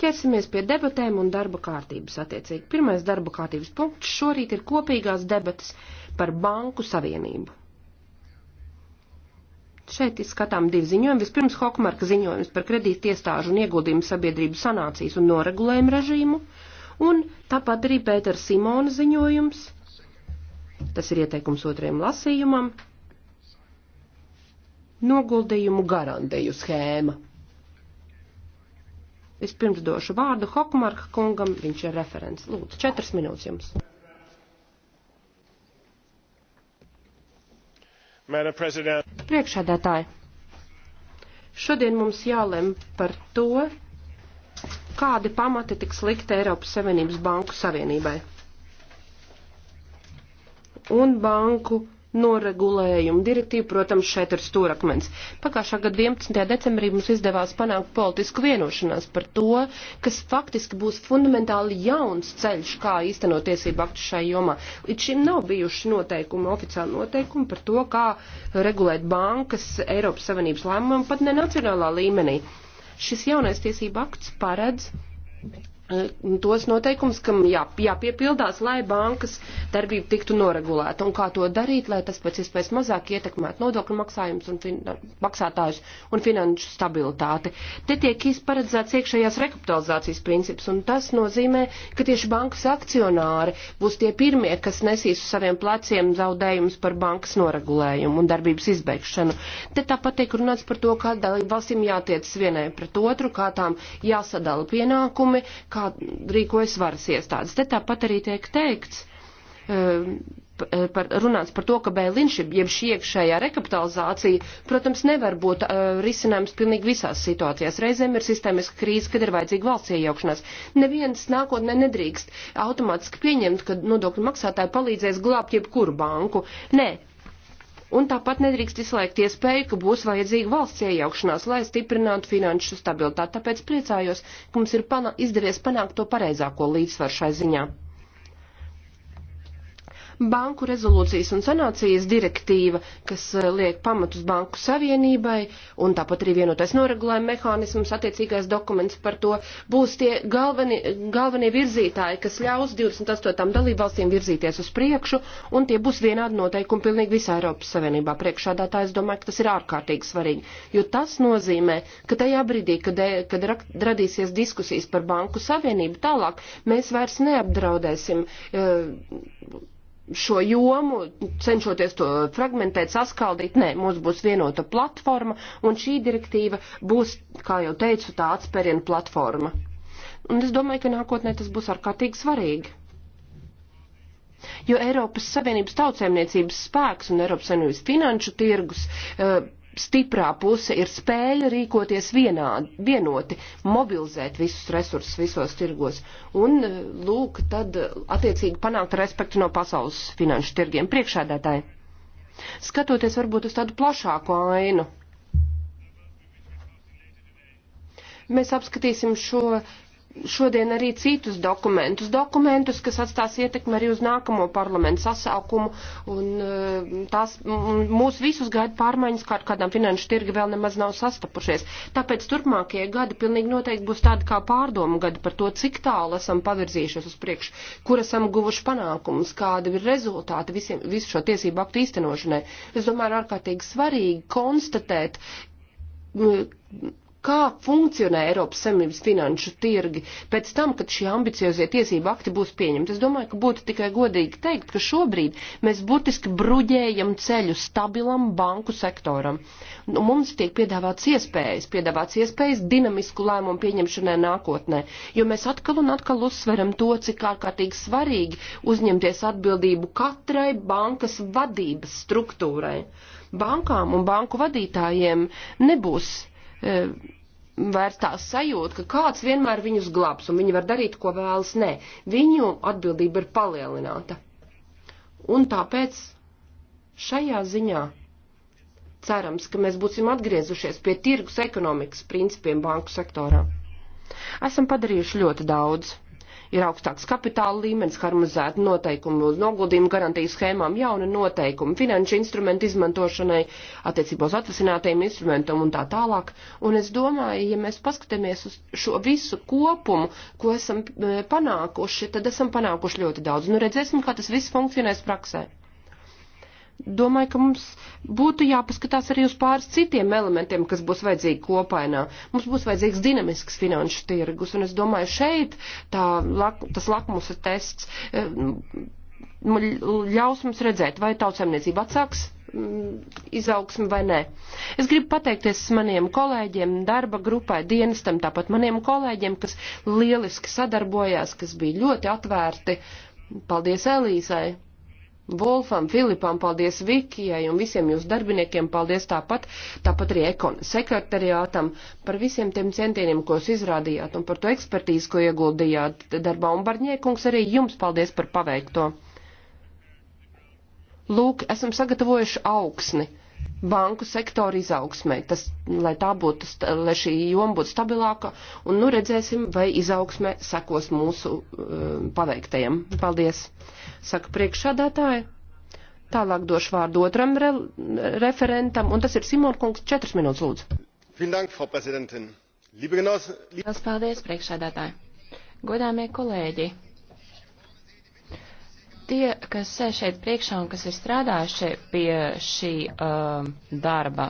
Ķersimies pie debatēm un darba kārtības attiecīgi. Pirmais darba kārtības punkts šorīt ir kopīgās debatas par banku savienību. Šeit izskatām divi ziņojumi. Vispirms Hokmarka ziņojums par kredīt iestāžu un ieguldījumu sabiedrību sanācijas un noregulējumu režīmu, un tāpat arī Pētera Simona ziņojums. Tas ir ieteikums otrajam lasījumam. Noguldījumu garantēju schēma. Vispirms došu vārdu Hokmarka kungam, viņš ir referents. Lūdzu, četras minūtes jums. Priekšādātāji, šodien mums jālem par to, kādi pamati tiks likt Eiropas Savienības Banku Savienībai un banku noregulējumu direktīvu, protams, šeit ir stūrakmens. Pagājušā gada 11. decembrī mums izdevās panākt politisku vienošanās par to, kas faktiski būs fundamentāli jauns ceļš, kā īstenot tiesību aktu šai jomā. Līdz šim nav bijuši noteikumi, oficiāli noteikumi par to, kā regulēt bankas Eiropas Savienības lēmumam pat ne nacionālā līmenī. Šis jaunais tiesību akts paredz Eh, tos noteikums, kam jā, jāpiepildās, lai bankas darbība tiktu noregulēta un kā to darīt, lai tas pēc iespējas mazāk ietekmētu nodokļu maksājumus un fin, maksātājus un finanšu stabilitāti. Te tiek paredzēts iekšējās rekapitalizācijas princips, un tas nozīmē, ka tieši bankas akcionāri būs tie pirmie, kas nesīs uz saviem pleciem zaudējumus par bankas noregulējumu un darbības izbeigšanu. Te tāpat tiek runāts par to, kā dalību valstīm jātiec vienai pret otru, kā tām jāsadala pienākumi, kā rīkojas varas iestādes. Te tāpat arī tiek teikts, um, eh, par, runāts par to, ka bēliņš, jeb šī iekšējā rekapitalizācija, protams, nevar būt uh, risinājums pilnīgi visās situācijās. Reizēm ir sistēmiska krīze, kad ir vajadzīga valsts iejaukšanās. Neviens nākotnē nedrīkst automātiski pieņemt, ka nodokļu maksātāji palīdzēs glābt jebkuru banku. Nē, un tāpat nedrīkst izslēgt iespēju, ka būs vajadzīga valsts iejaukšanās, lai stiprinātu finanšu stabilitāti. Tāpēc priecājos, ka mums ir pana izdevies panākt to pareizāko līdzsvaru šai ziņā banku rezolūcijas un sanācijas direktīva, kas eh, liek pamatus banku savienībai, un tāpat arī vienotais noregulējuma mehānisms, attiecīgais dokuments par to, būs tie galveni, galvenie virzītāji, kas ļaus 28 dalībvalstīm virzīties uz priekšu, un tie būs vienādi noteikumi pilnīgi visā Eiropas Savienībā. Priekšādā tā es domāju, ka tas ir ārkārtīgi svarīgi, jo tas nozīmē, ka tajā brīdī, kad, e, kad radīsies diskusijas par banku savienību tālāk, mēs vairs neapdraudēsim. Uh, šo jomu, cenšoties to fragmentēt, saskaldīt, nē, mums būs vienota platforma, un šī direktīva būs, kā jau teicu, tā atspērienu platforma. Un es domāju, ka nākotnē tas būs ārkārtīgi svarīgi. Jo Eiropas Savienības tautsēmniecības spēks un Eiropas Savienības finanšu tirgus uh, stiprā puse ir spēja rīkoties vienādi, vienoti, mobilizēt visus resursus visos tirgos un, lūk, tad attiecīgi panākt respektu no pasaules finanšu tirgiem priekšādātāji. Skatoties varbūt uz tādu plašāku ainu, mēs apskatīsim šo šodien arī citus dokumentus, dokumentus, kas atstās ietekmi arī uz nākamo parlamentu sasaukumu, un eh, tās mūs visus gaida pārmaiņas, kā ar kādām finanšu tirgi vēl nemaz nav sastapušies. Tāpēc turpmākie gadi pilnīgi noteikti būs tādi kā pārdomu gadi par to, cik tālu esam pavirzījušies uz priekšu, kur esam guvuši panākumus, kādi ir rezultāti visiem, visu šo tiesību aktu īstenošanai. Es domāju, ir ārkārtīgi svarīgi konstatēt, kā funkcionē Eiropas Savienības finanšu tirgi pēc tam, kad šie ambiciozie tiesību akti būs pieņemti. Es domāju, ka būtu tikai godīgi teikt, ka šobrīd mēs burtiski bruģējam ceļu stabilam banku sektoram. Nu, mums tiek piedāvāts iespējas, piedāvāts iespējas dinamisku lēmumu pieņemšanai nākotnē, jo mēs atkal un atkal uzsveram to, cik ārkārtīgi svarīgi uzņemties atbildību katrai bankas vadības struktūrai bankām un banku vadītājiem nebūs e, vairs tā sajūta, ka kāds vienmēr viņus glābs un viņi var darīt, ko vēlas. Nē, viņu atbildība ir palielināta. Un tāpēc šajā ziņā cerams, ka mēs būsim atgriezušies pie tirgus ekonomikas principiem banku sektorā. Esam padarījuši ļoti daudz ir augstāks kapitāla līmenis, harmonizēta noteikumi uz noguldījumu garantijas schēmām, jauna noteikumi finanšu instrumentu izmantošanai, attiecībā uz atvasinātajiem instrumentam un tā tālāk. Un es domāju, ja mēs paskatāmies uz šo visu kopumu, ko esam e, panākuši, tad esam panākuši ļoti daudz. Nu redzēsim, kā tas viss funkcionēs praksē domāju, ka mums būtu jāpaskatās arī uz pāris citiem elementiem, kas būs vajadzīgi kopainā. Mums būs vajadzīgs dinamisks finanšu tirgus, un es domāju, šeit tā, tas lakmusa tests e, ļaus mums redzēt, vai tautsēmniecība atsāks izaugsmi vai nē. Es gribu pateikties maniem kolēģiem, darba grupai, dienestam, tāpat maniem kolēģiem, kas lieliski sadarbojās, kas bija ļoti atvērti. Paldies Elīzai Volfam, Filipam, paldies Vikijai un visiem jūsu darbiniekiem, paldies tāpat, tāpat arī ekon sekretariātam par visiem tiem centieniem, ko jūs izrādījāt un par to ekspertīzi, ko ieguldījāt darbā. Un Barņiekungs arī jums paldies par paveikto. Lūk, esam sagatavojuši augsni banku sektoru izaugsmē, tas, lai tā būtu, lai šī joma būtu stabilāka, un nu redzēsim, vai izaugsmē sekos mūsu uh, eh, paveiktajiem. Paldies! saka priekšsādātāja. Tālāk došu vārdu otram re referentam, un tas ir Simonkungs. Četras minūtes, lūdzu. Lielas paldies, priekšsādātāji. Godāmie kolēģi, tie, kas sēž šeit priekšā un kas ir strādājuši pie šī uh, darba,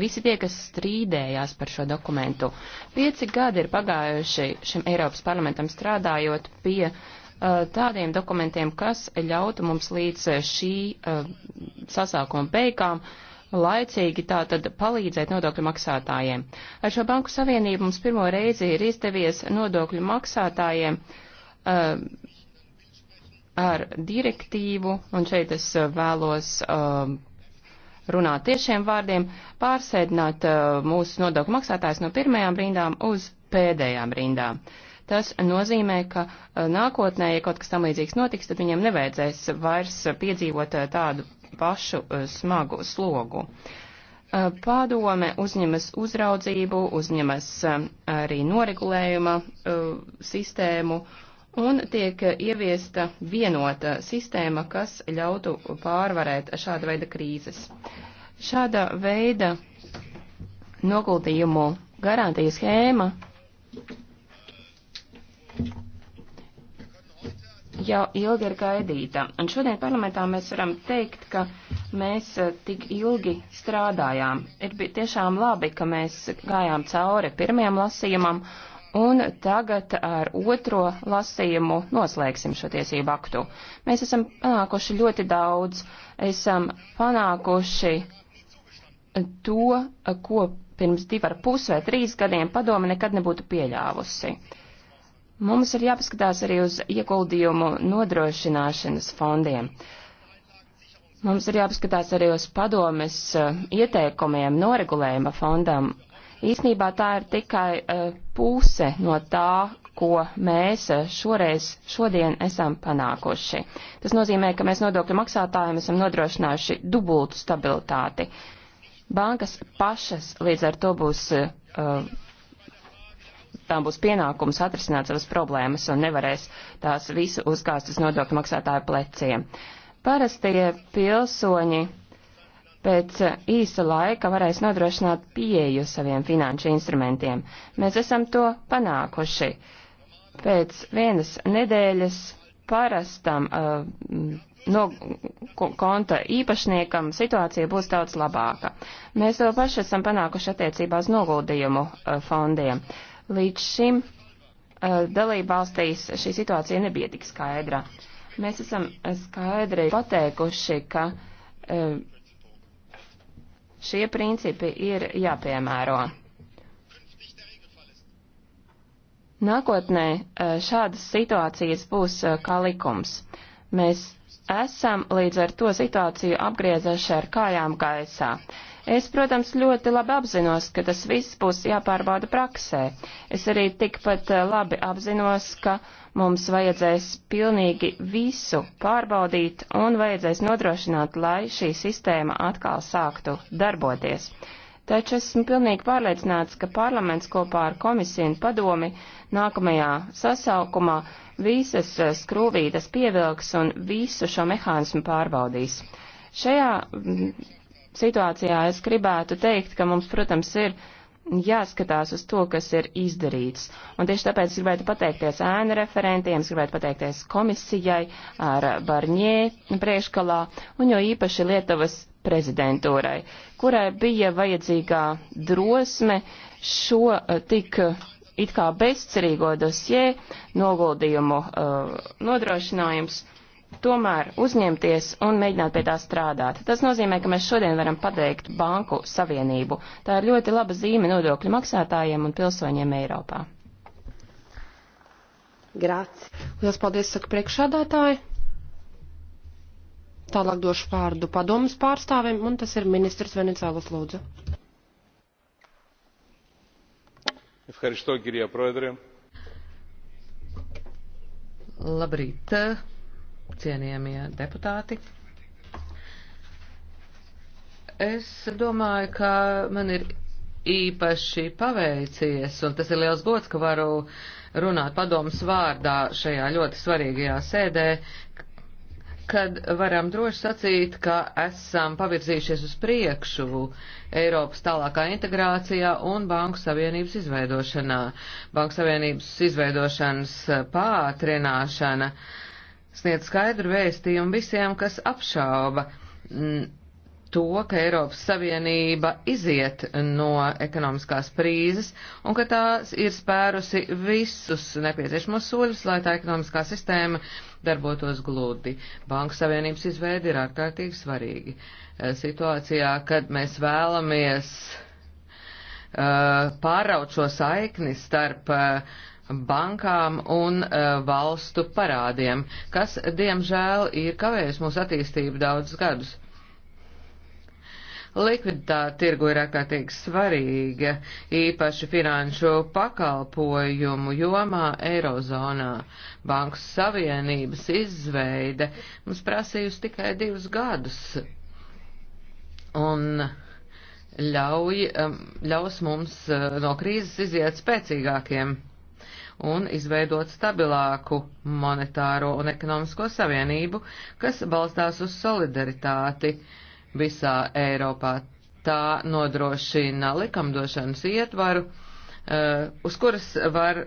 visi tie, kas strīdējās par šo dokumentu, pieci gadi ir pagājuši šim Eiropas parlamentam strādājot pie uh, Eh, tādiem dokumentiem, kas ļautu mums līdz eh, šī eh, sasākuma beigām laicīgi tātad palīdzēt nodokļu maksātājiem. Ar šo banku savienību mums pirmo reizi ir izdevies nodokļu maksātājiem uh, ar direktīvu, un šeit es vēlos uh, runāt tiešiem vārdiem, pārsēdināt uh, mūsu nodokļu maksātājs no pirmajām rindām uz pēdējām rindām. Uh, Tas nozīmē, ka eh, nākotnē, ja kaut kas tam līdzīgs notiks, tad viņiem nevajadzēs vairs piedzīvot eh, tādu pašu eh, smagu slogu. Pādome uzņemas uzraudzību, uzņemas arī noregulējuma sistēmu un tiek ieviesta vienota sistēma, kas ļautu pārvarēt šāda veida krīzes. Šāda veida noguldījumu garantijas schēma jau ilgi ir gaidīta. Un šodien parlamentā mēs varam teikt, ka mēs eh, tik ilgi strādājām. Ir tiešām labi, ka mēs gājām cauri pirmajam lasījumam, un tagad ar otro lasījumu noslēgsim šo tiesību aktu. Mēs esam panākuši ļoti daudz, esam panākuši to, ko pirms divar pus vai trīs gadiem padome nekad nebūtu pieļāvusi. Mums ir jāpaskatās arī uz ieguldījumu nodrošināšanas fondiem. Mums ir jāpaskatās arī uz padomes eh, ieteikumiem noregulējuma fondam. Īsnībā tā ir tikai eh, puse no tā, ko mēs eh, šoreiz šodien esam panākuši. Tas nozīmē, ka mēs nodokļu maksātājiem esam nodrošinājuši dubultu stabilitāti. Bankas pašas līdz ar to būs uh, tām būs pienākums atrisināt savas problēmas un nevarēs tās visu uzkāst uz nodokļu maksātāju pleciem. Parastie pilsoņi pēc īsa laika varēs nodrošināt pieeju saviem finanšu instrumentiem. Mēs esam to panākuši. Pēc vienas nedēļas parastam uh, no konta īpašniekam situācija būs daudz labāka. Mēs to paši esam panākuši attiecībā uz noguldījumu uh, fondiem. Uh, Līdz šim uh, dalībvalstīs šī situācija nebija tik skaidra. Mēs esam skaidri pateikuši, ka uh, šie principi ir jāpiemēro. Nākotnē eh, šādas situācijas būs kā likums. Mēs esam līdz ar to situāciju apgriezuši ar kājām gaisā. Kā Es, protams, ļoti labi apzinos, ka tas viss būs jāpārbauda praksē. Es arī tikpat eh, labi apzinos, ka mums vajadzēs pilnīgi visu pārbaudīt un vajadzēs nodrošināt, lai šī sistēma atkal sāktu darboties. Taču esmu pilnīgi pārliecināts, ka parlaments kopā ar komisiju un padomi nākamajā sasaukumā visas eh, skrūvītas pievilks un visu šo mehānismu pārbaudīs. Šajā situācijā es gribētu teikt, ka mums, protams, ir jāskatās uz to, kas ir izdarīts. Un tieši tāpēc gribētu pateikties ēnu referentiem, gribētu pateikties komisijai ar Barņē priekškalā un jo īpaši Lietuvas prezidentūrai, kurai bija vajadzīgā drosme šo eh, tik eh, it kā bezcerīgo dosie noguldījumu uh, nodrošinājums tomēr uzņemties un mēģināt pie tā strādāt. Tas nozīmē, ka mēs šodien varam pateikt banku savienību. Tā ir ļoti laba zīme nodokļu maksātājiem un pilsoņiem Eiropā. Grāts. Lielas paldies, saka priekšādātāji. Tālāk došu vārdu padomas pārstāvim, un tas ir ministrs Venicēlas lūdzu. Labrīt cienījamie deputāti. Es domāju, ka man ir īpaši paveicies, un tas ir liels gods, ka varu runāt padomas vārdā šajā ļoti svarīgajā sēdē, kad varam droši sacīt, ka esam pavirzījušies uz priekšu Eiropas tālākā integrācijā un Banku Savienības izveidošanā. Banku Savienības izveidošanas pātrināšana uh, sniedz skaidru vēstījumu visiem, kas apšauba mm, to, ka Eiropas Savienība iziet no ekonomiskās krīzes un ka tās ir spērusi visus nepieciešamos soļus, lai tā ekonomiskā sistēma darbotos glūdi. Banku Savienības izveidi ir ārkārtīgi svarīgi. Eh, situācijā, kad mēs vēlamies uh, pāraut šo saikni starp uh, bankām un uh, valstu parādiem, kas, diemžēl, ir kavējis mūsu attīstību daudzus gadus. Likviditāte tirgu ir ārkārtīgi svarīga, īpaši finanšu pakalpojumu jomā Eirozonā. Banku savienības izveide mums prasījusi tikai divus gadus. Un ļauj, e, ļaus mums e, no krīzes iziet spēcīgākiem un izveidot stabilāku monetāro un ekonomisko savienību, kas balstās uz solidaritāti visā Eiropā. Tā nodrošina likumdošanas ietvaru, eh, uz kuras var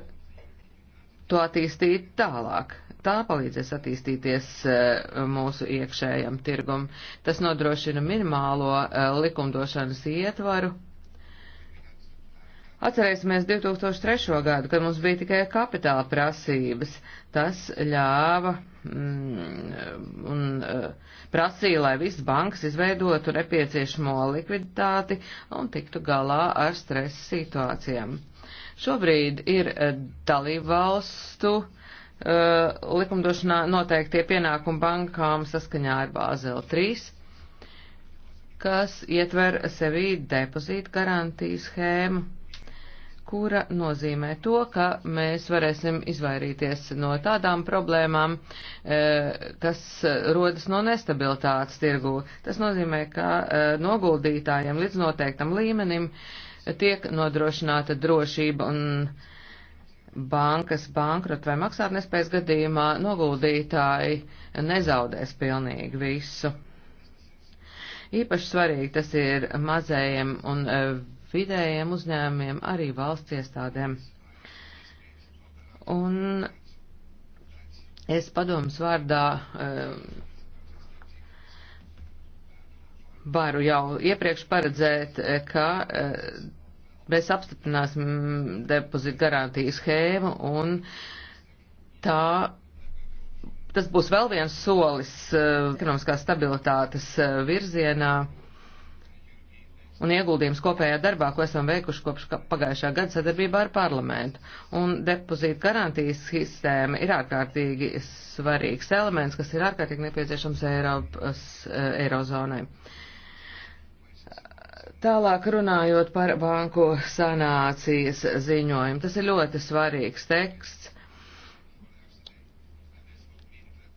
to attīstīt tālāk. Tā palīdzēs attīstīties eh, mūsu iekšējam tirgum. Tas nodrošina minimālo eh, likumdošanas ietvaru Atcerēsimies 2003. gadu, kad mums bija tikai kapitāla prasības. Tas ļāva mm, un eh, prasīja, lai viss bankas izveidotu nepieciešamo likviditāti un tiktu galā ar stresa situācijām. Šobrīd ir eh, dalību valstu uh, eh, likumdošanā noteiktie pienākumi bankām saskaņā ar Bāzeli 3 kas ietver sevī depozīta garantiju schēmu kura nozīmē to, ka mēs varēsim izvairīties no tādām problēmām, e, kas e, rodas no nestabilitātes tirgū. Tas nozīmē, ka e, noguldītājiem līdz noteiktam līmenim tiek nodrošināta drošība un bankas bankrot vai maksātnespējas gadījumā noguldītāji nezaudēs pilnīgi visu. Īpaši svarīgi tas ir mazējiem un vidējiem uzņēmumiem, arī valsts iestādēm. Un es padomus vārdā eh, varu jau iepriekš paredzēt, eh, ka eh, mēs apstiprināsim depozitu garantijas schēmu un tā tas būs vēl viens solis uh, ekonomiskās stabilitātes uh, virzienā un ieguldījums kopējā darbā, ko esam veikuši kopš pagājušā gada sadarbībā ar parlamentu. Un depozīta garantijas sistēma ir ārkārtīgi svarīgs elements, kas ir ārkārtīgi nepieciešams Eiropas, eh, Eirozonai. Tālāk runājot par banku sanācijas ziņojumu, tas ir ļoti svarīgs teksts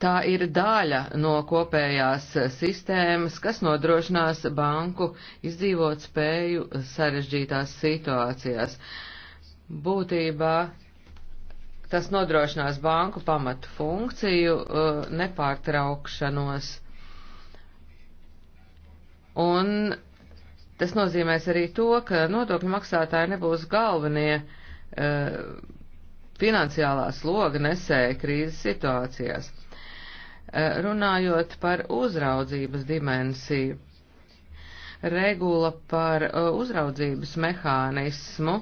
Tā ir daļa no kopējās sistēmas, kas nodrošinās banku izdzīvot spēju sarežģītās situācijās. Būtībā tas nodrošinās banku pamatu funkciju uh, nepārtraukšanos. Un tas nozīmēs arī to, ka nodokļu maksātāji nebūs galvenie uh, finansiālā sloga nesēja krīzes situācijās. Eh, runājot par uzraudzības dimensiju, regula par eh, uzraudzības mehānismu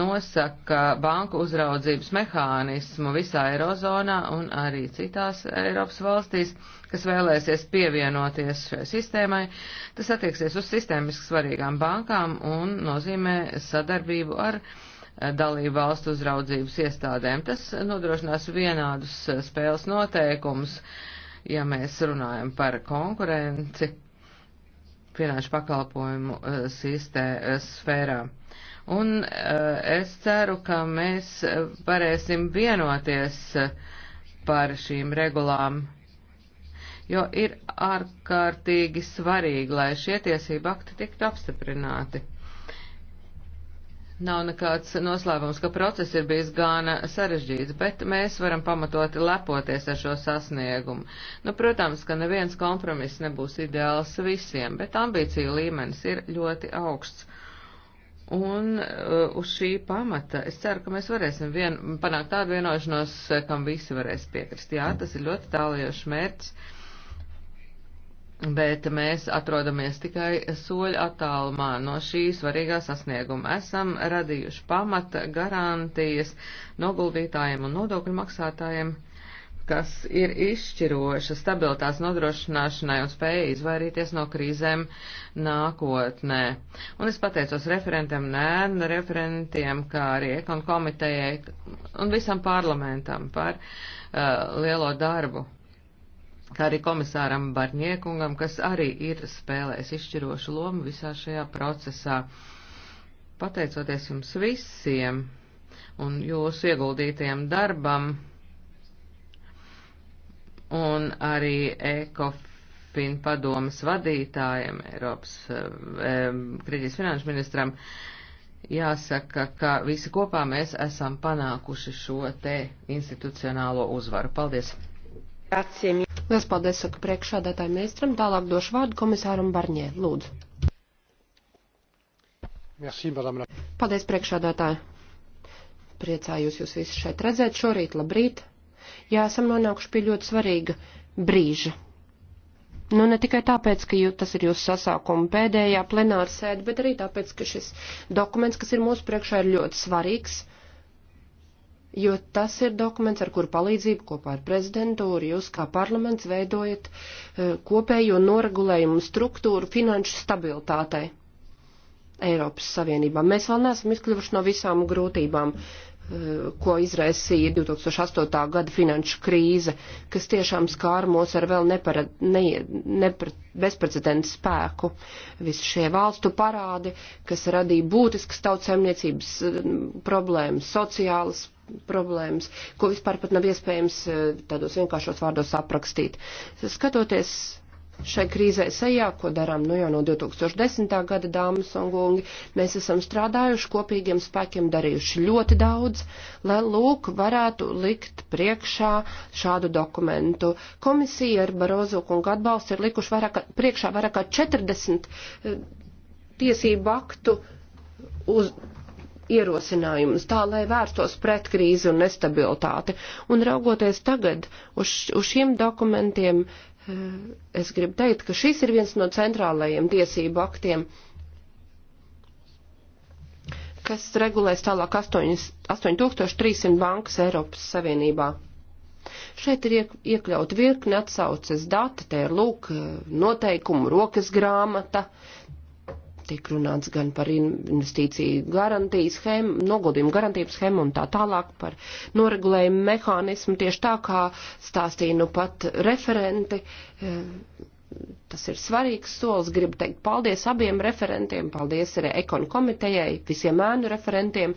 nosaka banku uzraudzības mehānismu visā Eirozonā un arī citās Eiropas valstīs, kas vēlēsies pievienoties šai sistēmai. Tas attieksies uz sistēmiski svarīgām bankām un nozīmē sadarbību ar eh, dalību valstu uzraudzības iestādēm. Tas nodrošinās vienādus spēles noteikumus ja mēs runājam par konkurenci finanšu pakalpojumu e, sistē, e, sfērā. Un e, es ceru, ka mēs varēsim vienoties par šīm regulām, jo ir ārkārtīgi svarīgi, lai šie tiesību akti tiktu apstiprināti. Nav nekāds noslēpums, ka process ir bijis gana sarežģīts, bet mēs varam pamatot lepoties ar šo sasniegumu. Nu, protams, ka neviens kompromiss nebūs ideāls visiem, bet ambīcija līmenis ir ļoti augsts. Un uh, uz šī pamata es ceru, ka mēs varēsim vien, panākt tādu vienošanos, kam visi varēs piekrist. Jā, tas ir ļoti tālajošs mērķis bet mēs atrodamies tikai soļa attālumā no šī svarīgā sasnieguma. Esam radījuši pamata garantijas noguldītājiem un nodokļu maksātājiem, kas ir izšķiroša stabilitātes nodrošināšanai un spēja izvairīties no krīzēm nākotnē. Un es pateicos referentiem, nē, referentiem, kā arī ekonomitejai un visam parlamentam par uh, lielo darbu, kā arī komisāram Barņiekungam, kas arī ir spēlējis izšķirošu lomu visā šajā procesā. Pateicoties jums visiem un jūsu ieguldītajam darbam un arī ECOFIN padomas vadītājiem, Eiropas Krievijas finanšu ministram, jāsaka, ka visi kopā mēs esam panākuši šo te institucionālo uzvaru. Paldies! Lielas paldies, saka priekšādātāji ministram. Tālāk došu vārdu komisāram Barņē. Lūdzu. Merci, madame. paldies, priekšādātāji. Priecājos jūs visus šeit redzēt šorīt. Labrīt. Jā, esam nonākuši pie ļoti svarīga brīža. Nu, ne tikai tāpēc, ka jū, tas ir jūsu sasākuma pēdējā plenāra sēde, bet arī tāpēc, ka šis dokuments, kas ir mūsu priekšā, ir ļoti svarīgs jo tas ir dokuments, ar kuru palīdzību kopā ar prezidentūru jūs kā parlaments veidojat e, kopējo noregulējumu struktūru finanšu stabilitātei Eiropas Savienībā. Mēs vēl neesam izkļuvuši no visām grūtībām, e, ko izraisīja 2008. gada finanšu krīze, kas tiešām skār mūs ar vēl nepara, ne, nepra, bezprecedentu spēku. Visi šie valstu parādi, kas radīja būtiskas tautsēmniecības e, problēmas, sociālas problēmas, ko vispār pat nav iespējams eh, tādos vienkāršos vārdos aprakstīt. Skatoties šai krīzē sejā, ko darām nu jau no 2010. gada dāmas un gungi, mēs esam strādājuši kopīgiem spēkiem, darījuši ļoti daudz, lai lūk varētu likt priekšā šādu dokumentu. Komisija ar Barozu kungu atbalstu ir likuši vairāk, priekšā vairāk kā 40 eh, tiesību aktu uz ierosinājumus, tā lai vērstos pret krīzi un nestabilitāti. Un raugoties tagad uz, uz šiem dokumentiem, eh, es gribu teikt, ka šis ir viens no centrālajiem tiesību aktiem, kas regulēs tālāk 8300 bankas Eiropas Savienībā. Šeit ir iekļaut virkni atsauces dati, te ir lūk eh, noteikumu rokas grāmata, Tiek runāts gan par investīciju garantiju schēmu, noguldījumu garantiju schēmu un tā tālāk par noregulējumu mehānismu, tieši tā kā stāstīja nu pat referenti. E, tas ir svarīgs solis. Gribu teikt paldies abiem referentiem, paldies arī ekonu komitejai, visiem ēnu referentiem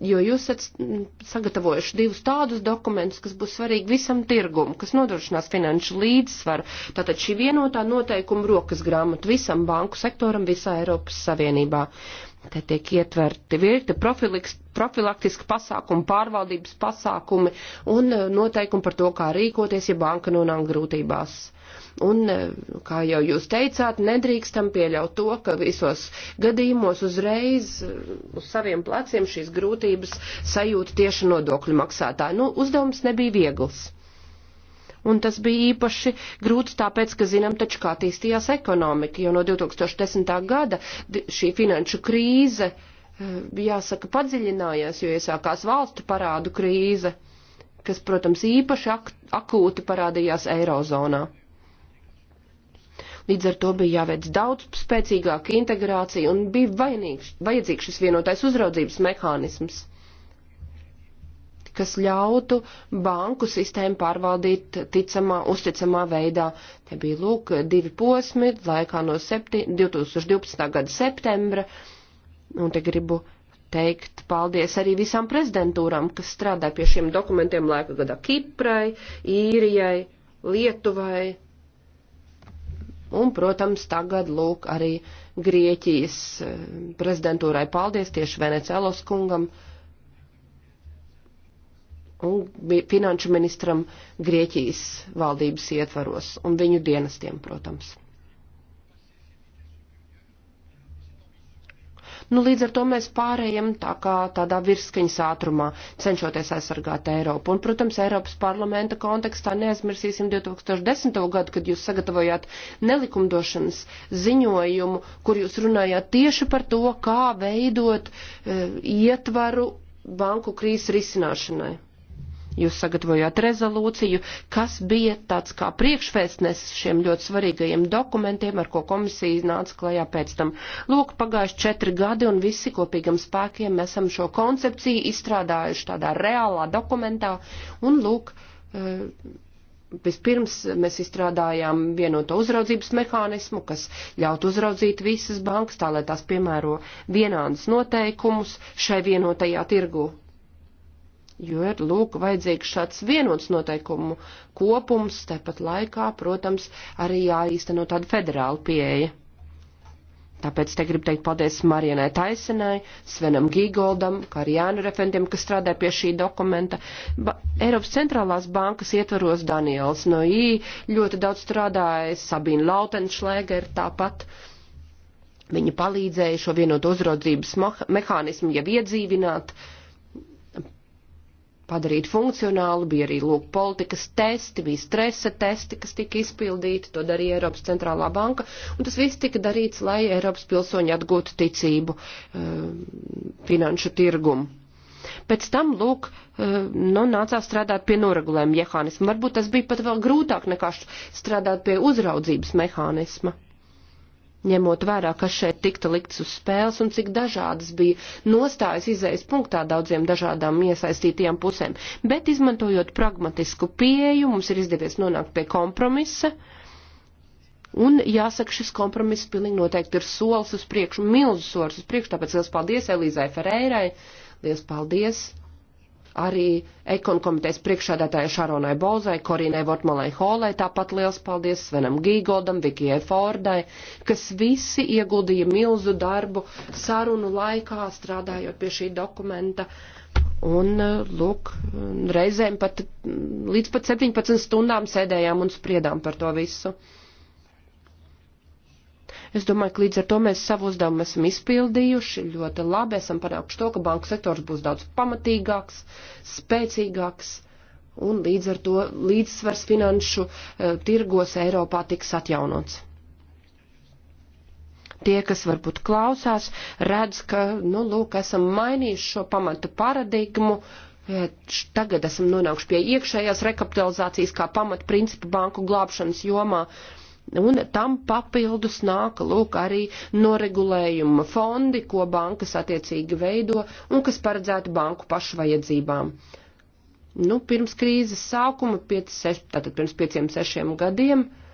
jo jūs esat mm, sagatavojuši divus tādus dokumentus, kas būs svarīgi visam tirgumu, kas nodrošinās finanšu līdzsvaru. Tātad šī vienotā noteikuma rokas grāmata visam banku sektoram visā Eiropas Savienībā. Te tiek ietverti virkni profilaktiski pasākumi, pārvaldības pasākumi un eh, noteikumi par to, kā rīkoties, ja banka nonāk grūtībās. Un, e, kā jau jūs teicāt, nedrīkstam pieļaut to, ka visos gadījumos uzreiz e, uz saviem pleciem šīs grūtības sajūta tieši nodokļu maksātāji. Nu, uzdevums nebija viegls un tas bija īpaši grūts tāpēc, ka zinām taču, kā attīstījās ekonomika, jo no 2010. gada šī finanšu krīze, e, jāsaka, padziļinājās, jo iesākās valstu parādu krīze, kas, protams, īpaši ak akūti parādījās Eirozonā. Līdz ar to bija jāveic daudz spēcīgāka integrācija un bija vainīgs, vajadzīgs šis vienotais uzraudzības mehānisms, kas ļautu banku sistēmu pārvaldīt ticamā, uzticamā veidā. Te bija lūk divi posmi laikā no septi, 2012. gada septembra, un te gribu teikt paldies arī visām prezidentūram, kas strādā pie šiem dokumentiem laika gadā Kiprai, Īrijai, Lietuvai, Un, protams, tagad lūk arī Grieķijas eh, prezidentūrai paldies tieši Venecēlos kungam un finanšu ministram Grieķijas valdības ietvaros un viņu dienestiem, protams. Nu, līdz ar to mēs pārējam tā kā tādā virskaņas ātrumā, cenšoties aizsargāt Eiropu. Un, protams, Eiropas parlamenta kontekstā neaizmirsīsim 2010. gadu, kad jūs sagatavojāt nelikumdošanas ziņojumu, kur jūs runājāt tieši par to, kā veidot e, ietvaru banku krīzes risināšanai. Jūs sagatavojāt rezolūciju, kas bija tāds kā priekšvēstnes šiem ļoti svarīgajiem dokumentiem, ar ko komisija nāca klajā pēc tam. Lūk, pagājuši četri gadi un visi kopīgam spēkiem esam šo koncepciju izstrādājuši tādā reālā dokumentā. Un lūk, eh, vispirms mēs izstrādājām vienoto uzraudzības mehānismu, kas ļaut uzraudzīt visas bankas tā, lai tās piemēro vienādus noteikumus šai vienotajā tirgu jo ir, lūk, vajadzīgs šāds vienots noteikumu kopums, tepat laikā, protams, arī jāīsteno tāda federāla pieeja. Tāpēc te gribu teikt paldies Marijanai Taisenai, Svenam Gīgoldam, kā arī Jānu referentiem, kas strādā pie šī dokumenta. Ba Eiropas centrālās bankas ietvaros Daniels no I ļoti daudz strādājas, Sabīna Lautenšlēger tāpat. Viņa palīdzēja šo vienotu uzraudzības mehānismu jau iedzīvināt. Uh, padarīt funkcionālu, bija arī lūk politikas testi, bija stresa testi, kas tika izpildīti, to darīja Eiropas centrālā banka, un tas viss tika darīts, lai Eiropas pilsoņi atgūtu ticību uh, finanšu tirgumu. Pēc tam, lūk, eh, nu, nācās strādāt pie noregulējuma mehānisma. Varbūt tas bija pat vēl grūtāk nekā strādāt pie uzraudzības mehānisma ņemot vērā, kas šeit tikta likts uz spēles un cik dažādas bija nostājas izējas punktā daudziem dažādām iesaistītajām pusēm. Bet izmantojot pragmatisku pieju, mums ir izdevies nonākt pie kompromisa. Un jāsaka, šis kompromiss pilnīgi noteikti ir solis uz priekšu, milzu solis uz priekšu, tāpēc liels paldies Elīzai Ferērai, liels paldies arī ekonkomitejas priekšādātāja Šaronai Bolzai, Korinai Vortmalai Holai, tāpat liels paldies Svenam Gīgoldam, Vikijai Fordai, kas visi ieguldīja milzu darbu sarunu laikā strādājot pie šī dokumenta. Un, eh, lūk, reizēm pat mm, līdz pat 17 stundām sēdējām un spriedām par to visu. Es domāju, ka līdz ar to mēs savu uzdevumu esam izpildījuši ļoti labi, esam panākuši to, ka banku sektors būs daudz pamatīgāks, spēcīgāks un līdz ar to līdzsvars finanšu uh, tirgos Eiropā tiks atjaunots tie, kas varbūt klausās, redz, ka, nu, lūk, esam mainījuši šo pamatu paradigmu. E, tagad esam nonākuši pie iekšējās rekapitalizācijas kā pamatprincipa banku glābšanas jomā. Uh, Un tam papildus nāk, lūk, arī noregulējuma fondi, ko bankas attiecīgi veido un kas paredzētu banku pašu vajadzībām. Nu, pirms krīzes sākuma, 5, 6, tātad pirms 5-6 gadiem, uh,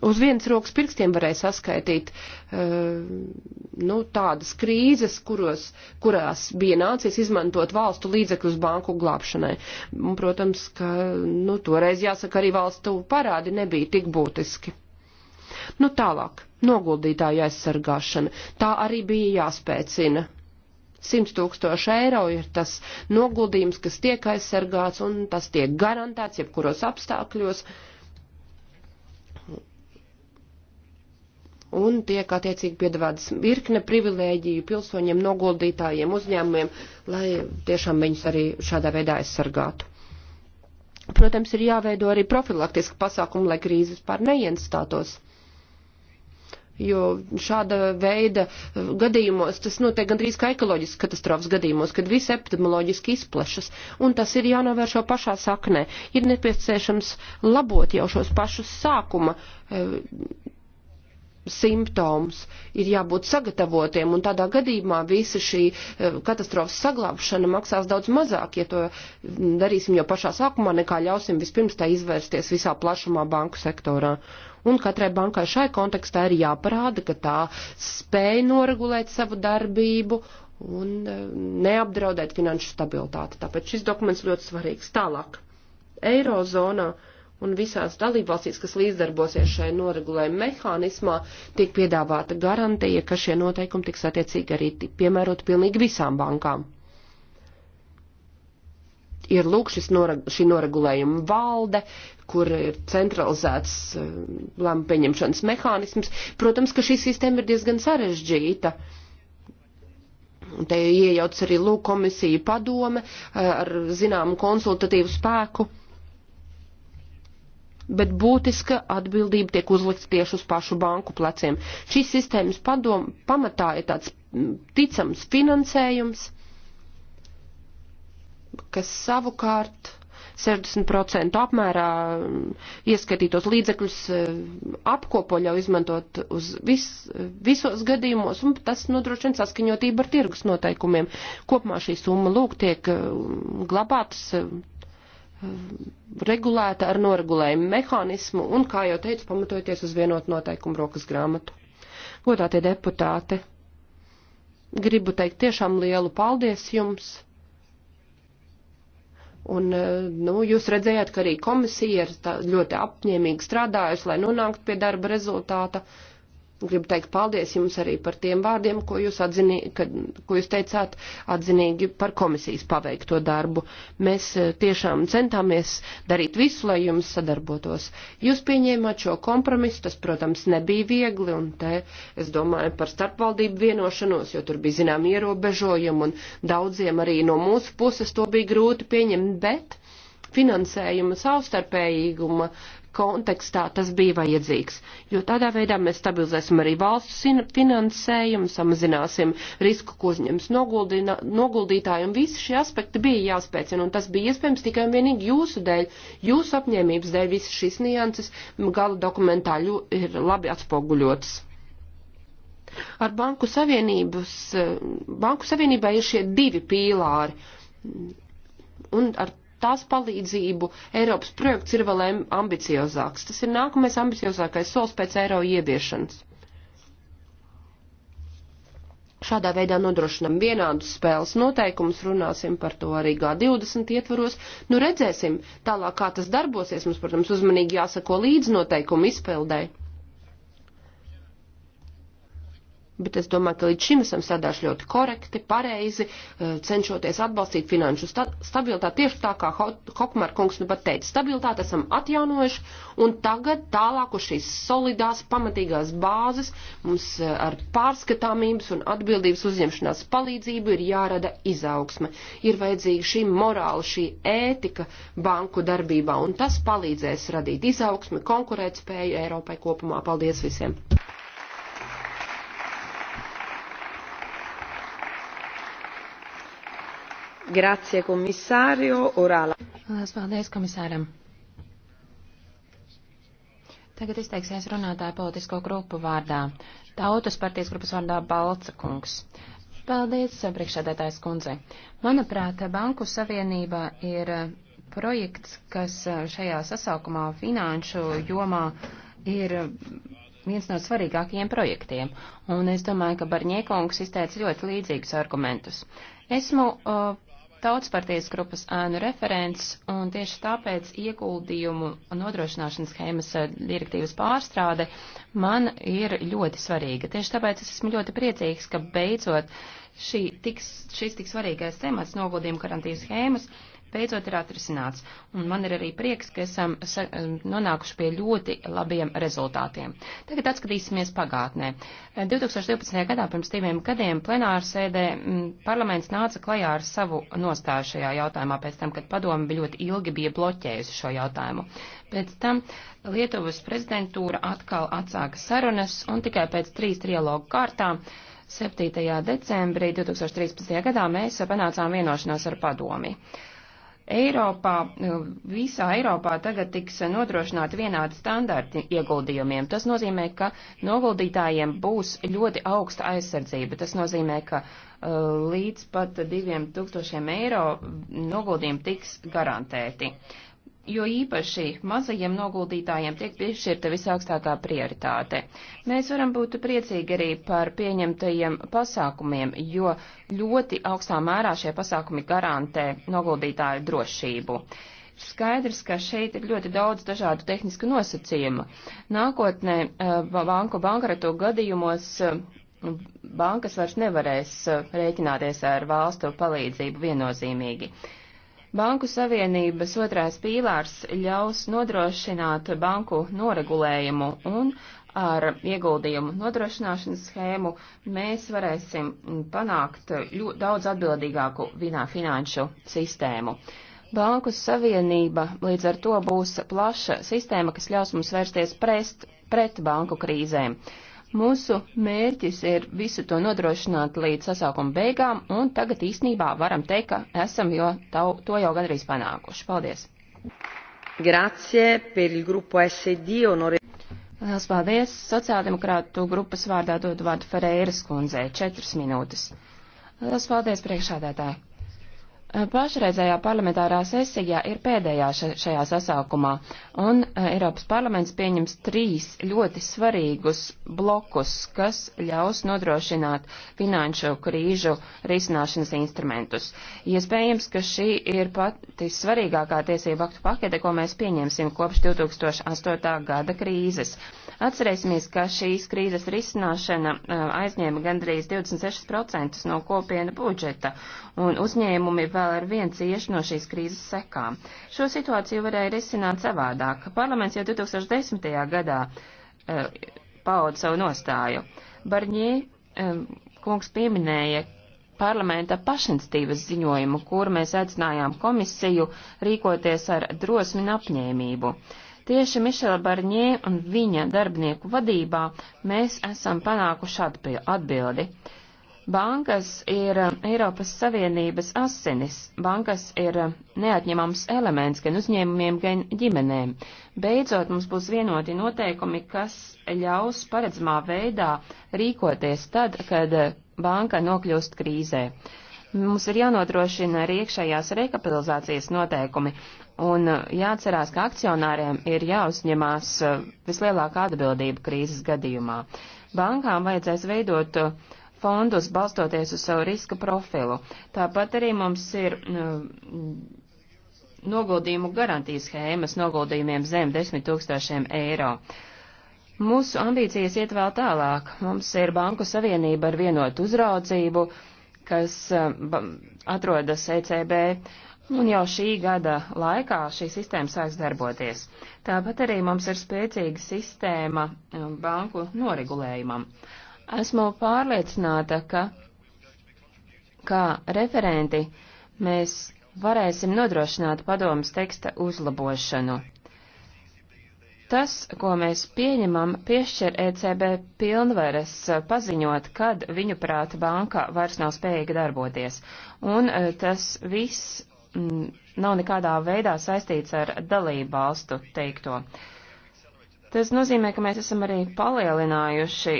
Uz vienas rokas pirkstiem varēja saskaitīt eh, nu, tādas krīzes, kuros, kurās bija nācies izmantot valstu līdzekļus banku glābšanai. Un, protams, ka nu, toreiz jāsaka arī valstu parādi nebija tik būtiski. Nu, tālāk, noguldītāju aizsargāšana. Tā arī bija jāspēcina. 100 tūkstoši eiro ir tas noguldījums, kas tiek aizsargāts un tas tiek garantēts jebkuros apstākļos. Uh, un tiek attiecīgi piedāvātas virkne privilēģiju pilsoņiem, noguldītājiem, uzņēmumiem, lai tiešām viņus arī šādā veidā aizsargātu. Protams, ir jāveido arī profilaktiski pasākumi, lai krīzes pār neienstātos. Jo šāda veida gadījumos tas notiek gandrīz kā ekoloģiskas katastrofas gadījumos, kad viss epidemioloģiski izplešas, un tas ir jānovēršo pašā saknē. Ir nepieciešams labot jau šos pašus sākuma eh, simptomus, ir jābūt sagatavotiem, un tādā gadījumā visa šī eh, katastrofas saglābšana maksās daudz mazāk, ja to darīsim jau pašā sākumā, nekā ļausim vispirms tā izvērsties visā plašumā banku sektorā. Un katrai bankai šai kontekstā ir jāparāda, ka tā spēja noregulēt savu darbību un eh, neapdraudēt finanšu stabilitāti. Tāpēc šis dokuments ļoti svarīgs. Tālāk. Eirozonā un visās dalībvalstīs, kas līdzdarbosies šai noregulējuma mehānismā, tiek piedāvāta garantija, ka šie noteikumi tiks attiecīgi arī piemērot pilnīgi visām bankām. Ir lūk šis noreg šī noregulējuma valde, kur ir centralizēts eh, lēmu pieņemšanas mehānisms. Protams, ka šī sistēma ir diezgan sarežģīta. Te iejauc arī lūk komisija padome eh, ar zināmu konsultatīvu spēku bet būtiska atbildība tiek uzlikta tieši uz pašu banku pleciem. Šīs sistēmas padom, pamatā ir tāds mm, ticams finansējums, kas savukārt 60% apmērā mm, ieskatītos līdzekļus mm, apkopo ļauj izmantot uz vis, visos gadījumos, un tas nodrošina saskaņotību ar tirgus noteikumiem. Kopumā šī summa lūk tiek glabātas regulēta ar noregulējumu mehānismu un, kā jau teicu, pamatojoties uz vienotu noteikumu rokas grāmatu. Godātie deputāti, gribu teikt tiešām lielu paldies jums! Un, nu, jūs redzējāt, ka arī komisija ir ļoti apņēmīgi strādājusi, lai nonāktu pie darba rezultāta. Uh, Gribu teikt paldies jums arī par tiem vārdiem, ko jūs, atzinī, kad, ko jūs teicāt atzinīgi par komisijas paveikto darbu. Mēs eh, tiešām centāmies darīt visu, lai jums sadarbotos. Jūs pieņēmāt šo kompromisu, tas, protams, nebija viegli, un te es domāju par starpvaldību vienošanos, jo tur bija zinām ierobežojumi, un daudziem arī no mūsu puses to bija grūti pieņemt, bet finansējuma savstarpējīguma kontekstā tas bija vajadzīgs, jo tādā veidā mēs stabilizēsim arī valsts finansējumu, samazināsim risku, ko uzņems noguldītāji, un visi šie aspekti bija jāspēcina, un tas bija iespējams tikai un vienīgi jūsu dēļ, jūsu apņēmības dēļ, visas šīs nianses gala dokumentā ir labi atspoguļotas. Ar Banku Savienības, eh, Banku Savienībā ir šie divi pīlāri un ar tās palīdzību Eiropas projekts ir vēl ambiciozāks. Tas ir nākamais ambiciozākais solis pēc eiro ieviešanas. Šādā veidā nodrošinam vienādus spēles noteikumus, runāsim par to arī G20 ietvaros. Nu redzēsim tālāk, kā tas darbosies. Mums, protams, uzmanīgi jāsako līdz noteikumu izpildēji. bet es domāju, ka līdz šim esam sadāši ļoti korekti, pareizi, eh, cenšoties atbalstīt finanšu stabilitāti, tieši tā kā Hokmar kungs nu pat teica. Stabilitāti esam atjaunojuši, un tagad tālāk uz šīs solidās, pamatīgās bāzes mums eh, ar pārskatāmības un atbildības uzņemšanās palīdzību ir jārada izaugsme. Ir vajadzīga šī morāla, šī ētika banku darbībā, un tas palīdzēs radīt izaugsmi, konkurētspēju Eiropai kopumā. Paldies visiem! Grazie, komisārio Orāla. Lielas paldies komisāram. Tagad izteiksies runātāja politisko grupu vārdā. Tautas partijas grupas vārdā Balca kungs. Paldies, priekšsēdētājs kundze. Manuprāt, Banku savienība ir projekts, kas šajā sasaukumā finanšu jomā ir viens no svarīgākajiem projektiem, un es domāju, ka Barņiekungs izteica ļoti līdzīgus argumentus. Esmu uh, tautspartijas grupas ēnu referents, un tieši tāpēc ieguldījumu nodrošināšanas schēmas eh, direktīvas pārstrāde man ir ļoti svarīga. Tieši tāpēc es esmu ļoti priecīgs, ka beidzot šī, tiks, šis tik svarīgais temats noguldījumu garantijas schēmas beidzot ir atrisināts. Un man ir arī prieks, ka esam eh, nonākuši pie ļoti labiem rezultātiem. Tagad atskatīsimies pagātnē. 2012. Eh, gadā pirms diviem gadiem plenāra sēdē mm, parlaments nāca klajā ar savu nostāju šajā jautājumā pēc tam, kad padomi bija ļoti ilgi bija bloķējusi šo jautājumu. Pēc tam Lietuvas prezidentūra atkal atsāka sarunas un tikai pēc trīs trialogu kārtām 7. decembrī 2013. gadā mēs panācām vienošanos ar padomi. Uh, Eiropā, nu, visā Eiropā tagad tiks nodrošināti vienādi standarti ieguldījumiem. Tas nozīmē, ka noguldītājiem būs ļoti augsta aizsardzība. Tas nozīmē, ka uh, līdz pat 2000 eiro noguldījumi tiks garantēti. Uh, jo īpaši mazajiem noguldītājiem tiek piešķirta visaugstākā prioritāte. Mēs varam būt priecīgi arī par pieņemtajiem pasākumiem, jo ļoti augstā mērā šie pasākumi garantē noguldītāju drošību. Skaidrs, ka šeit ir ļoti daudz dažādu tehnisku nosacījumu. Nākotnē eh, banku bankarato gadījumos eh, bankas vairs nevarēs eh, rēķināties ar valstu palīdzību viennozīmīgi. Banku savienības otrās pīlārs ļaus nodrošināt banku noregulējumu un ar ieguldījumu nodrošināšanas schēmu mēs varēsim panākt ļoti daudz atbildīgāku vinā finanšu sistēmu. Banku savienība līdz ar to būs plaša sistēma, kas ļaus mums vērsties prest, pret banku krīzēm. Uh, Mūsu mērķis ir visu to nodrošināt līdz sasaukuma beigām, un tagad īsnībā varam teikt, ka esam jo tau, to jau gandrīz panākuši. Paldies! Grazie per il gruppo SD, onore. Lielas paldies! Sociāldemokrātu grupas vārdā dodu vārdu Ferēras kundzei. Četras minūtes. Lielas paldies priekšādētāji! Eh, pašreizējā parlamentārā sesijā ir pēdējā šajā sasaukumā, un eh, Eiropas parlaments pieņems trīs ļoti svarīgus blokus, kas ļaus nodrošināt finanšu krīžu risināšanas instrumentus. Iespējams, ka šī ir pati svarīgākā tiesību aktu pakete, ko mēs pieņemsim kopš 2008. gada krīzes. Atcerēsimies, ka šīs krīzes risināšana eh, aizņēma gandrīz 26% no kopiena budžeta, un uzņēmumi vēl vēl ar vien cieši no šīs krīzes sekām. Šo situāciju varēja risināt savādāk. Parlaments jau 2010. gadā uh, pauda savu nostāju. Barņī um, kungs pieminēja, parlamenta pašinstīvas ziņojumu, kur mēs aicinājām komisiju rīkoties ar drosmi un apņēmību. Tieši Mišela Barņē un viņa darbinieku vadībā mēs esam panākuši atbildi. Bankas ir um, Eiropas Savienības asinis. Bankas ir um, neatņemams elements gan uzņēmumiem, gan ģimenēm. Beidzot, mums būs vienoti noteikumi, kas ļaus paredzamā veidā rīkoties tad, kad uh, banka nokļūst krīzē. Mums ir jānodrošina arī iekšējās rekapitalizācijas noteikumi, un uh, jāatcerās, ka akcionāriem ir jāuzņemās uh, vislielākā atbildība krīzes gadījumā. Bankām vajadzēs veidot uh, fondus, balstoties uz savu riska profilu. Tāpat arī mums ir nu, noguldījumu garantijas schēmas noguldījumiem zem 10 tūkstošiem eiro. Mūsu ambīcijas iet vēl tālāk. Mums ir Banku Savienība ar vienotu uzraudzību, kas e, atrodas ECB, un jau šī gada laikā šī sistēma sāks darboties. Tāpat arī mums ir spēcīga sistēma e, banku noregulējumam. Esmu pārliecināta, ka kā referenti mēs varēsim nodrošināt padomas teksta uzlabošanu. Tas, ko mēs pieņemam, piešķir ECB pilnvaras paziņot, kad viņu prāta banka vairs nav spējīga darboties. Un e, tas viss m, mm, nav nekādā veidā saistīts ar dalību valstu teikto. Uh, Tas nozīmē, ka mēs esam arī palielinājuši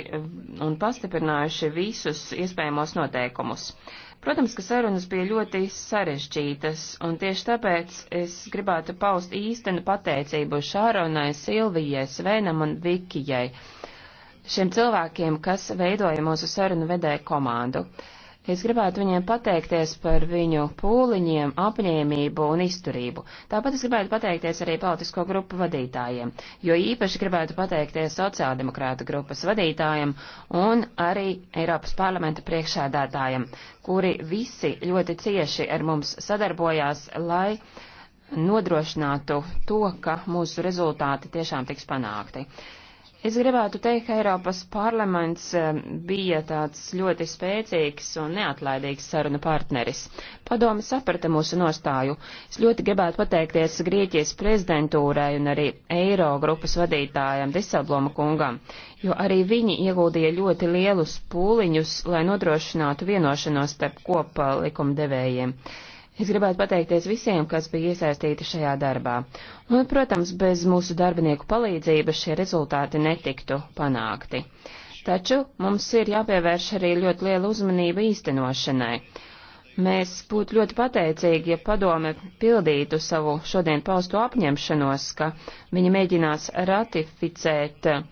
un pastiprinājuši visus iespējamos noteikumus. Protams, ka sarunas bija ļoti sarežģītas, un tieši tāpēc es gribētu paust īstenu pateicību Šāronai, Silvijai, Svenam un Vikijai, šiem cilvēkiem, kas veidoja mūsu sarunu vedēju komandu. Uh, Es gribētu viņiem pateikties par viņu pūliņiem, apņēmību un izturību. Tāpat es gribētu pateikties arī politisko grupu vadītājiem, jo īpaši gribētu pateikties sociāldemokrāta grupas vadītājiem un arī Eiropas parlamenta priekšādātājiem, kuri visi ļoti cieši ar mums sadarbojās, lai nodrošinātu to, ka mūsu rezultāti tiešām tiks panākti. Es gribētu teikt, ka Eiropas parlaments eh, bija tāds ļoti spēcīgs un neatlaidīgs saruna partneris. Padomi saprata mūsu nostāju. Es ļoti gribētu pateikties Grieķijas prezidentūrai un arī Eiro grupas vadītājam Disabloma kungam, jo arī viņi ieguldīja ļoti lielus pūliņus, lai nodrošinātu vienošanos starp kopa likumdevējiem. devējiem. Es gribētu pateikties visiem, kas bija iesaistīti šajā darbā. Nu, un, protams, bez mūsu darbinieku palīdzības šie rezultāti netiktu panākti. Taču mums ir jāpievērš arī ļoti liela uzmanība īstenošanai. Mēs būtu ļoti pateicīgi, ja padome pildītu savu šodien pausto apņemšanos, ka viņi mēģinās ratificēt uh,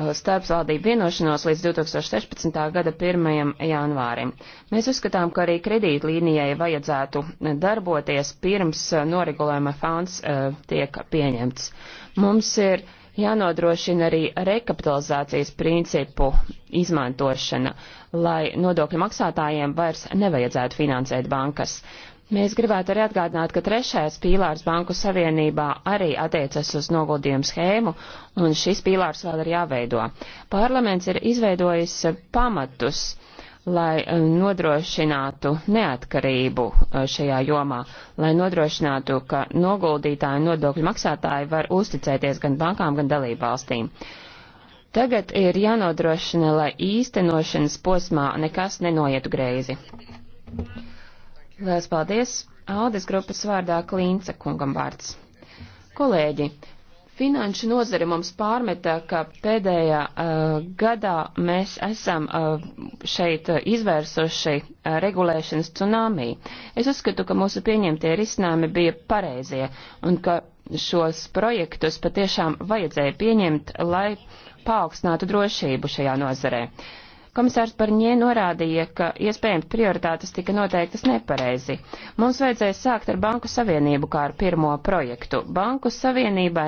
Eh, starpvaldību vienošanos līdz 2016. gada 1. janvārim. Mēs uzskatām, ka arī kredītlīnijai vajadzētu darboties pirms eh, noregulējuma fonds uh, tiek pieņemts. Mums ir jānodrošina arī rekapitalizācijas principu izmantošana, lai nodokļu maksātājiem vairs nevajadzētu finansēt bankas. Mēs gribētu arī atgādināt, ka trešais pīlārs Banku Savienībā arī attiecas uz noguldījumu schēmu, un šis pīlārs vēl ir jāveido. Parlaments ir izveidojis pamatus, lai eh, nodrošinātu neatkarību eh, šajā jomā, lai nodrošinātu, ka noguldītāji un nodokļu maksātāji var uzticēties gan bankām, gan dalībvalstīm. Tagad ir jānodrošina, lai īstenošanas posmā nekas nenoietu greizi. Lielas paldies! Aldes grupas vārdā Klīnca kungam vārds. Kolēģi, finanšu nozare mums pārmeta, ka pēdējā uh, gadā mēs esam uh, šeit uh, izvērsuši uh, regulēšanas tsunami. Es uzskatu, ka mūsu pieņemtie risinājumi bija pareizie un ka šos projektus patiešām vajadzēja pieņemt, lai paaugstinātu drošību šajā nozarē. Uh, Komisārs Barņē norādīja, ka iespējams prioritātes tika noteiktas nepareizi. Mums vajadzēs sākt ar Banku Savienību kā ar pirmo projektu. Banku Savienībai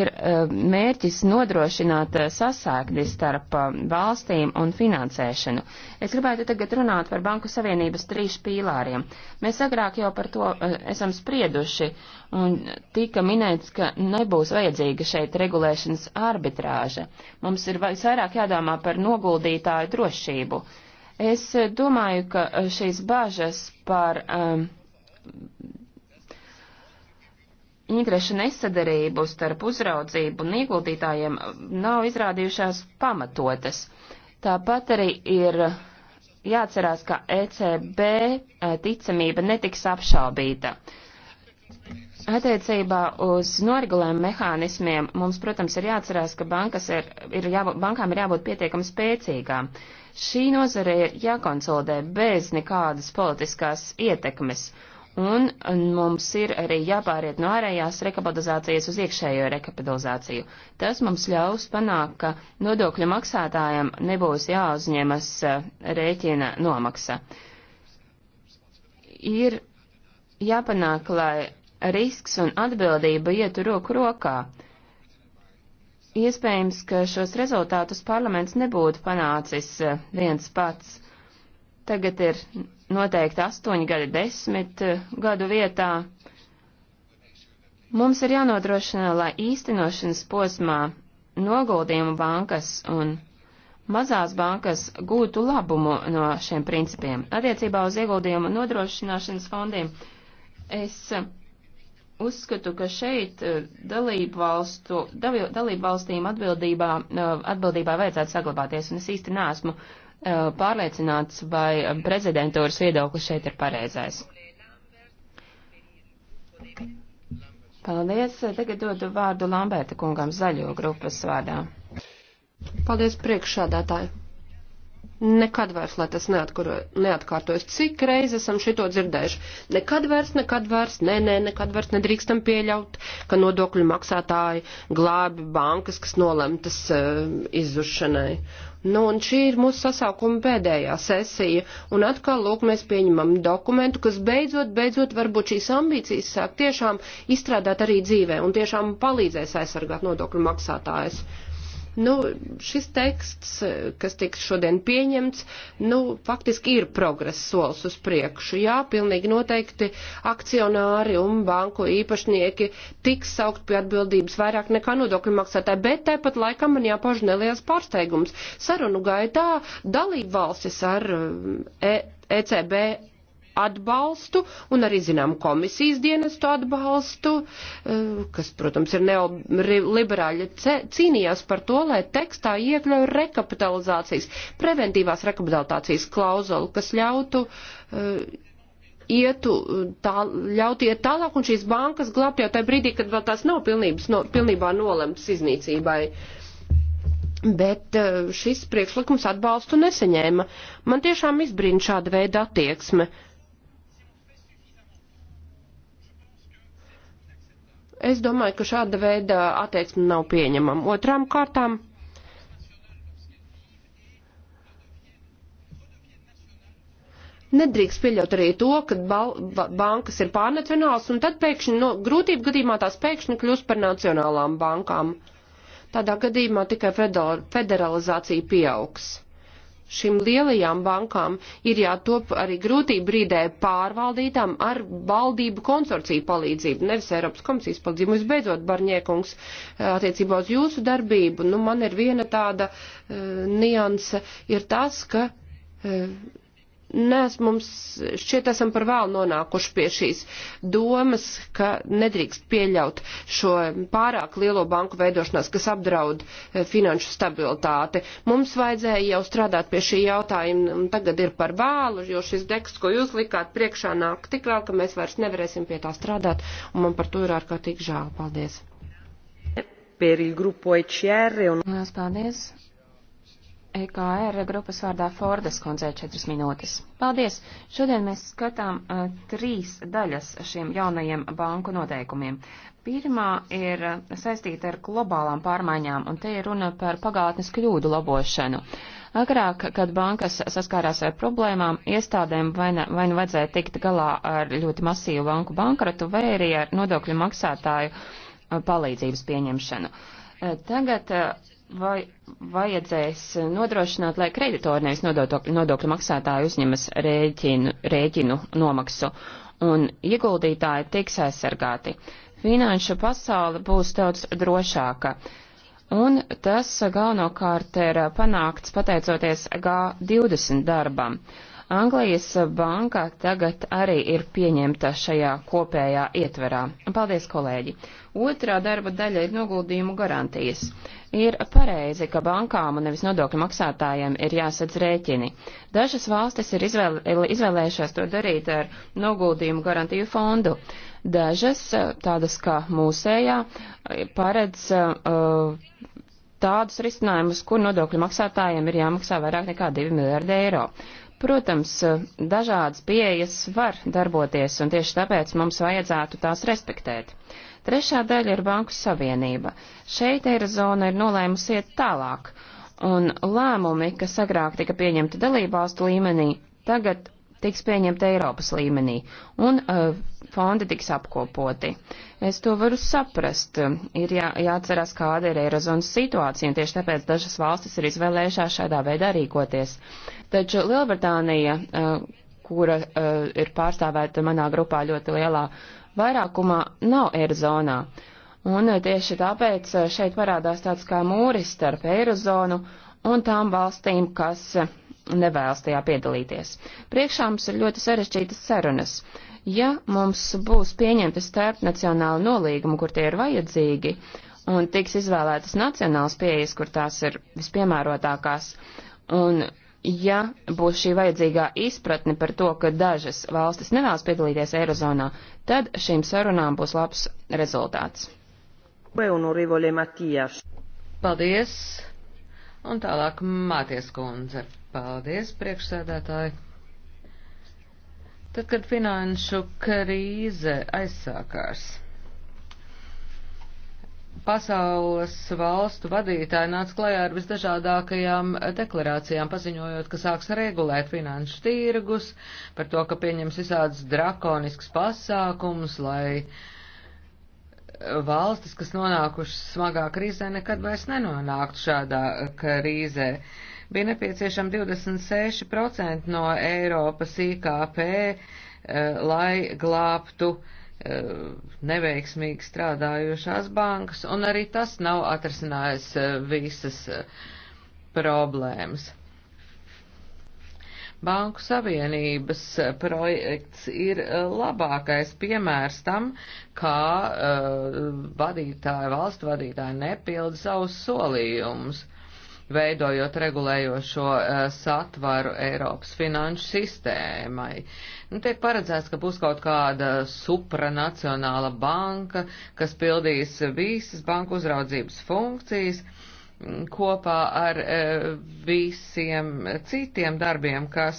ir e, mērķis nodrošināt e, sasēkdi starp e, valstīm un finansēšanu. Es gribētu tagad runāt par Banku Savienības trīs pīlāriem. Mēs agrāk jau par to esam sprieduši, un tika minēts, ka nebūs vajadzīga šeit regulēšanas arbitrāža. Mums ir visvairāk jādomā par noguldītāju drošību. Es e, domāju, ka e, šīs bāžas par um, interešu nesadarību starp uzraudzību un ieguldītājiem e, nav izrādījušās pamatotas. Tāpat arī ir jāatcerās, ka ECB ticamība netiks apšaubīta. Uh, Attiecībā uz noregulējumu mehānismiem mums, protams, ir jāatcerās, ka bankas ir, ir jābūt, bankām ir jābūt pietiekami spēcīgām. Šī nozare ir jākonsolidē bez nekādas politiskās ietekmes, un mums ir arī jāpāriet no ārējās rekapitalizācijas uz iekšējo rekapitalizāciju. Tas mums ļaus panākt, ka nodokļu maksātājiem nebūs jāuzņemas eh, rēķina nomaksa. Ir jāpanāk, lai risks un atbildība ietu roku rokā. Iespējams, ka šos rezultātus parlaments nebūtu panācis eh, viens pats. Tagad ir noteikti astoņi gadi desmit eh, gadu vietā. Mums ir jānodrošina, lai īstenošanas posmā noguldījumu bankas un mazās bankas gūtu labumu no šiem principiem. Attiecībā uz ieguldījumu nodrošināšanas fondiem es uzskatu, ka šeit eh, dalību, valstu, dalību valstīm atbildībā, eh, atbildībā vajadzētu saglabāties, un es īsti neesmu eh, pārliecināts, vai prezidentūras viedoklis šeit ir pareizais. Paldies. Tagad dodu vārdu Lamberta kungam zaļo grupas vārdā. Paldies priekšādātāji. Nekad vairs, lai tas neatkārtojas. Cik reizi esam šito dzirdējuši? Nekad vairs, nekad vairs, nē, nē, nekad vairs nedrīkstam pieļaut, ka nodokļu maksātāji glābi bankas, kas nolemtas uh, izzušanai. Nu, un šī ir mūsu sasaukuma pēdējā sesija, un atkal, lūk, mēs pieņemam dokumentu, kas beidzot, beidzot varbūt šīs ambīcijas sāk tiešām izstrādāt arī dzīvē un tiešām palīdzēs aizsargāt nodokļu maksātājus. Uh, Nu, šis teksts, kas tiks šodien pieņemts, nu, faktiski ir progress solis uz priekšu. Jā, pilnīgi noteikti akcionāri un banku īpašnieki tiks saukt pie atbildības vairāk nekā nodokļu maksātāji, bet tāpat laikam man jāpauž neliels pārsteigums. Sarunu gaitā dalību valstis ar eh, e ECB atbalstu un arī, zinām, komisijas dienestu atbalstu, eh, kas, protams, ir neoliberāļi cīnījās par to, lai tekstā iekļauj rekapitalizācijas, preventīvās rekapitalizācijas klauzulu, kas ļautu eh, ietu, tā, ļaut iet tālāk un šīs bankas glābt jau tajā brīdī, kad vēl tās nav pilnības, no, pilnībā nolemts iznīcībai. Bet eh, šis priekšlikums atbalstu neseņēma. Man tiešām izbrīna šāda veida attieksme. Uh, Es domāju, ka šāda veida attieksme nav pieņemama. Otrām kārtām. Nedrīkst pieļaut arī to, ka bankas ir pārnacionāls un tad pēkšņi, no nu, grūtību gadījumā tās pēkšņi kļūst par nacionālām bankām. Tādā gadījumā tikai federalizācija pieaugs šīm lielajām bankām ir jātop arī grūtību brīdē pārvaldītām ar valdību konsorciju palīdzību, nevis Eiropas komisijas palīdzību. Visbeidzot, Barņiekungs, eh, attiecībā uz jūsu darbību, nu man ir viena tāda uh, nianse, ir tas, ka uh, nes mums šķiet esam par vēl nonākuši pie šīs domas, ka nedrīkst pieļaut šo pārāk lielo banku veidošanās, kas apdraud eh, finanšu stabilitāti. Mums vajadzēja jau strādāt pie šī jautājuma, un tagad ir par vēlu, jo šis teksts, ko jūs likāt priekšā, nāk tik vēl, ka mēs vairs nevarēsim pie tā strādāt, un man par to ir ārkārtīgi žēl. Paldies! Per il gruppo ECR. Un... Paldies! EKR grupas vārdā Fordas kundzei 4 minūtes. Paldies! Šodien mēs skatām uh, trīs daļas šiem jaunajiem banku noteikumiem. Pirmā ir uh, saistīta ar globālām pārmaiņām, un te ir runa par pagātnes kļūdu labošanu. Agrāk, kad bankas saskārās ar problēmām, iestādēm vai nu vajadzēja tikt galā ar ļoti masīvu banku bankratu vai arī ar nodokļu maksātāju uh, palīdzības pieņemšanu. Uh, tagad uh, vai vajadzēs nodrošināt, lai kreditori nevis nodokļu maksātāji uzņemas rēķinu, rēķinu nomaksu un ieguldītāji tiks aizsargāti. Finanšu pasaule būs daudz drošāka. Un tas galvenokārt ir panākts pateicoties G20 darbam. Uh, Anglijas banka tagad arī ir pieņemta šajā kopējā ietverā. Paldies, kolēģi! Otrā darba daļa ir noguldījumu garantijas. Ir pareizi, ka bankām un nevis nodokļu maksātājiem ir jāsadz rēķini. Dažas valstis ir izvēl, izvēlējušās to darīt ar noguldījumu garantiju fondu. Dažas, tādas kā mūsējā, paredz uh, tādus risinājumus, kur nodokļu maksātājiem ir jāmaksā vairāk nekā 2 miljārdi eiro. Protams, dažādas pieejas var darboties, un tieši tāpēc mums vajadzētu tās respektēt. Trešā daļa ir Banku Savienība. Šeit Eirozona ir nolēmusi iet tālāk, un lēmumi, kas agrāk tika pieņemti dalībvalstu līmenī, tagad tiks pieņemta Eiropas līmenī un uh, fondi tiks apkopoti. Es to varu saprast. Ir jā, jāatcerās, kāda ir Eirozonas situācija, un tieši tāpēc dažas valstis ir izvēlējušās šādā veidā rīkoties. Taču Lielbritānija, uh, kura uh, ir pārstāvēta manā grupā ļoti lielā vairākumā, nav Eirozonā. Un tieši tāpēc šeit parādās tāds kā mūris starp Eirozonu un tām valstīm, kas nevēlas tajā piedalīties. Priekšā mums ir ļoti sarežģītas sarunas. Ja mums būs pieņemta starpnacionāla nolīguma, kur tie ir vajadzīgi, un tiks izvēlētas nacionāls pieejas, kur tās ir vispiemērotākās, un ja būs šī vajadzīgā izpratne par to, ka dažas valstis nevēlas piedalīties Eirozonā, tad šīm sarunām būs labs rezultāts. Paldies! Un tālāk Māties kundze. Paldies, priekšsēdētāji. Tad, kad finanšu krīze aizsākās, pasaules valstu vadītāji nāca klajā ar visdažādākajām deklarācijām, paziņojot, ka sāks regulēt finanšu tirgus, par to, ka pieņems visādus drakoniskus pasākumus, lai uh, valstis, kas nonākušas smagā krīzē, nekad vairs nenonāktu šādā eh, krīzē. Bija nepieciešama 26% no Eiropas IKP, eh, lai glābtu eh, neveiksmīgi strādājošās bankas, un arī tas nav atrasinājis visas problēmas. Banku savienības projekts ir eh, labākais piemērs tam, kā uh, eh, vadītāji, valstu vadītāji nepilda savus solījumus, veidojot regulējošo uh, satvaru Eiropas finanšu sistēmai. Nu, tiek paredzēts, ka būs kaut kāda supranacionāla banka, kas pildīs visas banku uzraudzības funkcijas kopā ar e, visiem citiem darbiem, kas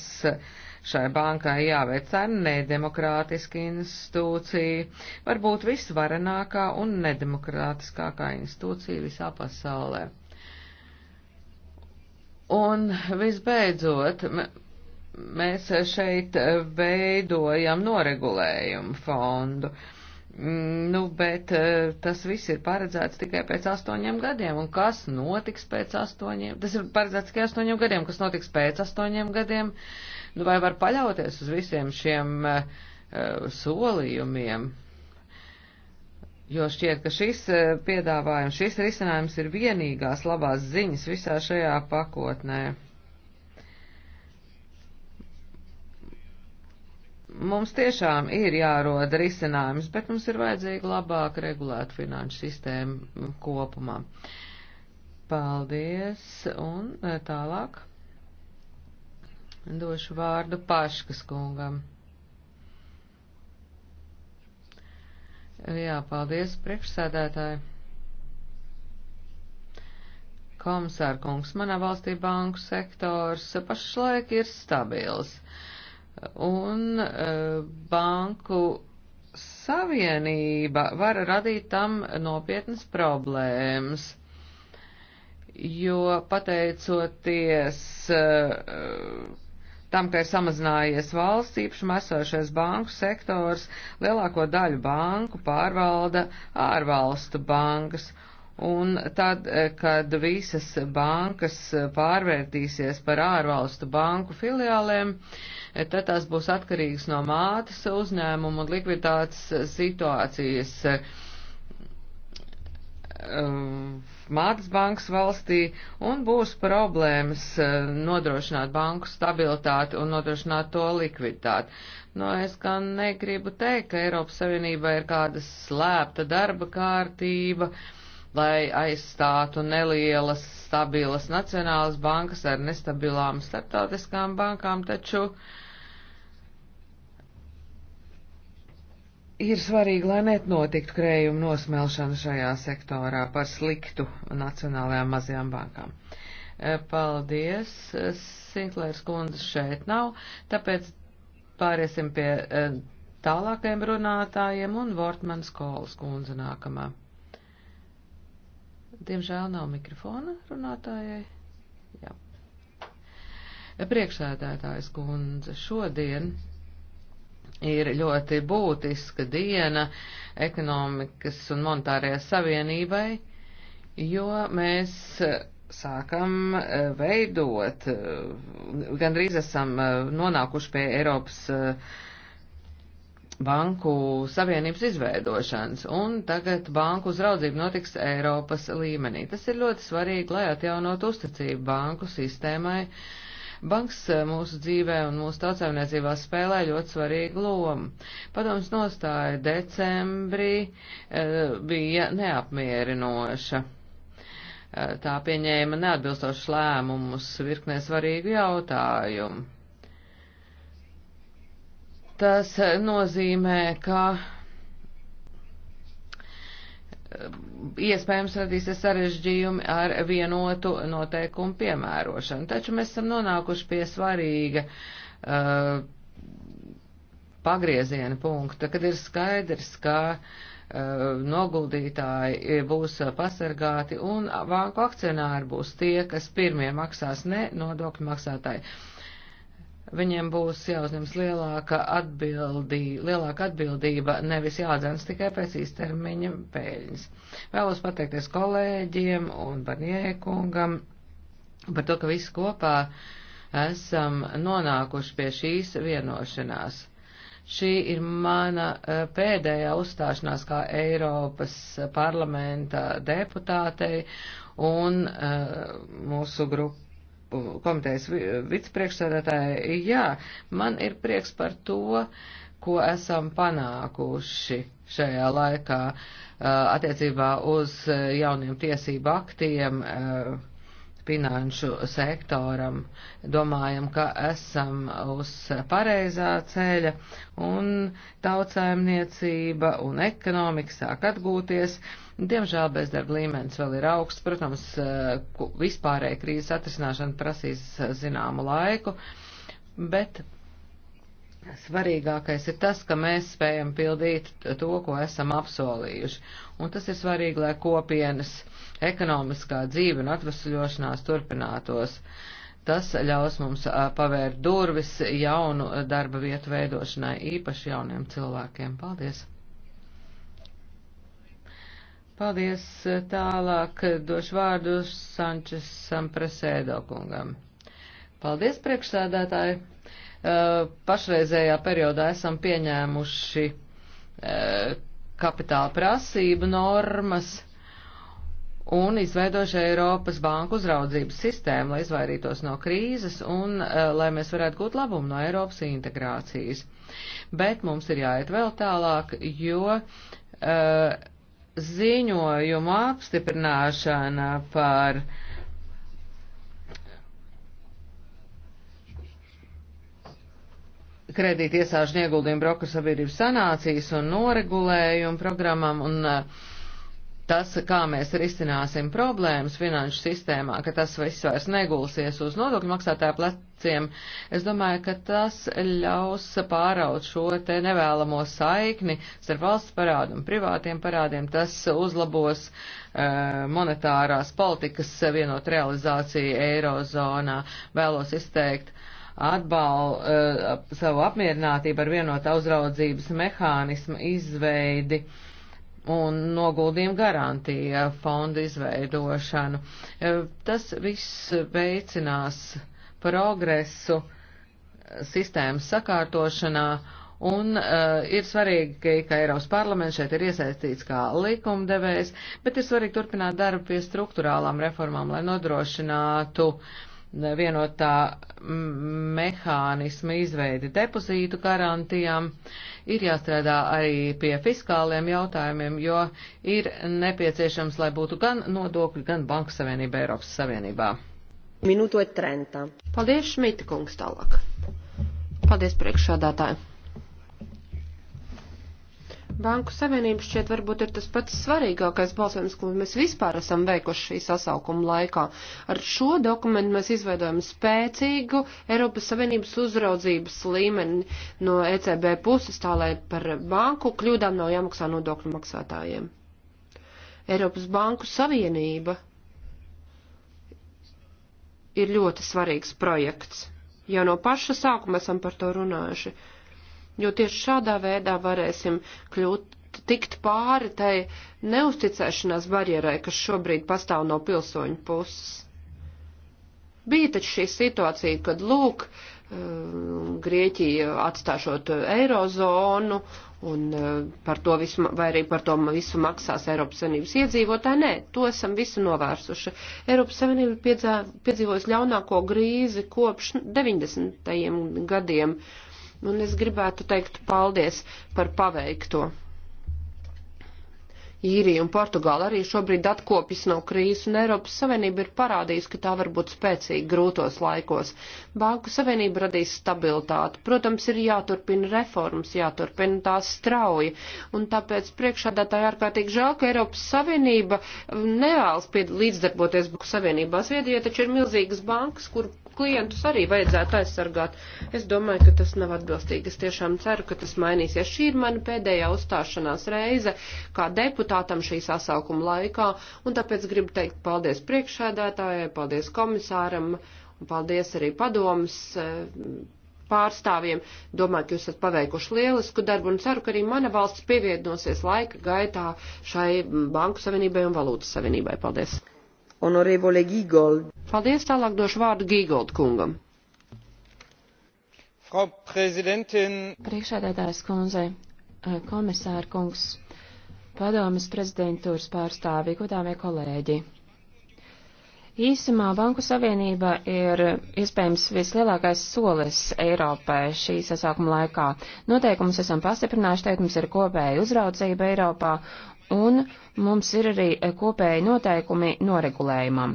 šai bankai jāveic ar nedemokrātisku institūciju, varbūt visvarenākā un nedemokrātiskākā institūcija visā pasaulē. Un visbeidzot, mēs šeit veidojam noregulējumu fondu. Uh, Mm, nu, bet eh, tas viss ir paredzēts tikai pēc astoņiem gadiem, un kas notiks pēc astoņiem? Tas ir paredzēts tikai astoņiem gadiem, kas notiks pēc astoņiem gadiem? Nu, vai var paļauties uz visiem šiem uh, solījumiem? Jo šķiet, ka šis eh, piedāvājums, šis risinājums ir vienīgās labās ziņas visā šajā pakotnē. Mums tiešām ir jāroda risinājums, bet mums ir vajadzīga labāk regulēta finanšu sistēma kopumā. Paldies, un e, tālāk došu vārdu Paškas kungam. Jā, paldies, priekšsēdētāji. Komisārkungs, manā valstī banku sektors pašlaik ir stabils. Uh, Un e, banku savienība var radīt tam nopietnas problēmas, jo pateicoties e, tam, ka ir samazinājies valsts īpašumā esošais banku sektors, lielāko daļu banku pārvalda ārvalstu bankas. Un tad, eh, kad visas bankas eh, pārvērtīsies par ārvalstu banku filiālēm, eh, tad tās būs atkarīgas no mātes uzņēmuma un likviditātes situācijas. Mātes bankas valstī un būs problēmas nodrošināt banku stabilitāti un nodrošināt to likviditāti. No nu, es gan negribu teikt, ka Eiropas Savienībā ir kāda slēpta darba kārtība. Uh, lai aizstātu nelielas, stabilas nacionālas bankas ar nestabilām starptautiskām bankām, taču ir svarīgi, lai netnotiktu krējuma nosmelšana šajā sektorā par sliktu nacionālajām mazajām bankām. E, paldies, Sinklērs kundze šeit nav, tāpēc pāriesim pie e, tālākajiem runātājiem un Vortmanas kolas kundze nākamā. Diemžēl nav mikrofona runātājai. Jā. Priekšsēdētājs kundze, šodien ir ļoti būtiska diena ekonomikas un monetārajai savienībai, jo mēs sākam e, veidot, e, gandrīz esam e, nonākuši pie Eiropas banku savienības izveidošanas, un tagad banku uzraudzība notiks Eiropas līmenī. Tas ir ļoti svarīgi, lai atjaunot uzticību banku sistēmai. Banks eh, mūsu dzīvē un mūsu tautsēmniecībā spēlē ļoti svarīgu lomu. Padoms nostāja decembrī eh, bija neapmierinoša. Eh, tā pieņēma neatbilstošus lēmumus virknē svarīgu jautājumu Tas nozīmē, ka um, iespējams radīsies sarežģījumi ar vienotu noteikumu piemērošanu. Taču mēs esam nonākuši pie svarīga uh, pagrieziena punkta, kad ir skaidrs, ka uh, noguldītāji būs pasargāti un banku akcionāri būs tie, kas pirmie maksās ne nodokļu maksātāji. Uh, viņiem būs jāuzņems lielāka atbildība, lielāka atbildība nevis jādzens tikai pēc īstermiņa pēļņas. Vēlos pateikties kolēģiem un Barniekungam par to, ka visi kopā esam nonākuši pie šīs vienošanās. Šī ir mana eh, pēdējā uzstāšanās kā Eiropas parlamenta deputātei un uh, mūsu grupa komitejas vicepriekšsēdētāji, jā, man ir prieks par to, ko esam panākuši šajā laikā attiecībā uz jauniem tiesību aktiem finanšu sektoram. Domājam, ka esam uz pareizā ceļa un tautsēmniecība un ekonomika sāk atgūties. Uh, Diemžēl bezdarba līmenis vēl ir augsts. Protams, eh, vispārēja krīzes atrisināšana prasīs eh, zināmu laiku, bet Svarīgākais ir tas, ka mēs spējam pildīt to, ko esam apsolījuši, un tas ir svarīgi, lai kopienas ekonomiskā dzīve un atvesaļošanās turpinātos. Tas ļaus mums eh, pavērt durvis jaunu darba vietu veidošanai, īpaši jauniem cilvēkiem. Paldies! Paldies. Tālāk došu vārdu Sančesam Presēdo kungam. Paldies, priekšsēdētāji. Pašreizējā periodā esam pieņēmuši kapitāla prasību normas un izveidojuši Eiropas banku uzraudzības sistēmu, lai izvairītos no krīzes un lai mēs varētu gūt labumu no Eiropas integrācijas. Bet mums ir jāiet vēl tālāk, jo uh, ziņojumu apstiprināšana par kredīt iesāžņu ieguldījumu brokeru sabiedrības sanācijas un noregulējumu programmām un uh, tas, kā mēs risināsim problēmas finanšu sistēmā, ka tas viss vairs negulsies uz nodokļu maksātāju pleciem, es domāju, ka tas ļaus pāraut šo te nevēlamo saikni starp valsts parādu un privātiem parādiem. Tas uzlabos uh, monetārās politikas vienot realizāciju Eirozonā. Vēlos izteikt atbal uh, savu apmierinātību ar vienotā uzraudzības mehānismu izveidi. Uh, un noguldījumu garantija fonda izveidošanu. Tas viss veicinās progresu eh, sistēmas sakārtošanā Un uh, ir svarīgi, ka Eiropas parlaments šeit ir iesaistīts kā likumdevējs, bet ir svarīgi turpināt darbu pie struktūrālām reformām, lai nodrošinātu vienotā mehānismu izveidi depozītu garantijām. Uh, ir jāstrādā arī pie fiskāliem jautājumiem, jo ir nepieciešams, lai būtu gan nodokļi, gan Banka Savienība Eiropas Savienībā. Minūtot 30. Paldies, Šmita kungs, tālāk. Paldies, priekšādātāji. Banku savienība šķiet varbūt ir tas pats svarīgākais balsojums, ko mēs vispār esam veikuši šī sasaukuma laikā. Ar šo dokumentu mēs izveidojam spēcīgu Eiropas Savienības uzraudzības līmeni no ECB puses, tā lai par banku kļūdām nav jāmaksā nodokļu maksātājiem. Eiropas Banku Savienība ir ļoti svarīgs projekts. Jau no paša sākuma esam par to runājuši jo tieši šādā veidā varēsim kļūt tikt pāri tai neusticēšanās barjerai, kas šobrīd pastāv no pilsoņu puses. Bija taču šī situācija, kad lūk, um, Grieķija atstāšot eirozonu un uh, par to visu, vai arī par to visu maksās Eiropas Savienības iedzīvotāji. Nē, to esam visu novērsuši. Eiropas Savienība piedzīvojas ļaunāko grīzi kopš 90. gadiem. Uh, Un es gribētu teikt paldies par paveikto. Īrija un Portugāla arī šobrīd atkopjas no krīzes, un Eiropas Savienība ir parādījusi, ka tā var būt spēcīga grūtos laikos. Banku Savienība radīs stabilitāti. Protams, ir jāturpina reformas, jāturpina tās strauji, un tāpēc priekšādātāji ārkārtīgi žēl, ka Eiropas Savienība um, nevēlas līdzdarboties Banku Savienībā. Zviedrija taču ir milzīgas bankas, kur klientus arī vajadzētu aizsargāt. Es domāju, ka tas nav atbilstīgi. Es tiešām ceru, ka tas mainīsies. Šī ir mana pēdējā uzstāšanās reize kā deputāta deputātam šī sasaukuma laikā, un tāpēc gribu teikt paldies priekšsēdētājai, paldies komisāram, un paldies arī padomas eh, pārstāvjiem. Domāju, ka jūs esat paveikuši lielisku darbu un ceru, ka arī mana valsts pievienosies laika gaitā šai mm, Banku Savienībai un Valūtas Savienībai. Paldies! Honorevole Gīgold. Paldies, tālāk došu vārdu Gīgold kungam. Frau Präsidentin! Priekšādātājs kundze, eh, komisāra kungs, padomas prezidentūras pārstāvi, godāmie kolēģi. Īsumā Banku Savienība ir iespējams vislielākais solis Eiropai šī sasākuma laikā. Noteikumus esam pastiprinājuši, teikt, mums ir kopēja uzraudzība Eiropā un mums ir arī kopēji noteikumi noregulējumam.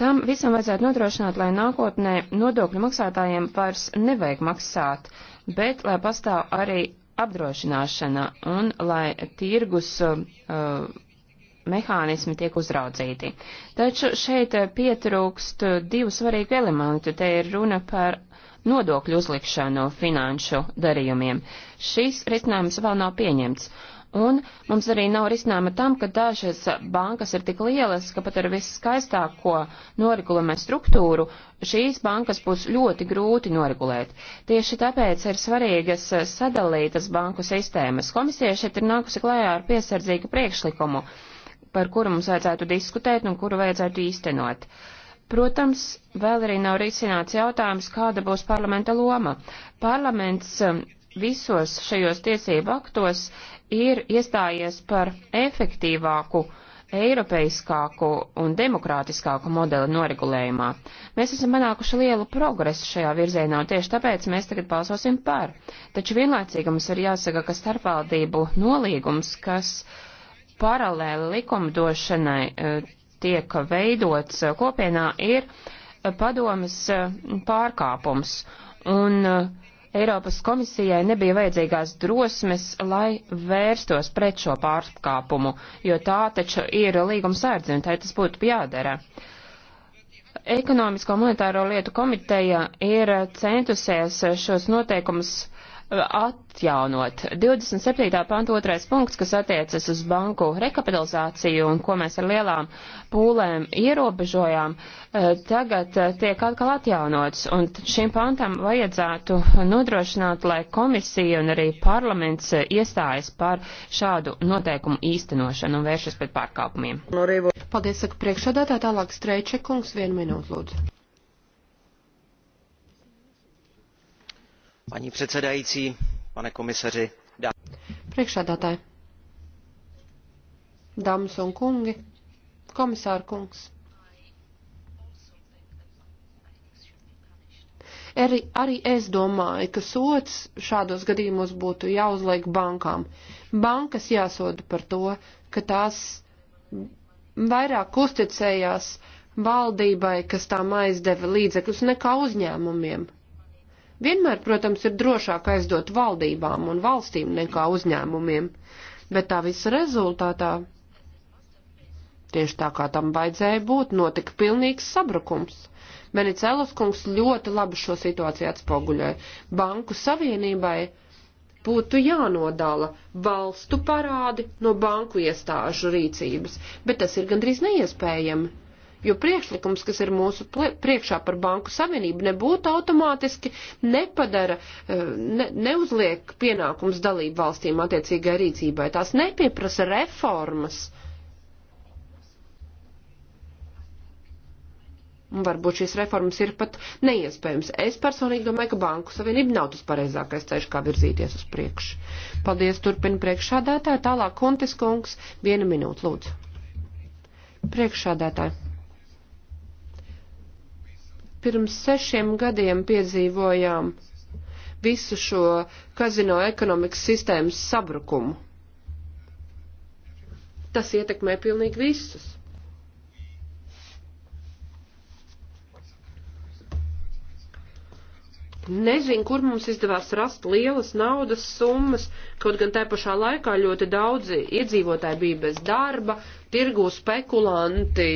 Tam visam vajadzētu nodrošināt, lai nākotnē nodokļu maksātājiem vairs nevajag maksāt, bet lai pastāv arī apdrošināšana un lai tirgus uh, mehānismi tiek uzraudzīti. Taču šeit uh, pietrūkst uh, divu svarīgu elementu. Te ir runa par nodokļu uzlikšanu finanšu darījumiem. Šis risinājums vēl nav pieņemts. Un mums arī nav risinājuma tam, ka dažas bankas ir tik lielas, ka pat ar viskaistāko noregulēmēt struktūru šīs bankas būs ļoti grūti noregulēt. Tieši tāpēc ir svarīgas sadalītas banku sistēmas. Komisija šeit ir nākusi klājā ar piesardzīgu priekšlikumu, par kuru mums vajadzētu diskutēt un kuru vajadzētu īstenot. Protams, vēl arī nav risināts jautājums, kāda būs parlamenta loma. Parlaments um, visos šajos tiesību aktos ir iestājies par efektīvāku, eiropeiskāku un demokrātiskāku modeli noregulējumā. Mēs esam panākuši lielu progresu šajā virzienā, un tieši tāpēc mēs tagad balsosim par. Taču vienlaicīgi mums ir jāsaka, ka starpvaldību nolīgums, kas paralēli likumdošanai eh, tiek veidots eh, kopienā, ir eh, padomas pārkāpums. Un uh, Eiropas komisijai nebija vajadzīgās drosmes, lai vērstos pret šo pārkāpumu, jo tā taču ir līguma sērdzi un tai tas būtu jādara. Ekonomisko monetāro lietu komiteja ir centusies šos noteikumus atjaunot. 27. pantu otrais punkts, kas attiecas uz banku rekapitalizāciju un ko mēs ar lielām pūlēm ierobežojām, eh, tagad eh, tiek atkal atjaunots. Un šim pantam vajadzētu nodrošināt, lai komisija un arī parlaments eh, iestājas par šādu noteikumu īstenošanu un vēršas pret pārkāpumiem. Paldies, saka priekšsādātā tālāk Streičekungs, vienu minūtu lūdzu. paní předsedající pane komisaři priekšsēdētāji dāmas un kungi komisāra kungs arī, arī es domāju, ka sots šādos gadījumos būtu jāuzliek bankām. Bankas jāsoda par to, ka tās vairāk uzticējās valdībai, kas tām aizdeva līdzekļus, nekā uzņēmumiem. Vienmēr, protams, ir drošāk aizdot valdībām un valstīm nekā uzņēmumiem, bet tā visa rezultātā, tieši tā kā tam vajadzēja būt, notika pilnīgs sabrukums. Benicēlas kungs ļoti labi šo situāciju atspoguļoja. Banku savienībai būtu jānodala valstu parādi no banku iestāžu rīcības, bet tas ir gandrīz neiespējami jo priekšlikums, kas ir mūsu priekšā par banku savienību, nebūtu automātiski nepadara, eh, ne, neuzliek pienākums dalību valstīm attiecīgai rīcībai. Tās nepieprasa reformas. Un varbūt šīs reformas ir pat neiespējams. Es personīgi domāju, ka Banku Savienība nav tas pareizākais ceļš, kā virzīties uz priekšu. Paldies, turpina priekšādātāja. Tālāk Kontis Kungs, viena minūte, lūdzu. Priekšādātāja. Pirms sešiem gadiem piedzīvojām visu šo kazino ekonomikas sistēmas sabrukumu. Tas ietekmē pilnīgi visus. Nezinu, kur mums izdevās rast lielas naudas summas, kaut gan tai pašā laikā ļoti daudzi iedzīvotāji bija bez darba, tirgu spekulanti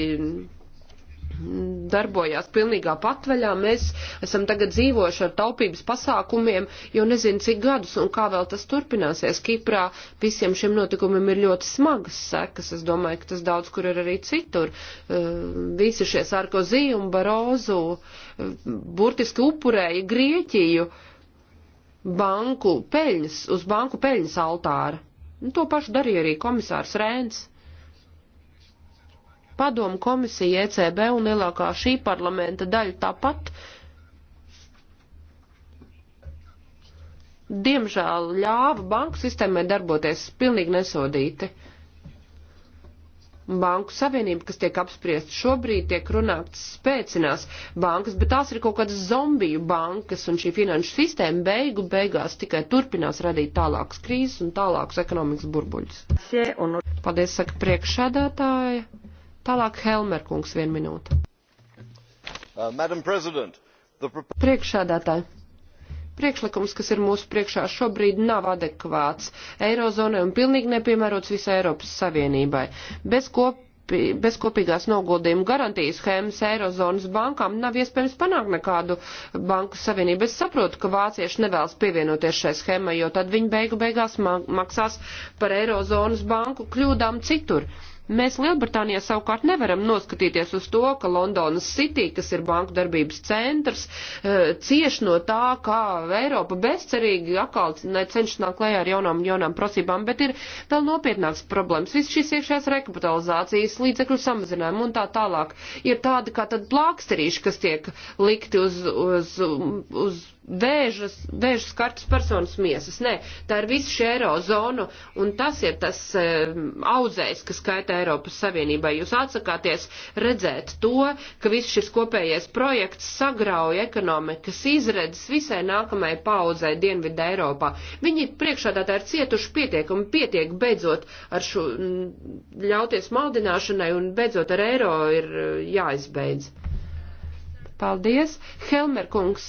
darbojās pilnīgā patvaļā. Mēs esam tagad dzīvojuši ar taupības pasākumiem jau nezinu cik gadus un kā vēl tas turpināsies. Kiprā visiem šiem notikumiem ir ļoti smagas sekas. Es domāju, ka tas daudz kur ir arī citur. Uh, visi šie Sarkozī un Barozu uh, burtiski upurēja Grieķiju banku peļņas, uz banku peļņas altāra. Un nu, to pašu darīja arī komisārs Rēns. Padomu komisija ECB un lielākā šī parlamenta daļa tāpat diemžēl ļāva banku sistēmai darboties pilnīgi nesodīti. Banku savienība, kas tiek apspriest šobrīd, tiek runāts spēcinās bankas, bet tās ir kaut kādas zombiju bankas, un šī finanšu sistēma beigu beigās tikai turpinās radīt tālākas krīzes un tālākus ekonomikas burbuļus. Paldies, saka priekšsēdētāja. Tālāk Helmer kungs vienu minūtu. Uh, the... Priekšsēdētāji. Priekšlikums, kas ir mūsu priekšā šobrīd, nav adekvāts Eirozonai un pilnīgi nepiemērots visai Eiropas Savienībai. Bez kop bez kopīgās noguldījuma garantijas schēmas Eirozonas bankām nav iespējams panākt nekādu banku savienību. Es saprotu, ka vācieši nevēlas pievienoties šai schēmai, jo tad viņi beigu beigās maksās par Eirozonas banku kļūdām citur. Uh, Mēs Lielbritānijā savukārt nevaram noskatīties uz to, ka Londonas City, kas ir banku darbības centrs, eh, cieš no tā, kā Eiropa bezcerīgi atkal cenšas nākt klajā ar jaunām, jaunām prasībām, bet ir vēl nopietnāks problēmas. Viss šīs iekšējās rekapitalizācijas, līdzekļu samazinājumu un tā tālāk ir tādi kā tad blāksterīši, kas tiek likti uz, uz, uz vēžas, vēžas kartas personas miesas. Nē, tā ir visa šī eirozona, un tas ir tas e, audzējs, kas skaita Eiropas Savienībai. Jūs atsakāties redzēt to, ka viss šis kopējais projekts sagrauja ekonomikas izredzes visai nākamajai paudzei Dienvidē Eiropā. Viņi priekšādātā ir cietuši pietiekami, pietiek beidzot ar šo ļauties maldināšanai, un beidzot ar eiro ir eh, jāizbeidz. Paldies. Helmer kungs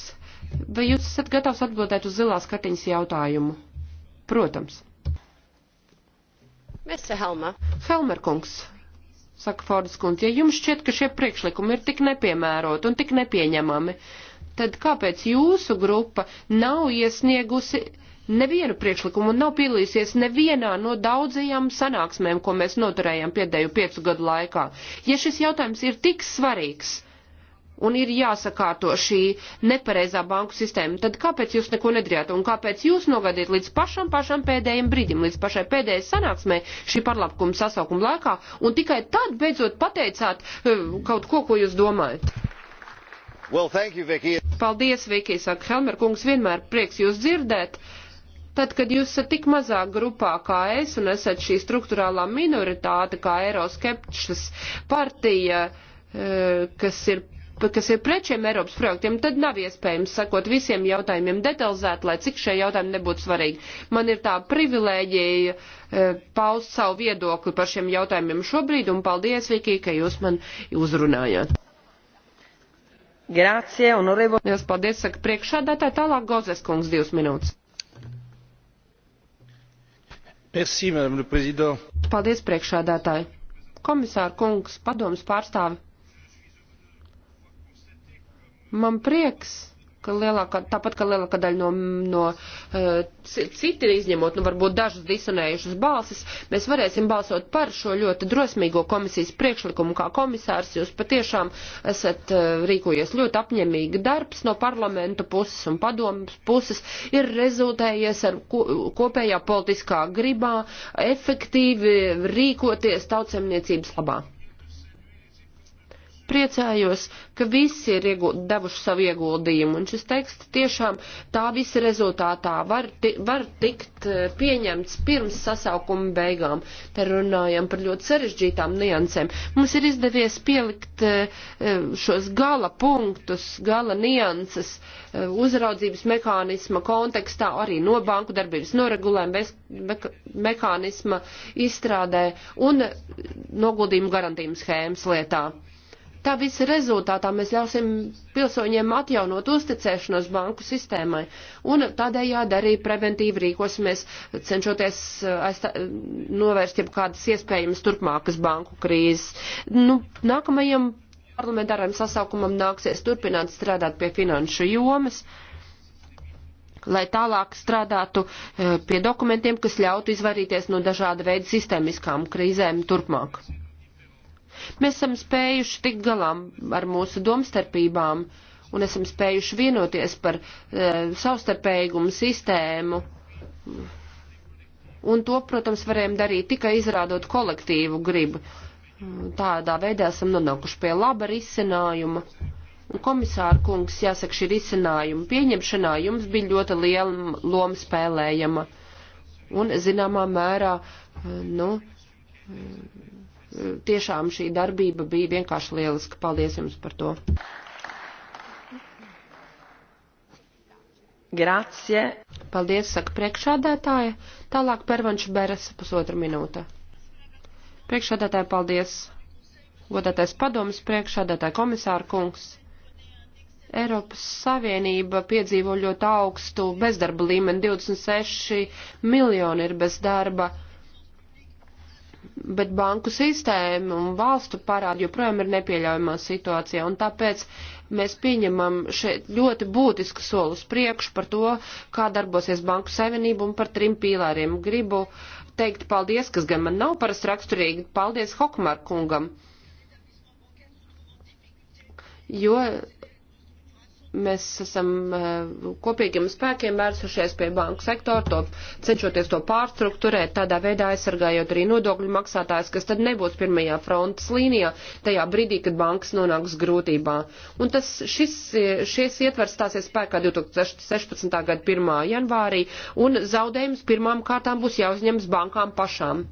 Vai jūs esat gatavs atbildēt uz zilās kartiņas jautājumu? Protams. Mr. Helmer. Helmer kungs, saka Fordas kundze, ja jums šķiet, ka šie priekšlikumi ir tik nepiemēroti un tik nepieņemami, tad kāpēc jūsu grupa nav iesniegusi nevienu priekšlikumu un nav piedalīsies nevienā no daudzajām sanāksmēm, ko mēs noturējām pēdējo piecu gadu laikā. Ja šis jautājums ir tik svarīgs, un ir jāsakārto šī nepareizā banku sistēma, tad kāpēc jūs neko nedarījāt un kāpēc jūs nogadiet līdz pašam pašam pēdējiem bridim, līdz pašai pēdējai sanāksmē šī parlapkuma sasaukuma laikā un tikai tad beidzot pateicāt eh, kaut ko, ko jūs domājat? Well, you, Vicky. Paldies, Viki, saka Helmer kungs, vienmēr prieks jūs dzirdēt. Tad, kad jūs esat tik mazā grupā kā es un esat šī struktūrālā minoritāte kā Eiroskeptišas partija, eh, kas ir kas ir pret šiem Eiropas projektiem, tad nav iespējams sakot visiem jautājumiem detalizēt, lai cik šie jautājumi nebūtu svarīgi. Man ir tā privilēģija e, paust savu viedokli par šiem jautājumiem šobrīd, un paldies, Viki, ka jūs man uzrunājāt. Grācie, onorevo. Jūs paldies, saka priekšādātāji, tālāk Gozes kungs, divas minūtes. Merci, Paldies, priekšādātāji. Komisāra kungs, padomas pārstāvi. Man prieks, ka lielākā, tāpat kā lielākā daļa no, no uh, citi izņemot, nu varbūt dažas disonējušas balsis, mēs varēsim balsot par šo ļoti drosmīgo komisijas priekšlikumu kā komisārs. Jūs patiešām esat uh, rīkojies ļoti apņemīgi darbs no parlamenta puses un padomas puses, ir rezultējies ar ko, kopējā politiskā gribā efektīvi rīkoties tautsemniecības labā priecājos, ka visi ir iegu, devuši savu ieguldījumu, un šis teksts tiešām tā visa rezultātā var, ti, var tikt eh, pieņemts pirms sasaukuma beigām. Te runājam par ļoti sarežģītām niansēm. Mums ir izdevies pielikt eh, eh, šos gala punktus, gala nianses uzraudzības mekānisma kontekstā, arī no banku darbības noregulējuma me mekānisma izstrādē un noguldījumu garantījuma schēmas lietā. Tā visa rezultātā mēs ļausim pilsoņiem atjaunot uzticēšanos banku sistēmai un tādējādi arī preventīvi rīkosimies, cenšoties eh, aizstā, novērst jau kādas iespējamas turpmākas banku krīzes. Nu, nākamajam parlamentāram sasaukumam nāksies turpināt strādāt pie finanšu jomas lai tālāk strādātu eh, pie dokumentiem, kas ļautu izvairīties no dažāda veida sistēmiskām krīzēm turpmāk. Mēs esam spējuši tikt galām ar mūsu domstarpībām un esam spējuši vienoties par e, savstarpējumu sistēmu. Un to, protams, varējām darīt tikai izrādot kolektīvu gribu. Tādā veidā esam nonākuši pie laba risinājuma. Un komisāra kungs, jāsaka, šī risinājuma pieņemšanā jums bija ļoti liela loma spēlējama. Un, zināmā mērā, e, nu, tiešām šī darbība bija vienkārši lieliska. Paldies jums par to. Grācie. Paldies, saka priekšādētāja. Tālāk pervanš beres pusotra minūte. Priekšādētāja, paldies. Godātais padomas priekšādētāja komisāra kungs. Eiropas Savienība piedzīvo ļoti augstu bezdarba līmeni, 26 miljoni ir bez darba bet banku sistēma un valstu parādi joprojām ir nepieļaujamā situācijā, un tāpēc mēs pieņemam šeit ļoti būtisku soli uz priekšu par to, kā darbosies banku savienība un par trim pīlāriem. Gribu teikt paldies, kas gan man nav parasti raksturīgi, paldies Hokmar kungam, jo mēs esam eh, kopīgiem spēkiem vērsušies pie banku sektora, to, cenšoties to pārstruktūrēt, tādā veidā aizsargājot arī nodokļu maksātājs, kas tad nebūs pirmajā frontes līnijā tajā brīdī, kad bankas nonāks grūtībā. Un tas, šis, šis ietvers stāsies spēkā 2016. gada 1. janvārī, un zaudējums pirmām kārtām būs jāuzņems bankām pašām.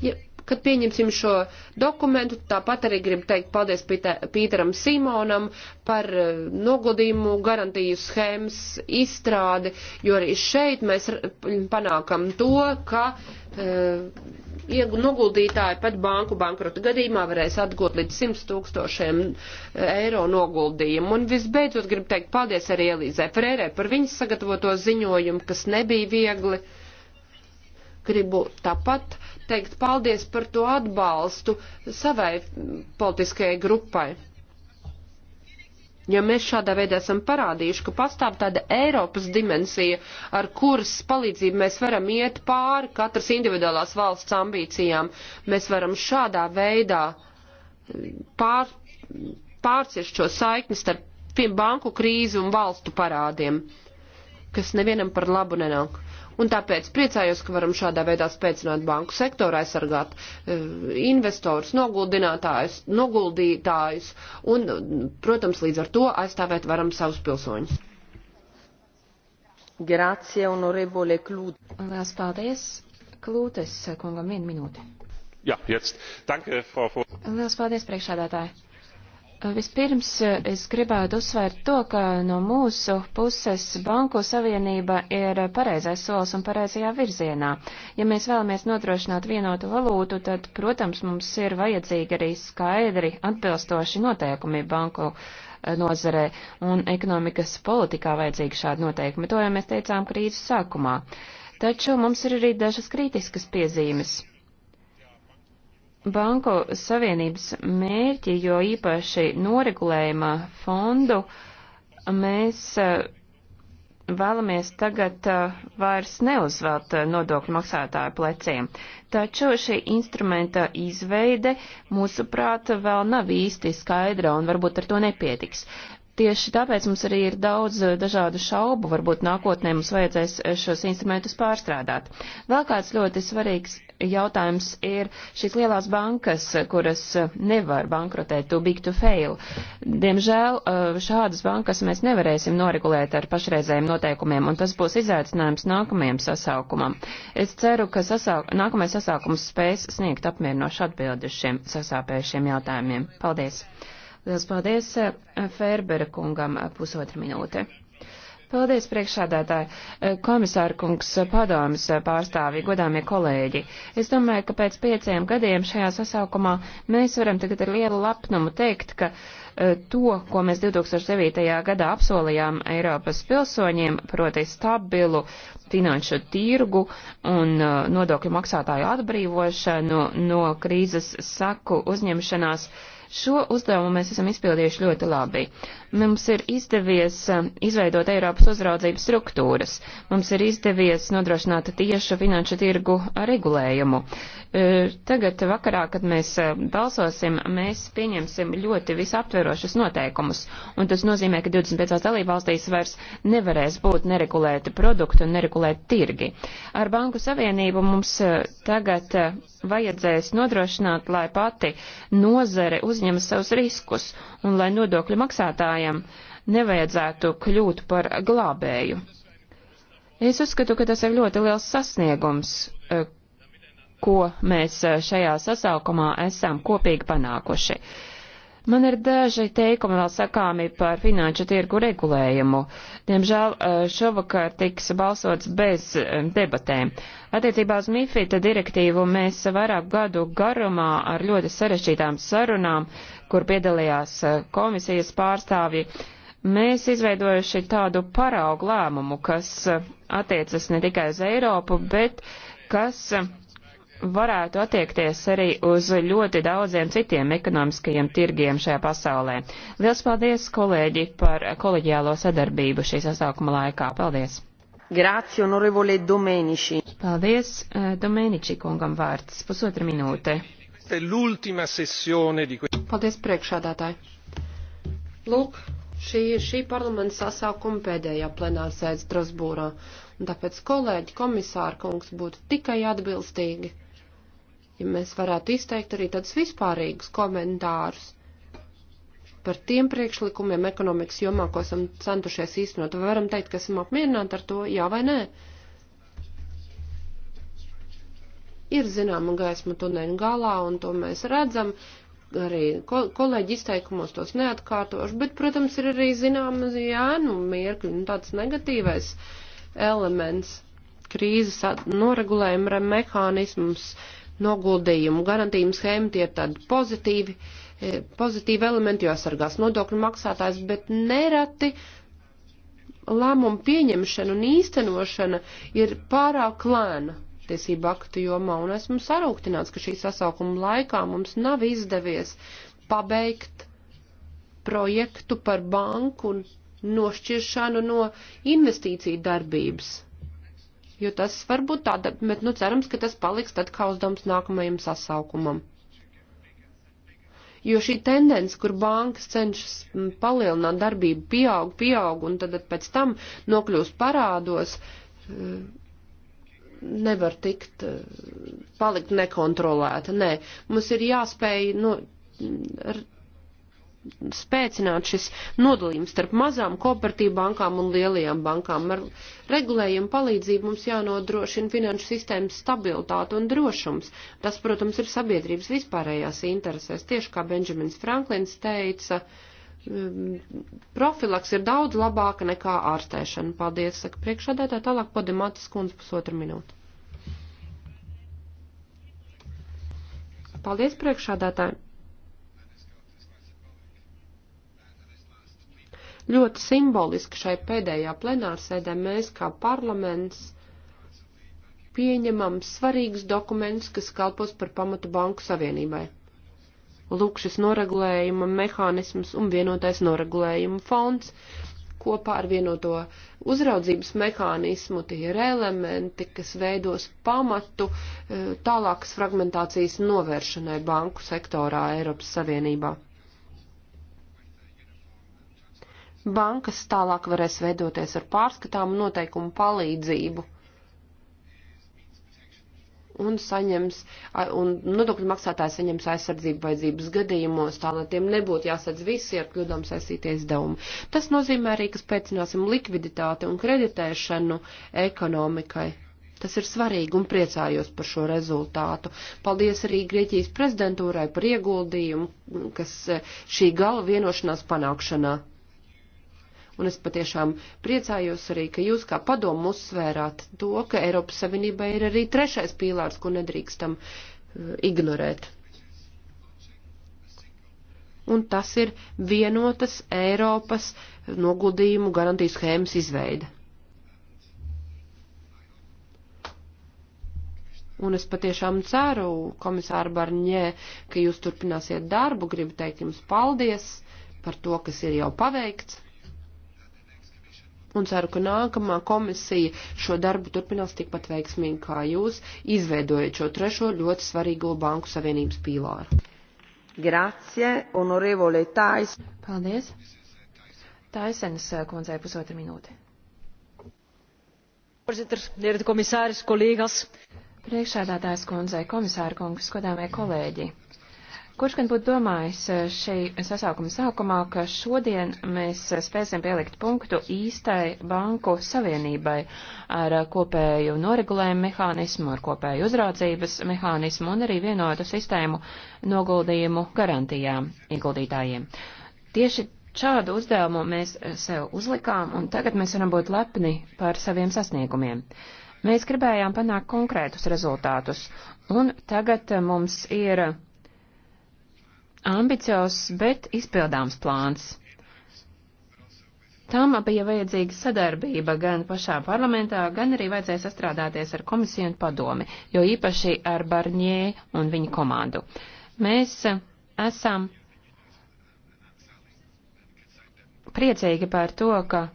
Ja, kad pieņemsim šo dokumentu. Tāpat arī gribu teikt paldies Pīteram Simonam par eh, nogodījumu garantiju schēmas izstrādi, jo arī šeit mēs panākam to, ka eh, noguldītāji pat banku bankrota gadījumā varēs atgūt līdz 100 tūkstošiem eh, eiro noguldījumu. Un visbeidzot gribu teikt paldies arī Elīzai Frērē par viņas sagatavoto ziņojumu, kas nebija viegli. Gribu tāpat teikt paldies par to atbalstu savai politiskajai grupai. Ja mēs šādā veidā esam parādījuši, ka pastāv tāda Eiropas dimensija, ar kuras palīdzību mēs varam iet pāri katras individuālās valsts ambīcijām, mēs varam šādā veidā eh, pār, pārciešot šo saikni starp banku krīzi un valstu parādiem kas nevienam par labu nenāk. Un tāpēc priecājos, ka varam šādā veidā spēcināt banku sektoru, aizsargāt e, investorus, noguldinātājus, noguldītājus un, protams, līdz ar to aizstāvēt varam savus pilsoņus. Grācie, honorevole Klūte. Lielas paldies. Klūtes, kungam, vienu minūti. Jā, ja, jetzt. Danke, Frau Liels paldies, priekšādātāji. Vispirms eh, es gribētu uzsvērt to, ka no mūsu puses Banku Savienība ir pareizais solis un pareizajā virzienā. Ja mēs vēlamies nodrošināt vienotu valūtu, tad, protams, mums ir vajadzīgi arī skaidri atbilstoši noteikumi banku eh, nozarē un ekonomikas politikā vajadzīgi šādi noteikumi. To jau mēs teicām krīzes sākumā. Taču mums ir arī dažas kritiskas piezīmes. Banku savienības mērķi, jo īpaši noregulējuma fondu, mēs e, vēlamies tagad e, vairs neuzvelt e, nodokļu maksātāju pleciem. Taču šī instrumenta izveide, mūsuprāt, vēl nav īsti skaidra un varbūt ar to nepietiks. Tieši tāpēc mums arī ir daudz eh, dažādu šaubu, varbūt nākotnē mums vajadzēs eh, šos instrumentus pārstrādāt. Vēl kāds ļoti svarīgs jautājums ir šīs lielās bankas, eh, kuras nevar bankrotēt, too big to fail. Diemžēl šādas bankas mēs nevarēsim noregulēt ar pašreizējiem noteikumiem, un tas būs izaicinājums nākamajam sasaukumam. Es ceru, ka sasauk nākamais sasaukums spēs sniegt apmierinošu atbildi uz šiem sasāpējušiem jautājumiem. Paldies! Lielas paldies eh, Ferbera kungam eh, pusotra minūte. Paldies, priekšādātāji, eh, komisāra kungs, padomas pārstāvji, godāmie kolēģi. Es domāju, ka pēc pieciem gadiem šajā sasaukumā mēs varam tagad ar lielu lapnumu teikt, ka to, ko mēs 2009. gadā apsolījām Eiropas pilsoņiem, proti stabilu finanšu tirgu un nodokļu maksātāju atbrīvošanu no krīzes saku uzņemšanās, Šo uzdevumu mēs esam izpildījuši ļoti labi. Mums ir izdevies um, izveidot Eiropas uzraudzības struktūras, mums ir izdevies nodrošināt tiešu finanšu tirgu regulējumu. E, tagad vakarā, kad mēs e, balsosim, mēs pieņemsim ļoti visaptverošas noteikumus, un tas nozīmē, ka 25 dalībvalstīs vairs nevarēs būt neregulēti produkti un neregulēti tirgi. Ar Banku Savienību mums e, tagad vajadzēs nodrošināt, lai pati nozare uzņemas savus riskus un lai nodokļu maksātāji runājam, nevajadzētu kļūt par glābēju. Es uzskatu, ka tas ir ļoti liels sasniegums, e, ko mēs e, šajā sasaukumā esam kopīgi panākuši. Man ir daži teikumi vēl sakāmi par finanšu tirgu regulējumu. Diemžēl e, šovakar tiks balsots bez debatēm. Attiecībā uz MIFITA direktīvu mēs vairāk gadu garumā ar ļoti sarešķītām sarunām kur piedalījās eh, komisijas pārstāvji, mēs izveidojuši tādu paraugu lēmumu, kas eh, attiecas ne tikai uz Eiropu, bet kas eh, varētu attiekties arī uz ļoti daudziem citiem ekonomiskajiem tirgiem šajā pasaulē. Liels paldies, kolēģi, par kolēģiālo sadarbību šī sasaukuma laikā. Paldies! Grāci, honorevole Domenici. Paldies, Domenici kungam vārds. Pusotra minūte. Paldies, priekšādātāji. Lūk, šī ir šī parlamenta sasākuma pēdējā plenārsēde Strasbūrā, un tāpēc kolēģi komisāra kungs būtu tikai atbilstīgi, ja mēs varētu izteikt arī tādus vispārīgus komentārus par tiem priekšlikumiem ekonomikas jomā, ko esam centušies īstenot. Vai varam teikt, ka esam apmierināti ar to, jā vai nē? ir zināma gaisma tuneļu galā, un to mēs redzam. Arī kol kolēģi izteikumos tos neatkārtošu, bet, protams, ir arī zināma jēnu mirkļi, nu tāds negatīvais elements krīzes noregulējuma mehānisms, noguldījumu garantījumu schēma, tie ir tādi pozitīvi, e, pozitīvi elementi, jo sargās nodokļu maksātājs, bet nereti lēmumu pieņemšana un īstenošana ir pārāk lēna tiesību aktu jomā, un esmu sarūktināts, ka šī sasaukuma laikā mums nav izdevies pabeigt projektu par banku un nošķiršanu no investīciju darbības. Jo tas varbūt tāda, bet nu cerams, ka tas paliks tad kā uzdevums nākamajam sasaukumam. Jo šī tendence, kur bankas cenšas palielināt darbību, pieaug, pieaug, un tad pēc tam nokļūst parādos, nevar tikt, eh, palikt nekontrolēta. Nē, mums ir jāspēj no, nu, spēcināt šis nodalījums starp mazām kooperatīvu bankām un lielajām bankām. Ar regulējumu palīdzību mums jānodrošina finanšu sistēmas stabilitāte un drošums. Tas, protams, ir sabiedrības vispārējās interesēs, tieši kā Benjamins Franklins teica. Uh, Mm, profilaks ir daudz labāka nekā ārstēšana. Paldies, saka priekšādētāji, tālāk padimātas kundze pusotru minūtu. Paldies, priekšādētāji. Ļoti simboliski šai pēdējā plenārsēdē mēs kā parlaments pieņemam svarīgus dokumentus, kas kalpos par pamatu Banku Savienībai. Lūk, šis noregulējuma mehānisms un vienotais noregulējuma fonds kopā ar vienoto uzraudzības mehānismu tie ir elementi, kas veidos pamatu e, tālākas fragmentācijas novēršanai banku sektorā Eiropas Savienībā. Bankas tālāk varēs veidoties ar pārskatāmu noteikumu palīdzību un saņems, un nodokļu maksātāji saņems aizsardzību vajadzības gadījumos, tā lai tiem nebūtu jāsadz visi ar kļūdām saistītie izdevumi. Tas nozīmē arī, ka spēcināsim likviditāti un kreditēšanu ekonomikai. Tas ir svarīgi un priecājos par šo rezultātu. Paldies arī Grieķijas prezidentūrai par ieguldījumu, kas eh, šī gala vienošanās panākšanā. Un es patiešām priecājos arī, ka jūs kā padomu uzsvērāt to, ka Eiropas Savienībā ir arī trešais pīlārs, ko nedrīkstam eh, ignorēt. Un tas ir vienotas Eiropas noguldījumu garantijas schēmas izveida. Un es patiešām ceru, komisāra Barņē, ka jūs turpināsiet darbu. Gribu teikt jums paldies par to, kas ir jau paveikts un ceru, ka nākamā komisija šo darbu turpinās tikpat veiksmīgi kā jūs, izveidojot šo trešo ļoti svarīgo banku savienības pīlāru. Grazie, honorevole Tais. Paldies. Taisens eh, kundzei pusotra minūte. Priekšādātājs kundzei, komisāra kungs, godāmie kolēģi. Kurš gan būtu domājis eh, šī sasaukuma sākumā, ka šodien mēs spēsim pielikt punktu īstai banku savienībai ar kopēju noregulējumu mehānismu, ar kopēju uzraudzības mehānismu un arī vienotu sistēmu noguldījumu garantijām ieguldītājiem. Tieši šādu uzdevumu mēs sev uzlikām un tagad mēs varam būt lepni par saviem sasniegumiem. Mēs gribējām panākt konkrētus rezultātus, un tagad mums ir ambiciozs, bet izpildāms plāns. Tam bija vajadzīga sadarbība gan pašā parlamentā, gan arī vajadzēja sastrādāties ar komisiju un padomi, jo īpaši ar Barņē un viņa komandu. Mēs esam priecīgi par to, ka e,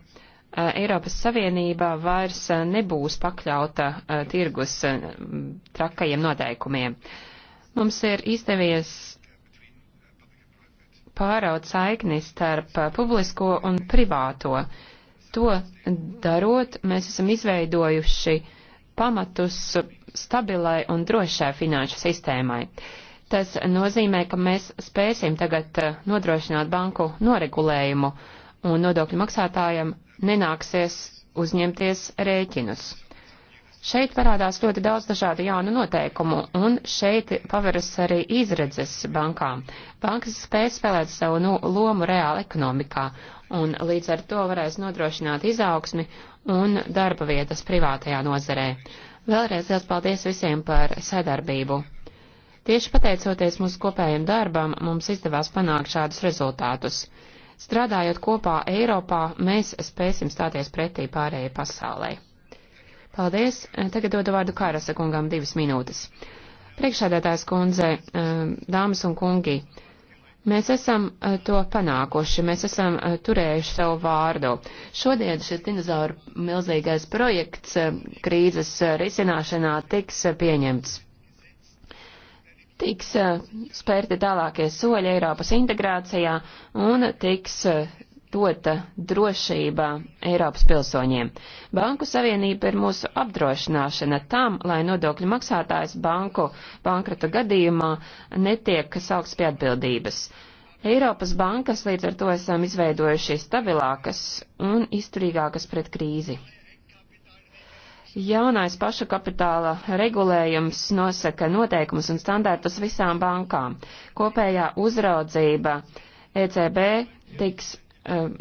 Eiropas Savienībā vairs nebūs pakļauta e, tirgus e, trakajiem noteikumiem. Mums ir izdevies pāraud saikni starp uh, publisko un privāto. To darot, mēs esam izveidojuši pamatus stabilai un drošai finanšu sistēmai. Tas nozīmē, ka mēs spēsim tagad uh, nodrošināt banku noregulējumu un nodokļu maksātājiem nenāksies uzņemties rēķinus. Šeit parādās ļoti daudz dažādu jaunu noteikumu, un šeit paveras arī izredzes bankām. Bankas spēj spēlēt savu nu, lomu reāli ekonomikā, un līdz ar to varēs nodrošināt izaugsmi un darba vietas privātajā nozarē. Vēlreiz liels paldies visiem par sadarbību. Tieši pateicoties mūsu kopējiem darbam, mums izdevās panākt šādus rezultātus. Strādājot kopā Eiropā, mēs spēsim stāties pretī pārējai pasaulē. Paldies. Eh, tagad dodu vārdu Kārasa kungam divas minūtes. Priekšādātājs kundze, eh, dāmas un kungi, mēs esam eh, to panākuši, mēs esam turējuši savu vārdu. Šodien šis dinozauru milzīgais projekts krīzes risināšanā tiks pieņemts. Tiks spērti tālākie soļi Eiropas integrācijā un tiks dota drošība Eiropas pilsoņiem. Banku savienība ir mūsu apdrošināšana tam, lai nodokļu maksātājs banku bankrata gadījumā netiek saukts pie atbildības. Eiropas bankas līdz ar to esam izveidojuši stabilākas un izturīgākas pret krīzi. Jaunais pašu kapitāla regulējums nosaka noteikumus un standārtus visām bankām. Kopējā uzraudzība ECB tiks Um,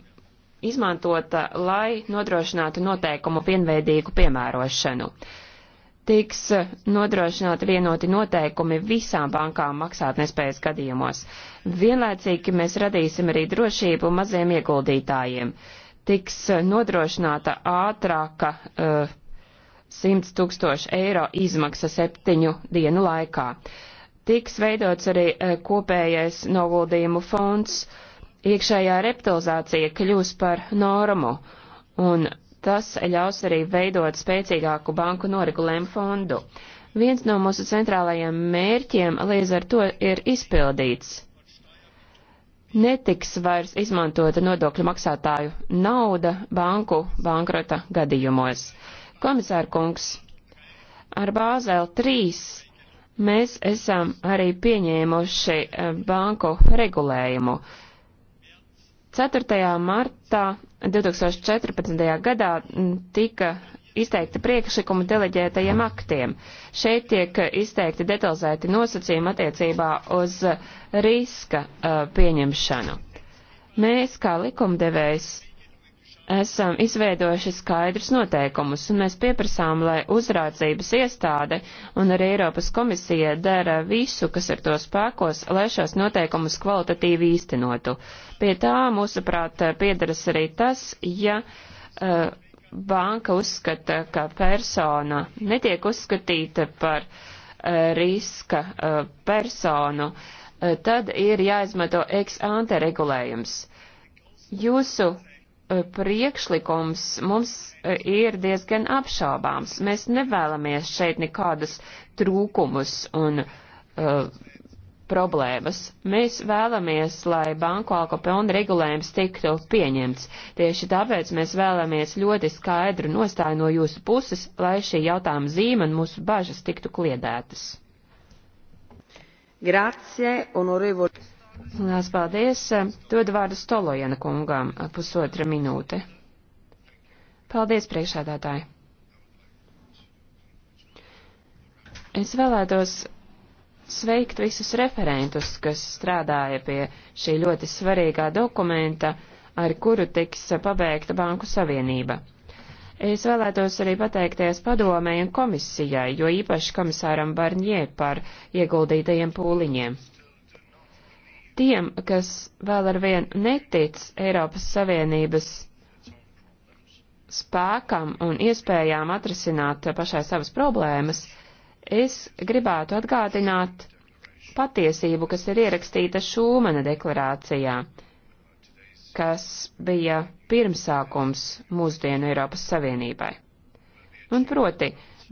izmantota, lai nodrošinātu noteikumu vienveidīgu piemērošanu. Tiks uh, nodrošināti vienoti noteikumi visām bankām maksātnespējas gadījumos. Vienlaicīgi mēs radīsim arī drošību maziem ieguldītājiem. Tiks uh, nodrošināta ātrāka uh, 100 tūkstoši eiro izmaksa septiņu dienu laikā. Tiks veidots arī uh, kopējais noguldījumu fonds. Uh, iekšējā reptilizācija kļūs par normu, un tas ļaus arī veidot spēcīgāku banku noregulējumu fondu. Viens no mūsu centrālajiem mērķiem līdz ar to ir izpildīts. Netiks vairs izmantota nodokļu maksātāju nauda banku bankrota gadījumos. Komisāra kungs, ar Bāzēlu 3 mēs esam arī pieņēmuši eh, banku regulējumu. 4. martā 2014. gadā tika izteikti priekšlikumi deleģētajiem aktiem. Šeit tiek izteikti detalizēti nosacījumi attiecībā uz riska uh, pieņemšanu. Mēs, kā likumdevējs, esam izveidojuši skaidrus noteikumus, un mēs pieprasām, lai uzraudzības iestāde un arī Eiropas komisija dara visu, kas ir to spēkos, lai šos noteikumus kvalitatīvi īstenotu. Pie tā, mūsuprāt, piedaras arī tas, ja uh, banka uzskata, ka persona netiek uzskatīta par uh, riska uh, personu, uh, tad ir jāizmanto ex ante regulējums. Jūsu Eh, priekšlikums mums eh, ir diezgan apšaubāms. Mēs nevēlamies šeit nekādus trūkumus un uh, problēmas. Mēs vēlamies, lai banku alkopēna regulējums tiktu pieņemts. Tieši tāpēc mēs vēlamies ļoti skaidru nostāju no jūsu puses, lai šī jautājuma zīme un mūsu bažas tiktu kliedētas. Grazie, onorevoli. Lās paldies. Dod vārdu Stolojana kungām pusotra minūte. Paldies, priekšādātāji. Es vēlētos sveikt visus referentus, kas strādāja pie šī ļoti svarīgā dokumenta, ar kuru tiks pabeigta Banku Savienība. Es vēlētos arī pateikties padomēju un komisijai, jo īpaši komisāram Barņē par ieguldītajiem pūliņiem. Tiem, kas vēl ar vien netic Eiropas Savienības spēkam un iespējām atrisināt pašai savas problēmas, es gribētu atgādināt patiesību, kas ir ierakstīta Šūmana deklarācijā, kas bija pirmsākums mūsdienu Eiropas Savienībai. Un proti,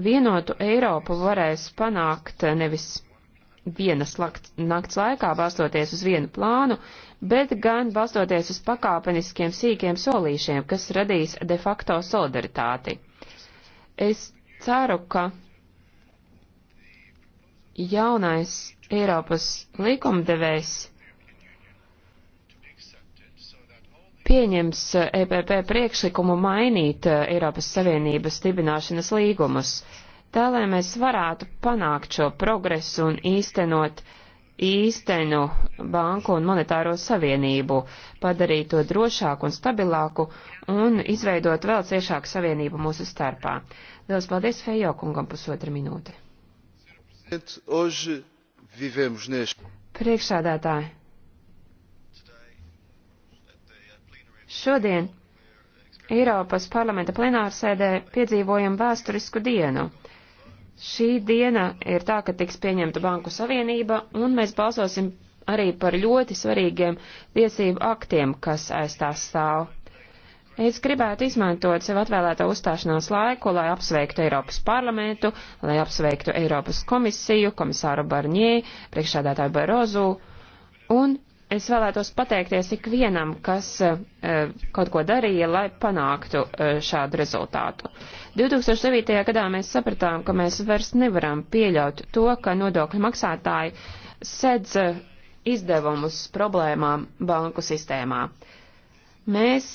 vienotu Eiropu varēs panākt nevis vienas nakts laikā balstoties uz vienu plānu, bet gan balstoties uz pakāpeniskiem sīkiem solīšiem, kas radīs de facto solidaritāti. Es ceru, ka jaunais Eiropas likumdevējs pieņems EPP eh, e priekšlikumu mainīt eh, Eiropas Savienības dibināšanas līgumus tā lai mēs varētu panākt šo progresu un īstenot īstenu banku un monetāro savienību, padarīt to drošāku un stabilāku un izveidot vēl ciešāku savienību mūsu starpā. Lielas paldies Fejo kungam pusotra minūte. Priekšsādātāji. Šodien Eiropas parlamenta plenārsēdē piedzīvojam vēsturisku dienu. Šī diena ir tā, ka tiks pieņemta Banku Savienība, un mēs balsosim arī par ļoti svarīgiem tiesību aktiem, kas aiz tās stāv. Es gribētu izmantot sev atvēlēto uzstāšanās laiku, lai apsveiktu Eiropas parlamentu, lai apsveiktu Eiropas komisiju, komisāru Barņē, priekšsādātāju Barozu un Es vēlētos pateikties ikvienam, kas e, kaut ko darīja, lai panāktu e, šādu rezultātu. 2009. gadā mēs sapratām, ka mēs vairs nevaram pieļaut to, ka nodokļu maksātāji sedz e, izdevumus problēmām banku sistēmā. Mēs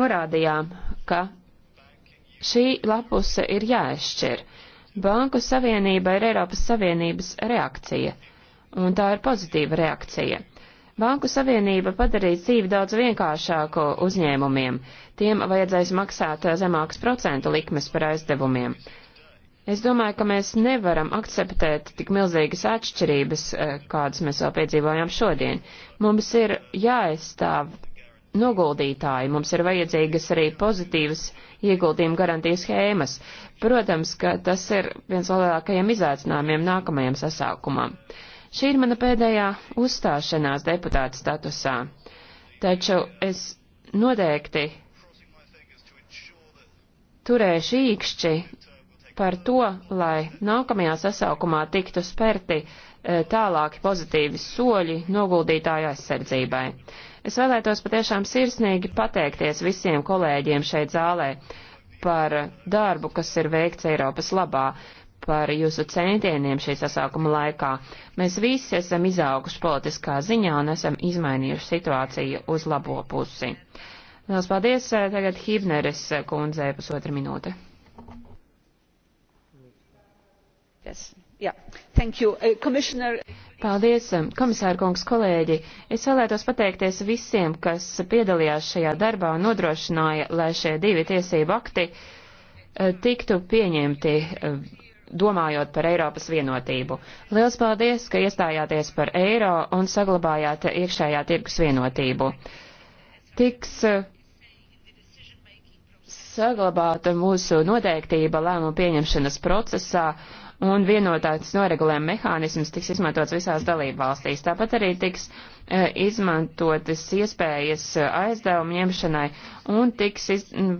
norādījām, ka šī lapuse ir jāizšķir. Banku savienība ir Eiropas Savienības reakcija un tā ir pozitīva reakcija. Banku savienība padarīs dzīvi daudz vienkāršāku uzņēmumiem, tiem vajadzēs maksāt zemākas procentu likmes par aizdevumiem. Es domāju, ka mēs nevaram akceptēt tik milzīgas atšķirības, eh, kādas mēs vēl piedzīvojām šodien. Mums ir jāaizstāv noguldītāji, mums ir vajadzīgas arī pozitīvas ieguldījuma garantijas schēmas. Protams, ka tas ir viens no lielākajiem izaicinājumiem nākamajam sasākumam. Uh, Šī ir mana pēdējā uzstāšanās deputāta statusā, taču es noteikti turēšu īkšķi par to, lai nākamajā sasaukumā tiktu spērti eh, tālāki pozitīvi soļi noguldītāju aizsardzībai. Es vēlētos patiešām sirsnīgi pateikties visiem kolēģiem šeit zālē par darbu, kas ir veikts Eiropas labā par jūsu centieniem šī sasaukuma laikā. Mēs visi esam izauguši politiskā ziņā un esam izmainījuši situāciju uz labo pusi. Lielas paldies eh, tagad Hibneres eh, kundzei pusotra minūte. Yes. Yeah. Thank you. Uh, Commissioner... Paldies, eh, komisāra kungs, kolēģi. Es vēlētos pateikties visiem, kas piedalījās šajā darbā un nodrošināja, lai šie divi tiesību akti uh, tiktu pieņemti uh, domājot par Eiropas vienotību. Liels paldies, ka iestājāties par eiro un saglabājāt iekšējā tirgus vienotību. Tiks eh, saglabāta mūsu noteiktība lēmumu pieņemšanas procesā un vienotāts noregulējuma mehānisms tiks izmantots visās dalību valstīs. Tāpat arī tiks uh, E, izmantotas iespējas aizdevumu ņemšanai un tiks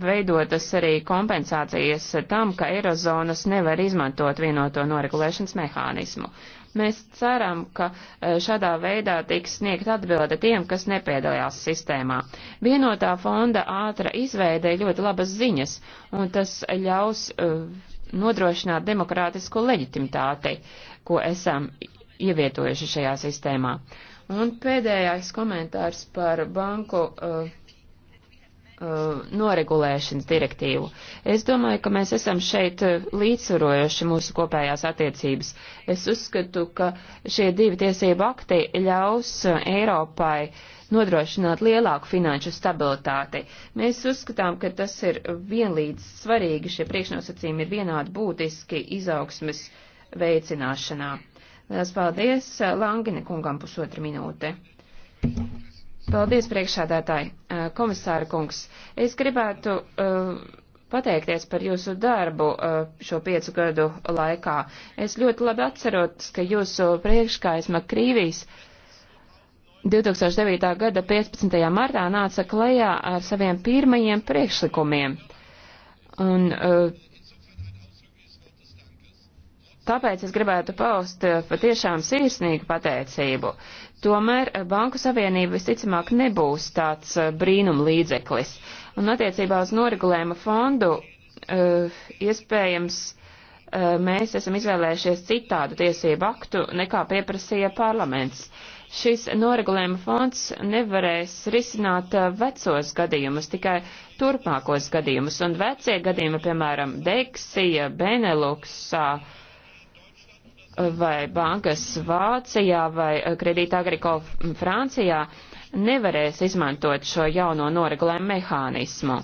veidotas arī kompensācijas tam, ka Eirozonas nevar izmantot vienoto noregulēšanas mehānismu. Mēs ceram, ka e, šādā veidā tiks sniegt atbilde tiem, kas nepiedalījās sistēmā. Vienotā fonda ātra izveide ļoti labas ziņas, un tas ļaus e, nodrošināt demokrātisko leģitimitāti, ko esam ievietojuši šajā sistēmā. Uh, Un pēdējais komentārs par banku uh, uh, noregulēšanas direktīvu. Es domāju, ka mēs esam šeit uh, līdzsvarojuši mūsu kopējās attiecības. Es uzskatu, ka šie divi tiesību akti ļaus uh, Eiropai nodrošināt lielāku finanšu stabilitāti. Mēs uzskatām, ka tas ir vienlīdz svarīgi, šie priekšnosacījumi ir vienādi būtiski izaugsmes veicināšanā. Lielas paldies eh, Langina kungam pusotra minūte. Paldies priekšādātāji, eh, komisāra kungs. Es gribētu uh, pateikties par jūsu darbu uh, šo piecu gadu laikā. Es ļoti labi atceros, ka jūsu priekškājs Makrīvīs 2009. gada 15. martā nāca klajā ar saviem pirmajiem priekšlikumiem. Un, uh, Tāpēc es gribētu paust eh, patiešām sirsnīgu pateicību. Tomēr eh, Banku Savienība visticamāk nebūs tāds eh, brīnum līdzeklis. Un attiecībā uz noregulējuma fondu iespējams mēs esam izvēlējušies citādu tiesību aktu, nekā pieprasīja parlaments. Šis noregulējuma fonds nevarēs risināt vecos gadījumus, tikai turpmākos gadījumus. Un vecie gadījumi, piemēram, Deksija, Beneluksā, uh, vai bankas Vācijā vai eh, kredīta agriko Francijā nevarēs izmantot šo jauno noregulējumu mehānismu.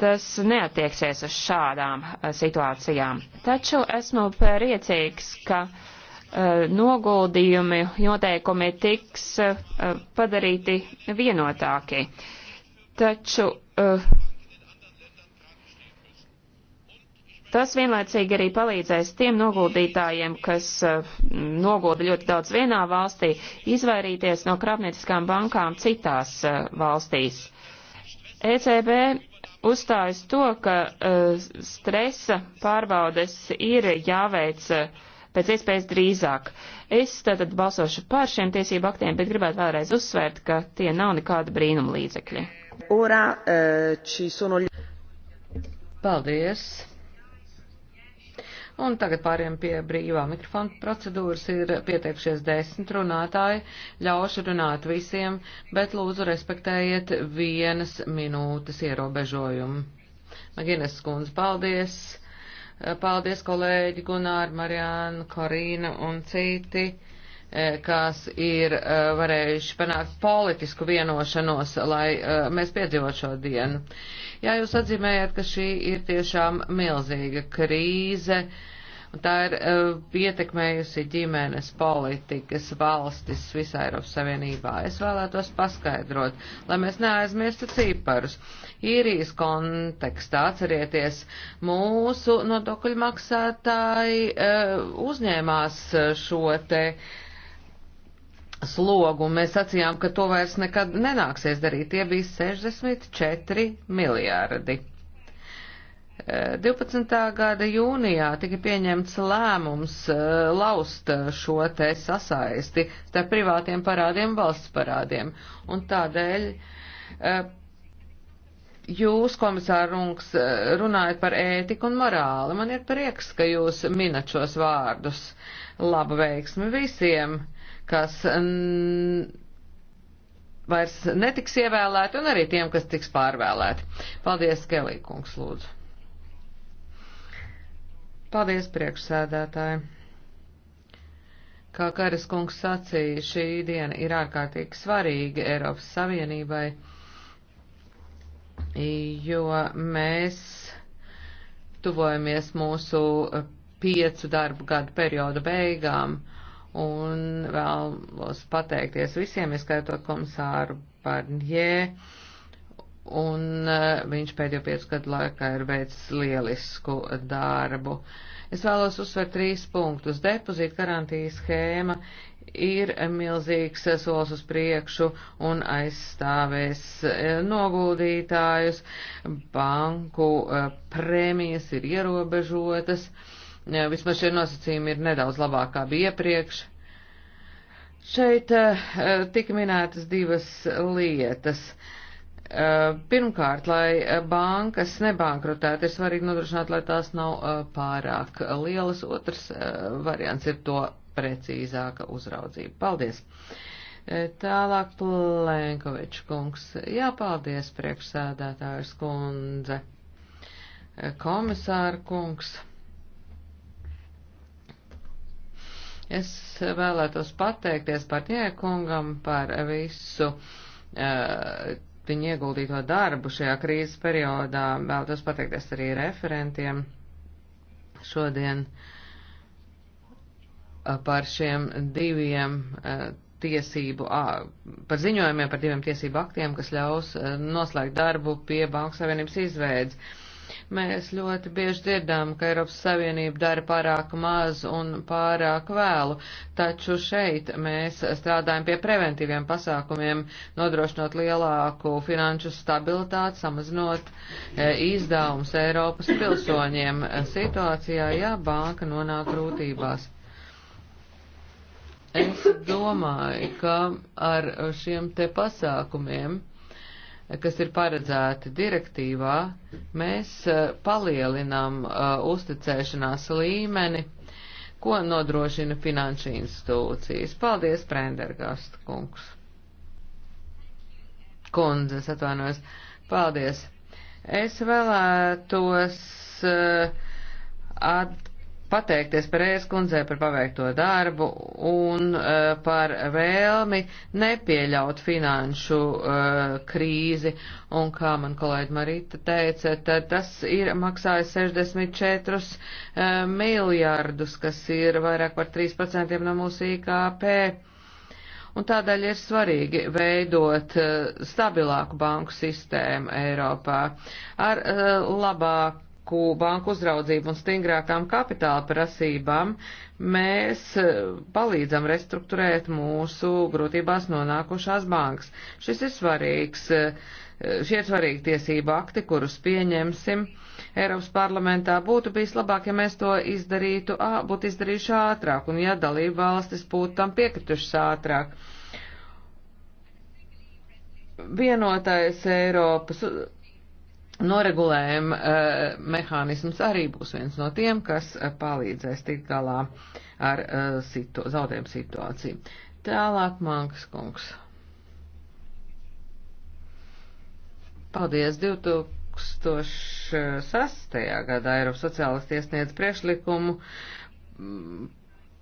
Tas neatieksies uz šādām eh, situācijām. Taču esmu priecīgs, ka uh, noguldījumi noteikumi tiks uh, padarīti vienotāki. Taču uh, Tas vienlaicīgi arī palīdzēs tiem noguldītājiem, kas eh, nogulda ļoti daudz vienā valstī, izvairīties no krāpnieciskām bankām citās eh, valstīs. ECB uzstājas to, ka eh, stresa pārbaudes ir jāveic pēc iespējas drīzāk. Es tātad balsošu par šiem tiesību aktiem, bet gribētu vēlreiz uzsvērt, ka tie nav nekāda brīnuma līdzekļa. Ora, uh, Paldies! Un tagad pāriem pie brīvā mikrofona procedūras. Ir pieteikšies desmit runātāji. Ļaušu runāt visiem, bet lūdzu respektējiet vienas minūtes ierobežojumu. Magines skundze, paldies! Paldies kolēģi Gunār, Mariāna, Korīna un citi! E, kas ir e, varējuši panākt politisku vienošanos, lai e, mēs piedzīvot šo dienu. Jā, jūs atzīmējat, ka šī ir tiešām milzīga krīze, un tā ir ietekmējusi ģimenes politikas valstis visā Eiropas Savienībā. Es vēlētos paskaidrot, lai mēs neaizmirstu ciparus. Īrijas kontekstā atcerieties, mūsu nodokļu maksātāji uzņēmās šo te slogu, un mēs sacījām, ka to vairs nekad nenāksies darīt. Tie bija 64 miljārdi. 12. gada jūnijā tika pieņemts lēmums eh, laust eh, šo te sasaisti starp privātiem parādiem valsts parādiem, un tādēļ eh, jūs, komisārungs, runājat par ētiku un morāli. Man ir prieks, ka jūs minat šos vārdus. Labu veiksmi visiem! kas mm, vairs netiks ievēlēti, un arī tiem, kas tiks pārvēlēti. Paldies, Kelī, kungs, lūdzu. Paldies, priekšsēdētāji. Kā Karas kungs sacīja, šī diena ir ārkārtīgi svarīga Eiropas Savienībai, jo mēs tuvojamies mūsu piecu darbu gadu periodu beigām un vēlos pateikties visiem, ieskaitot komisāru Barnjē, un eh, viņš pēdējo piecu gadu laikā ir veicis lielisku darbu. Es vēlos uzsvērt trīs punktus. Depozīta garantijas schēma ir milzīgs solis uz priekšu un aizstāvēs eh, noguldītājus, banku eh, prēmijas ir ierobežotas. Uh, Vismaz šie nosacījumi ir nedaudz labāk kā bija iepriekš. Šeit eh, eh, tika minētas divas lietas. Eh, pirmkārt, lai bankas nebankrotētu, ir svarīgi nodrošināt, lai tās nav pārāk lielas. Otrs variants ir to precīzāka uzraudzība. Paldies! Tālāk Plenkovičs kungs. Jā, paldies, priekšsēdētājs kundze. Komisāra kungs. Es vēlētos pateikties par tiekungam par visu uh, eh, viņu ieguldīto darbu šajā krīzes periodā. Vēlētos pateikties arī referentiem šodien eh, par šiem diviem uh, tiesību, par ziņojumiem par diviem tiesību aktiem, kas ļaus noslēgt darbu pie Banku Savienības izveidas. Mēs ļoti bieži dzirdām, ka Eiropas Savienība dara pārāk maz un pārāk vēlu, taču šeit mēs strādājam pie preventīviem pasākumiem, nodrošinot lielāku finanšu stabilitāti, samazinot e, izdevumus Eiropas pilsoņiem situācijā, ja banka nonāk grūtībās. Es domāju, ka ar šiem te pasākumiem kas ir paredzēti direktīvā, mēs eh, palielinām uh, eh, uzticēšanās līmeni, ko nodrošina finanšu institūcijas. Paldies, Prendergast kungs. Kundzes atvainojos. Paldies. Es vēlētos uh, eh, atgādināt pateikties par ēskundzē par paveikto darbu un uh, par vēlmi nepieļaut finanšu uh, krīzi. Un kā man kolēģi Marita teica, tad tas ir maksājis 64 uh, miljārdus, kas ir vairāk par 3% no mūsu IKP. Un tādēļ ir svarīgi veidot uh, stabilāku banku sistēmu Eiropā ar uh, labāku banku, banku uzraudzību un stingrākām kapitāla prasībām, mēs e, palīdzam restruktūrēt mūsu grūtībās nonākušās bankas. Šis ir svarīgs, e, šie ir svarīgi tiesību akti, kurus pieņemsim. Eiropas parlamentā būtu bijis labāk, ja mēs to izdarītu, ā, būtu izdarījuši ātrāk, un ja dalība valstis būtu tam piekritušas ātrāk. Vienotais Eiropas Noregulējuma uh, mehānisms arī būs viens no tiem, kas uh, palīdzēs tikt galā ar uh, situ zaudējumu situāciju. Tālāk, Mankas kungs. Paldies! 2006. gadā Eiropas sociālisti iesniedz priekšlikumu mm,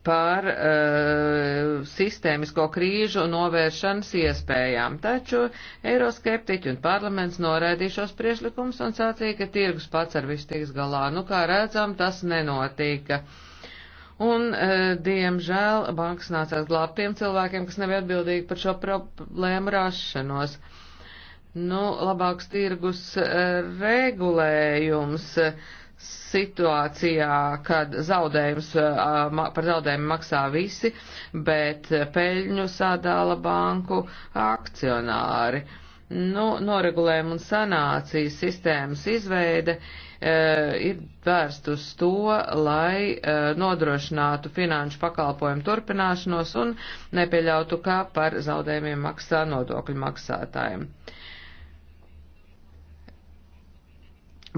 par uh, sistēmisko krīžu novēršanas iespējām. Taču eiroskeptiķi un parlaments noraidīja šos priešlikumus un sacīja, ka tirgus pats ar visu tiks galā. Nu, kā redzam, tas nenotika. Un, uh, diemžēl, bankas nācās glābt tiem cilvēkiem, kas nebija atbildīgi par šo problēmu rašanos. Nu, labāks tirgus uh, regulējums. Uh, situācijā, kad zaudējums, eh, par zaudējumu maksā visi, bet peļņu sadala banku akcionāri. Nu, noregulējuma un sanācijas sistēmas izveide e, ir vērst uz to, lai e, nodrošinātu finanšu pakalpojumu turpināšanos un nepieļautu, kā par zaudējumiem maksā nodokļu maksātājiem. E,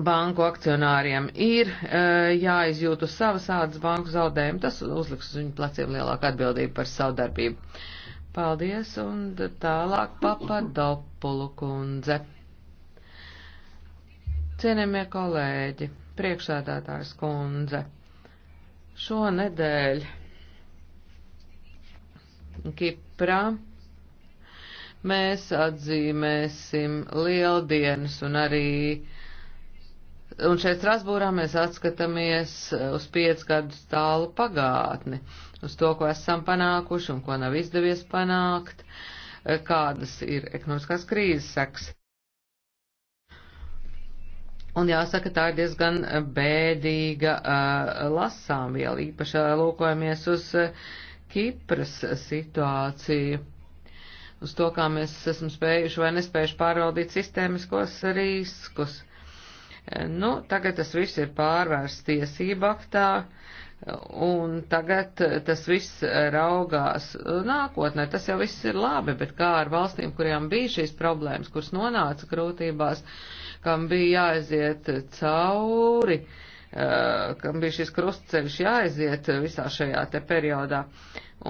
banku akcionāriem ir eh, jāizjūt uz savas ādas banku zaudējumu, tas uzliks uz viņu pleciem lielāku atbildību par savu darbību. Paldies, un tālāk papadopulu kundze. Cienījamie kolēģi, priekšsēdētājs kundze, šonedēļ Kiprā mēs atzīmēsim lieldienas un arī uh, Un šeit Strasbūrā mēs atskatāmies eh, uz piec gadus tālu pagātni, uz to, ko esam panākuši un ko nav izdevies panākt, eh, kādas ir ekonomiskās krīzes seks. Un jāsaka, tā ir diezgan eh, bēdīga uh, lasām vēl, īpaši lūkojamies uz uh, Kipras situāciju, uz to, kā mēs esam spējuši vai nespējuši pārvaldīt sistēmiskos riskus. Nu, tagad tas viss ir pārvērsts tiesība aktā, un tagad tas viss raugās nākotnē. Tas jau viss ir labi, bet kā ar valstīm, kurām bija šīs problēmas, kuras nonāca grūtībās, kam bija jāaiziet cauri, eh, kam bija šis krustceļš jāaiziet visā šajā te periodā.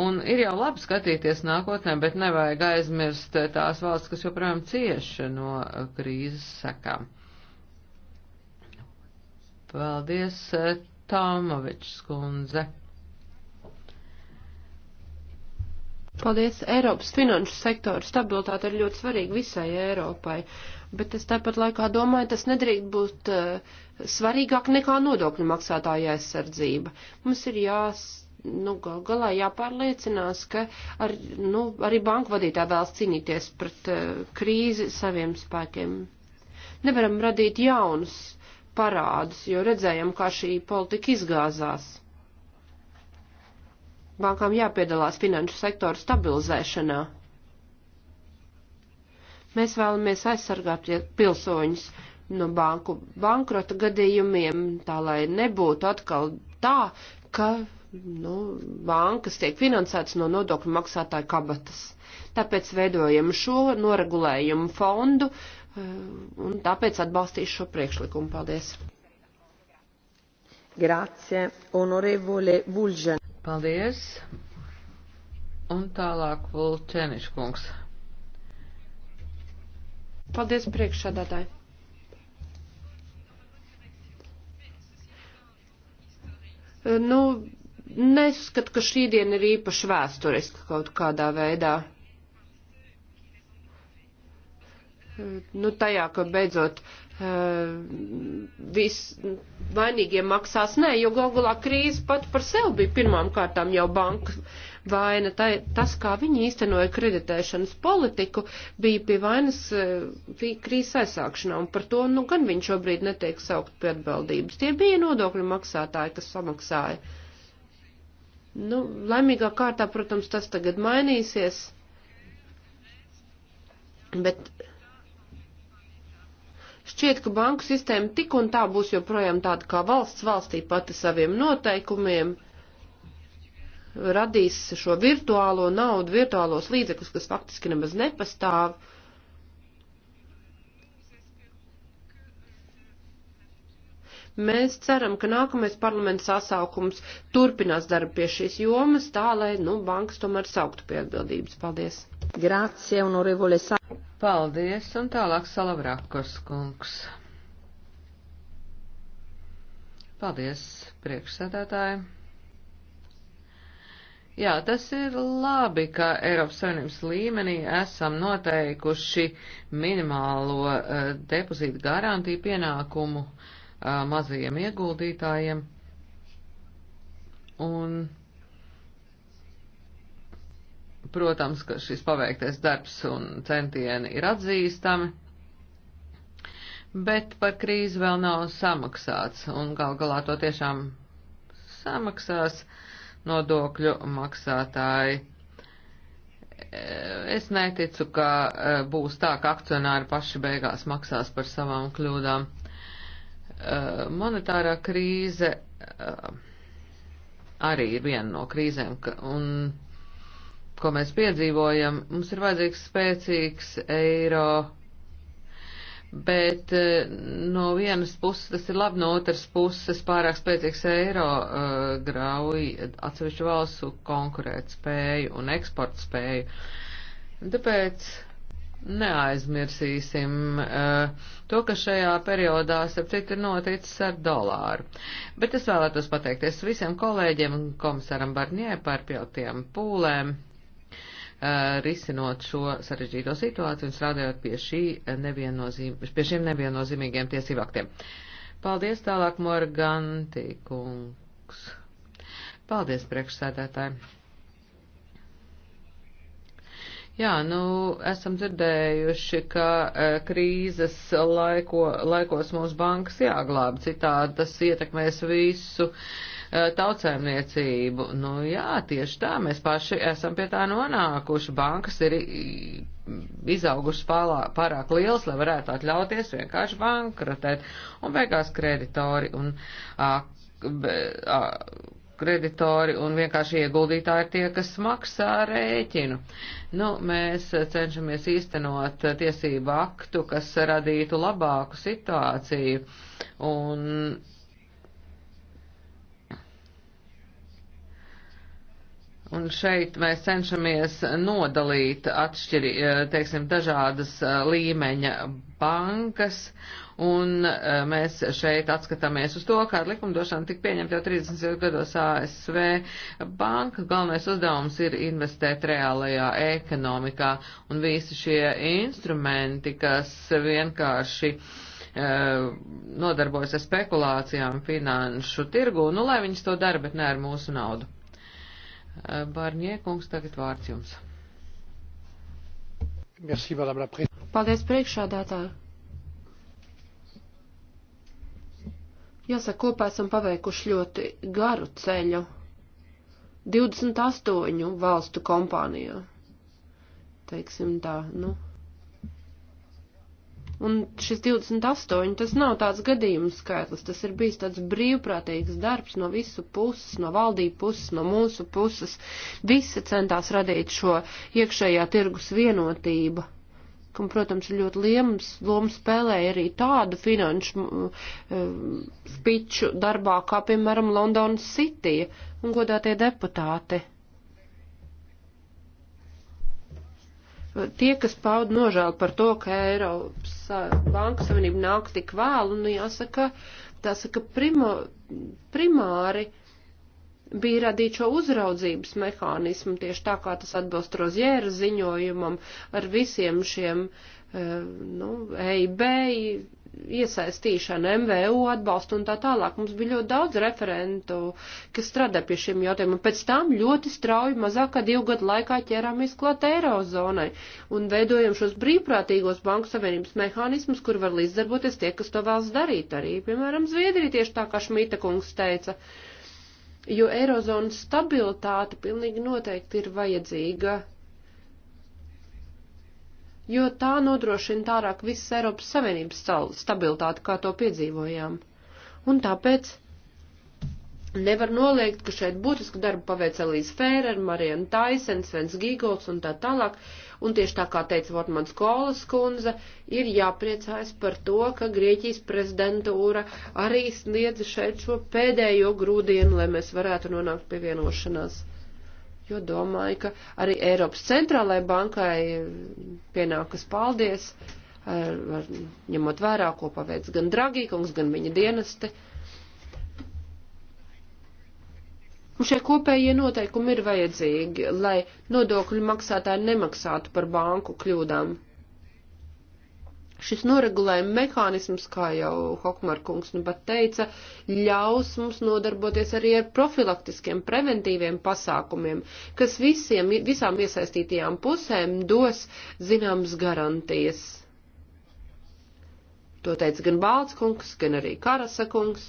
Un ir jau labi skatīties nākotnē, bet nevajag aizmirst tās valsts, kas joprojām cieši no krīzes sekām. Paldies, eh, Tāmovičs kundze. Paldies! Eiropas finanšu sektora stabilitāte ir ļoti svarīga visai Eiropai, bet es tāpat laikā domāju, tas nedrīkst būt uh, svarīgāk nekā nodokļu maksātāja aizsardzība. Mums ir jās, nu, gal galā jāpārliecinās, ka ar, nu, arī banku vadītā vēlas cīnīties pret uh, krīzi saviem spēkiem. Nevaram radīt jaunus parādus, jo redzējām, kā šī politika izgāzās. Bankām jāpiedalās finanšu sektoru stabilizēšanā. Mēs vēlamies aizsargāt pilsoņus no banku bankrota gadījumiem, tā lai nebūtu atkal tā, ka nu, bankas tiek finansētas no nodokļu maksātāju kabatas. Tāpēc veidojam šo noregulējumu fondu, uh, Eh, un tāpēc atbalstīšu šo priekšlikumu. Paldies! Grācie, honorevole Vulžen. Paldies! Un tālāk Vulčeniškungs. Paldies priekšsādātāji! Eh, nu, neskatu, ka šī diena ir īpaši vēsturiska kaut kādā veidā. nu, tajā, ka beidzot eh, vis vainīgie maksās, nē, jo galgulā krīze pat par sevi bija pirmām kārtām jau banka vaina. Tā, tas, kā viņi īstenoja kreditēšanas politiku, bija pie vainas bija eh, krīzes aizsākšanā, un par to, nu, gan viņš šobrīd netiek saukt pie atbildības. Tie bija nodokļu maksātāji, kas samaksāja. Nu, laimīgā kārtā, protams, tas tagad mainīsies, bet Šķiet, ka banku sistēma tik un tā būs joprojām tāda kā valsts valstī pati saviem noteikumiem radīs šo virtuālo naudu, virtuālos līdzekļus, kas faktiski nemaz nepastāv. Mēs ceram, ka nākamais parlaments sasaukums turpinās darbu pie šīs jomas, tā lai, nu, bankas tomēr sauktu pie atbildības. Paldies! Grazie, honorevole Sāra. Paldies, un tālāk Salavrakos kungs. Paldies, priekšsēdētāji. Jā, tas ir labi, ka Eiropas Savienības līmenī esam noteikuši minimālo uh, eh, depozītu garantiju pienākumu uh, mazajiem ieguldītājiem. Un Protams, ka šis paveiktais darbs un centieni ir atzīstami, bet par krīzi vēl nav samaksāts, un gal galā to tiešām samaksās nodokļu maksātāji. Es neticu, ka e, būs tā, ka akcionāri paši beigās maksās par savām kļūdām. E, monetārā krīze e, arī ir viena no krīzēm, un ko mēs piedzīvojam. Mums ir vajadzīgs spēcīgs eiro, bet eh, no vienas puses tas ir labi, no otras puses pārāk spēcīgs eiro uh, grauj atsevišķu valstu konkurēt spēju un eksporta spēju. Tāpēc neaizmirsīsim uh, to, kas šajā periodā, starp citu, ir noticis ar dolāru. Bet es vēlētos pateikties visiem kolēģiem un komisaram Barņē par pieaugtiem pūlēm. Eh, risinot šo sarežģīto situāciju un strādājot pie, šī neviennozīm, pie šiem neviennozīmīgiem tiesību aktiem. Paldies tālāk, Morganti kungs. Paldies, priekšsēdētāji. Jā, nu, esam dzirdējuši, ka eh, krīzes laiko, laikos mūsu bankas jāglāb, citādi tas ietekmēs visu uh, Eh, tautsēmniecību. Nu jā, tieši tā, mēs paši esam pie tā nonākuši. Bankas ir izaugušas pārāk liels, lai varētu atļauties vienkārši bankrotēt. Un beigās kreditori un a, be, a, kreditori un vienkārši ieguldītāji ir tie, kas maksā rēķinu. Nu, mēs cenšamies īstenot tiesību aktu, kas radītu labāku situāciju. Un Un šeit mēs cenšamies nodalīt atšķiri, eh, teiksim, dažādas eh, līmeņa bankas, un eh, mēs šeit atskatāmies uz to, kāda likumdošana tika pieņemta jau 30 gados ASV. Banka galvenais uzdevums ir investēt reālajā ekonomikā, un visi šie instrumenti, kas vienkārši nodarbojas ar spekulācijām finanšu tirgu, nu lai viņas to dara, bet ne ar mūsu naudu. Eh, Barņiekungs, tagad vārds jums. Merci, Paldies priekšādātāju. Jāsaka, kopā esam paveikuši ļoti garu ceļu. 28 valstu kompānijā. Teiksim tā, nu. Un šis 28, tas nav tāds gadījums skaitlis, tas ir bijis tāds brīvprātīgs darbs no visu puses, no valdību puses, no mūsu puses. Visi centās radīt šo iekšējā tirgus vienotību. Un, protams, ļoti lielums lomu spēlēja arī tādu finanšu um, spiču darbā, kā, piemēram, Londonas City un godātie deputāti. tie, kas pauda nožēlu par to, ka Eiropas Banka Savienība nāk tik vēlu, nu jāsaka, tā saka, primo, primāri bija radīt šo uzraudzības mehānismu, tieši tā kā tas atbilst Rozjēra ziņojumam ar visiem šiem, e, nu, EIB iesaistīšana, MVU atbalstu un tā tālāk. Mums bija ļoti daudz referentu, kas strādā pie šiem jautājumiem. Pēc tam ļoti strauji mazākā divu gadu laikā ķērāmies klāt eirozonai un veidojam šos brīvprātīgos banku savienības mehānismus, kur var līdzdarboties tie, kas to vēlas darīt arī. Piemēram, Zviedrija tieši tā kā Šmita kungs teica. Jo eirozonas stabilitāte pilnīgi noteikti ir vajadzīga jo tā nodrošina tārāk visas Eiropas Savienības stabilitāti, kā to piedzīvojām. Un tāpēc nevar noliegt, ka šeit būtisku darbu paveic Elīze Fērer, Mariana Taisens, Svens Gīgolds un tā tālāk, un tieši tā kā teica Vortmans Kolas kundze, ir jāpriecājas par to, ka Grieķijas prezidentūra arī sniedza šeit šo pēdējo grūdienu, lai mēs varētu nonākt pie vienošanās jo domāju, ka arī Eiropas centrālajai bankai pienākas paldies, ar, ar, ņemot vērā, ko paveic gan Dragīkungs, gan viņa dienesti. Un šie kopējie noteikumi ir vajadzīgi, lai nodokļu maksātāji nemaksātu par banku kļūdām. Šis noregulējuma mehānisms, kā jau Hokmarkungs nu pat teica, ļaus mums nodarboties arī ar profilaktiskiem, preventīviem pasākumiem, kas visiem, visām iesaistītajām pusēm dos zināmas garantijas. To teica gan Bālskungs, gan arī Karasakungs.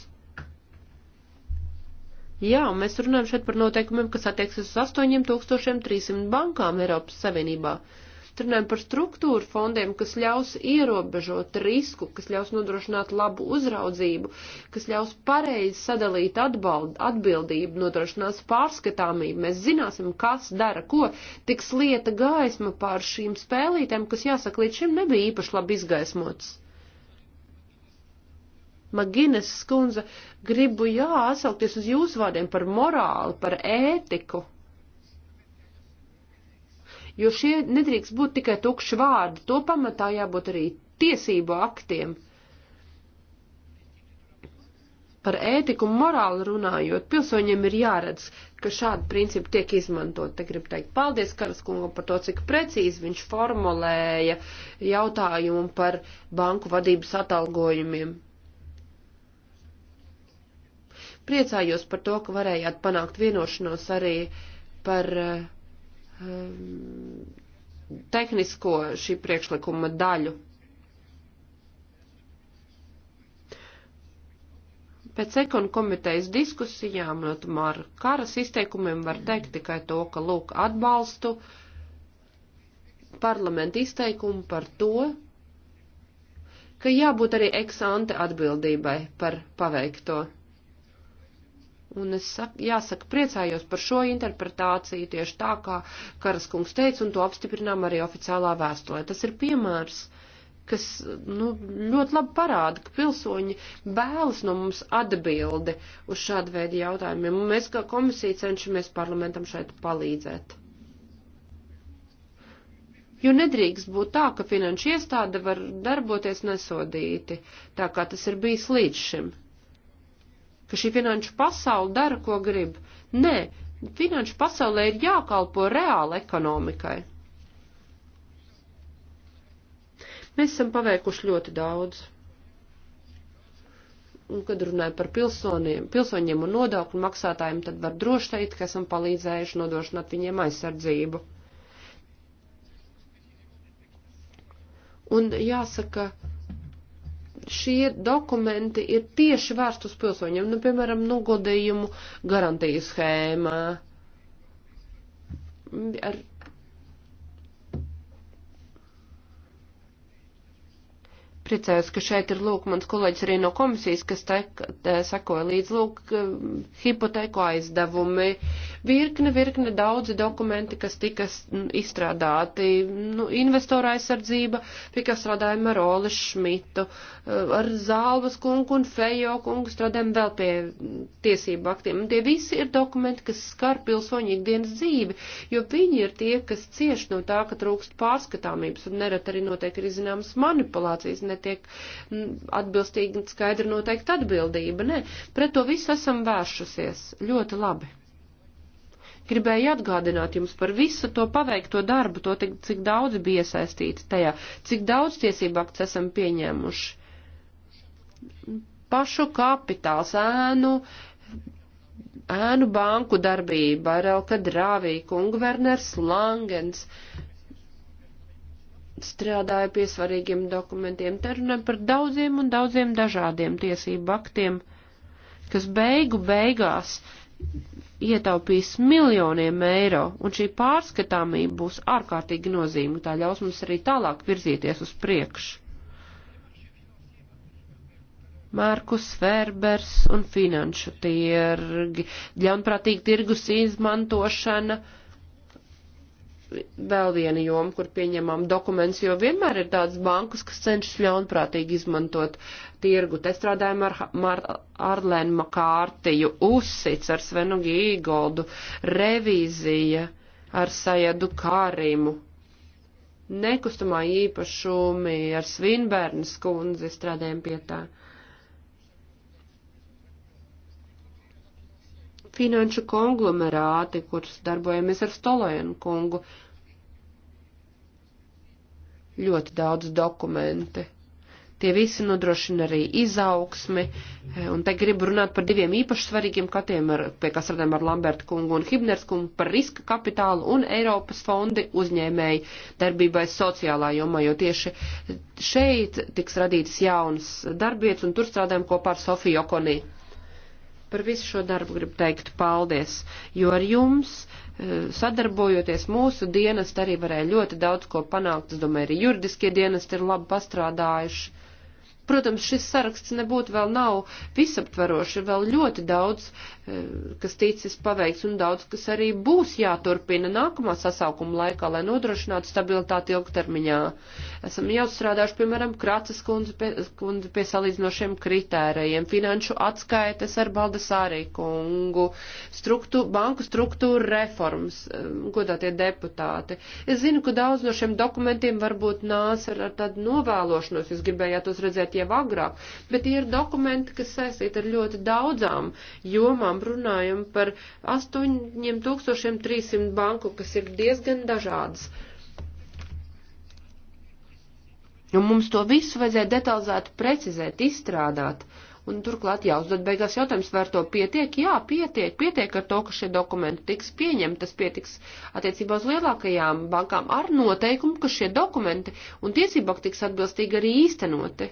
Jā, un mēs runājam šeit par noteikumiem, kas attieksas uz 8300 bankām Eiropas Savienībā. Mēs runājam par struktūru fondiem, kas ļaus ierobežot risku, kas ļaus nodrošināt labu uzraudzību, kas ļaus pareizi sadalīt atbald, atbildību, nodrošinās pārskatāmību. Mēs zināsim, kas dara ko. Tiks lieta gaisma pār šīm spēlītēm, kas jāsaka līdz šim nebija īpaši labi izgaismotas. Magines skundze, gribu jāsaukties uz jūsu vārdiem par morāli, par ētiku jo šie nedrīkst būt tikai tukši vārdi, to pamatā jābūt arī tiesību aktiem. Par ētiku un morāli runājot, pilsoņiem ir jāredz, ka šādi principi tiek izmantot. Te gribu teikt paldies Karaskungam par to, cik precīzi viņš formulēja jautājumu par banku vadības atalgojumiem. Priecājos par to, ka varējāt panākt vienošanos arī par uh, um, tehnisko šī priekšlikuma daļu. Pēc ekonu komitejas diskusijām no Tamāra Karas izteikumiem var teikt tikai to, ka lūk atbalstu parlamentu izteikumu par to, ka jābūt arī eksante atbildībai par paveikto. Un es saku, jāsaka, priecājos par šo interpretāciju tieši tā, kā Karaskungs teica, un to apstiprinām arī oficiālā vēstulē. Tas ir piemērs kas nu, ļoti labi parāda, ka pilsoņi vēlas no mums atbildi uz šādu veidu jautājumiem, un mēs kā komisija cenšamies parlamentam šeit palīdzēt. Jo nedrīkst būt tā, ka finanšu iestāde var darboties nesodīti, tā kā tas ir bijis līdz šim ka šī finanšu pasaule dara, ko grib. Nē, finanšu pasaulē ir jākalpo reāli ekonomikai. Mēs esam paveikuši ļoti daudz. Un, kad runāju par pilsoniem, pilsoņiem un nodokļu maksātājiem, tad var droši teikt, ka esam palīdzējuši nodrošināt viņiem aizsardzību. Un jāsaka, ka šie dokumenti ir tieši vērst uz pilsoņiem, nu, piemēram, nogodījumu garantijas schēmā. Ar Priecājos, ka šeit ir lūk mans kolēģis arī no komisijas, kas tek, sekoja līdz lūk hipoteku aizdevumi, virkne, virkne daudzi dokumenti, kas tika izstrādāti, nu, investora aizsardzība, pie kā strādājam ar Oli Šmitu, eh, ar Zālvas kungu un Fejo kungu strādājam vēl pie tiesību aktiem. Un tie visi ir dokumenti, kas skar pilsoņu ikdienas dzīvi, jo viņi ir tie, kas cieš no tā, ka trūkst pārskatāmības un nerad arī notiek arī zināmas manipulācijas ne tiek mm, atbilstīgi skaidri noteikti atbildība. Nē, pret to visu esam vēršusies ļoti labi. Gribēju atgādināt jums par visu to paveikto darbu, to, cik daudz bija iesaistīti tajā, cik daudz tiesību akts esam pieņēmuši. Pašu kapitāls, ēnu, ēnu banku darbība, Relka Drāvī, Kungverners Langens, strādāja pie svarīgiem dokumentiem. Te runājam par daudziem un daudziem dažādiem tiesību aktiem, kas beigu beigās ietaupīs miljoniem eiro, un šī pārskatāmība būs ārkārtīgi nozīmīga. Tā ļaus mums arī tālāk virzīties uz priekšu. Markus Ferbers un finanšu tirgi, ļaunprātīgi tirgus izmantošana. Uh, vēl viena joma, kur pieņemam dokumentus, jo vienmēr ir tādas bankas, kas cenšas ļaunprātīgi izmantot tirgu. Te strādājam ar Mar Arlēnu Makārtiju, Usits ar Svenu Gīgoldu, revīzija ar Sajadu Kārimu, nekustamā īpašumi ar Svinbērnas kundzi strādājam pie tā. Uh, finanšu konglomerāti, kurus darbojamies ar Stolojanu kungu. Ļoti daudz dokumenti. Tie visi nodrošina arī izaugsmi, e, un te gribu runāt par diviem īpaši svarīgiem katiem, ar, pie kā strādājam ar Lambertu kungu un Hibners kungu, par riska kapitālu un Eiropas fondi uzņēmēji darbībai sociālā jomā, jo tieši šeit tiks radītas jaunas darbietas, un tur strādājam kopā ar Sofiju Okonī. Par visu šo darbu gribu teikt paldies, jo ar jums eh, sadarbojoties mūsu dienest arī varēja ļoti daudz ko panākt. Es domāju, arī juridiskie dienesti ir labi pastrādājuši. Protams, šis saraksts nebūtu vēl nav visaptvaroši, vēl ļoti daudz kas ticis paveikts un daudz, kas arī būs jāturpina nākamā sasaukuma laikā, lai nodrošinātu stabilitāti ilgtermiņā. Esam jau strādājuši, piemēram, Krācas kundze pie, kundze pie salīdzinošiem kritērajiem, finanšu atskaites ar Baldasārī kungu, struktū, banku struktūra reformas, um, godātie deputāti. Es zinu, ka daudz no šiem dokumentiem varbūt nāc ar, ar tādu novēlošanos, jūs gribējāt tos redzēt jau agrāk, bet tie ir dokumenti, kas saistīti ar ļoti daudzām jomām, tiešām runājam par 8300 banku, kas ir diezgan dažādas. Un mums to visu vajadzēja detalizēt, precizēt, izstrādāt. Un turklāt jāuzdod beigās jautājums, vai ar to pietiek? Jā, pietiek, pietiek ar to, ka šie dokumenti tiks pieņemti, tas pietiks attiecībā uz lielākajām bankām ar noteikumu, ka šie dokumenti un tiesībāk tiks atbilstīgi arī īstenoti.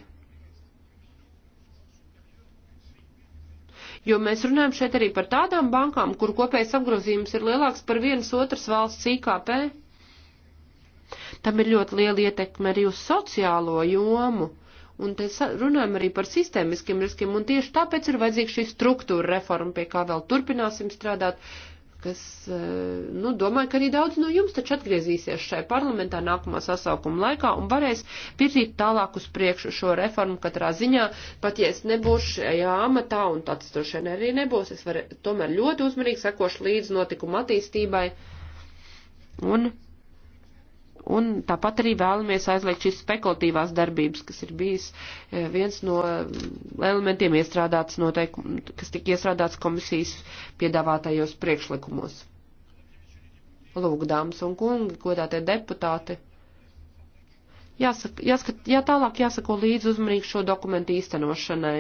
jo mēs runājam šeit arī par tādām bankām, kur kopējais apgrozījums ir lielāks par vienas otras valsts IKP. Tam ir ļoti liela ietekme arī uz sociālo jomu. Un te runājam arī par sistēmiskiem riskiem, un tieši tāpēc ir vajadzīga šī struktūra reforma, pie kā vēl turpināsim strādāt, kas, e, nu, domāju, ka arī daudz no jums taču atgriezīsies šai parlamentā nākamā sasaukuma laikā un varēs virzīt tālāk uz priekšu šo reformu katrā ziņā, pat ja es nebūšu šajā amatā un tāds to šeit arī nebūs, es varu tomēr ļoti uzmanīgi sekošu līdz notikuma attīstībai un Un tāpat arī vēlamies aizliegt šīs spekulatīvās darbības, kas ir bijis eh, viens no mm, elementiem iestrādāts noteikumu, kas tika iestrādāts komisijas piedāvātajos priekšlikumos. Lūk, dāmas un kungi, godātie deputāti. Jāsaka, jāskat, jā, tālāk jāsako līdzi uzmanīgi šo dokumentu īstenošanai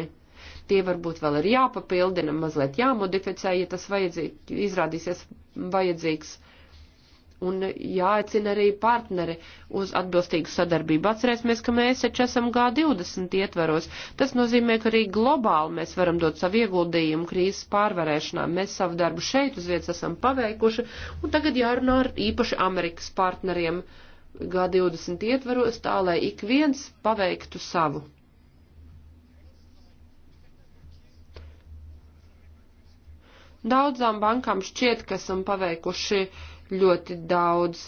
tie varbūt vēl ir jāpapildina, mazliet jāmodificē, ja tas vajadzīgi, izrādīsies vajadzīgs un jāaicina arī partneri uz atbilstīgu sadarbību. Atcerēsimies, ka mēs taču esam G20 ietvaros. Tas nozīmē, ka arī globāli mēs varam dot savu ieguldījumu krīzes pārvarēšanā. Mēs savu darbu šeit uz vietas esam paveikuši, un tagad jārunā ar īpaši Amerikas partneriem G20 ietvaros, tā lai ik viens paveiktu savu. Daudzām bankām šķiet, ka esam paveikuši uh, ļoti daudz.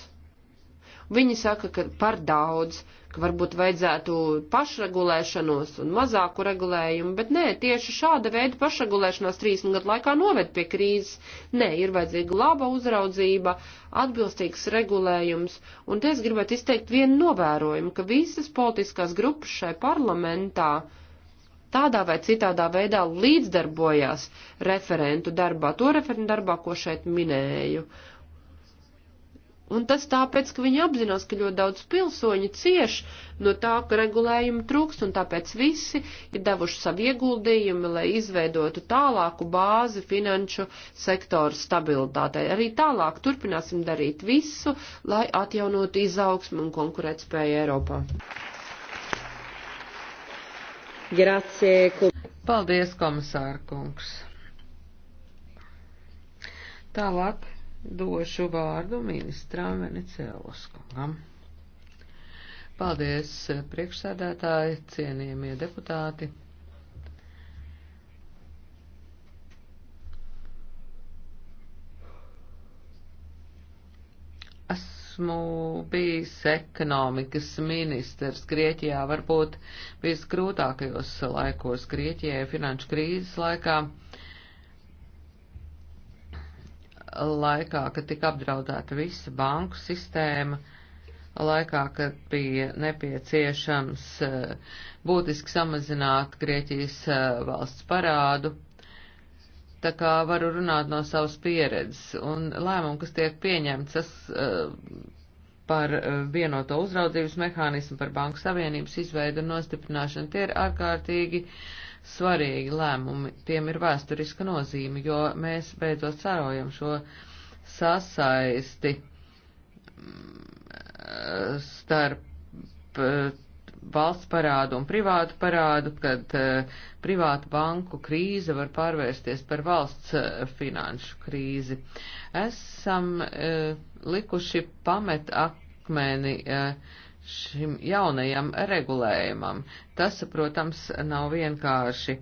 Viņi saka, ka par daudz, ka varbūt vajadzētu pašregulēšanos un mazāku regulējumu, bet nē, tieši šāda veida pašregulēšanās 30 gadu laikā noved pie krīzes. Nē, ir vajadzīga laba uzraudzība, atbilstīgs regulējums, un te es gribētu izteikt vienu novērojumu, ka visas politiskās grupas šai parlamentā tādā vai citādā veidā līdzdarbojās referentu darbā, to referentu darbā, ko šeit minēju. Un tas tāpēc, ka viņi apzinās, ka ļoti daudz pilsoņi cieš no tā, ka regulējumi trūks, un tāpēc visi ir devuši savu ieguldījumu, lai izveidotu tālāku bāzi finanšu sektoru stabilitātei. Arī tālāk turpināsim darīt visu, lai atjaunotu izaugsmu un konkurētspēju Eiropā. Grazie. Paldies, komisārkungs. Tālāk došu vārdu ministram Venicēlos kungam. Paldies, priekšsēdētāji, cienījamie deputāti. esmu bijis ekonomikas ministrs Grieķijā, varbūt bijis grūtākajos laikos Grieķijai finanšu krīzes laikā laikā, kad tika apdraudēta visa banku sistēma, laikā, kad bija nepieciešams eh, būtiski samazināt Grieķijas eh, valsts parādu. Tā kā varu runāt no savas pieredzes un lēmumu, kas tiek pieņemts, tas eh, par vienoto uzraudzības mehānismu, par banku savienības izveidu un nostiprināšanu. Tie ir ārkārtīgi uh, svarīgi lēmumi, tiem ir vēsturiska nozīme, jo mēs beidzot sērojam šo sasaisti mm, starp e, valsts parādu un privātu parādu, kad e, privātu banku krīze var pārvērsties par valsts e, finanšu krīzi. Esam likuši pamet akmeni šim jaunajam regulējumam. Tas, protams, nav vienkārši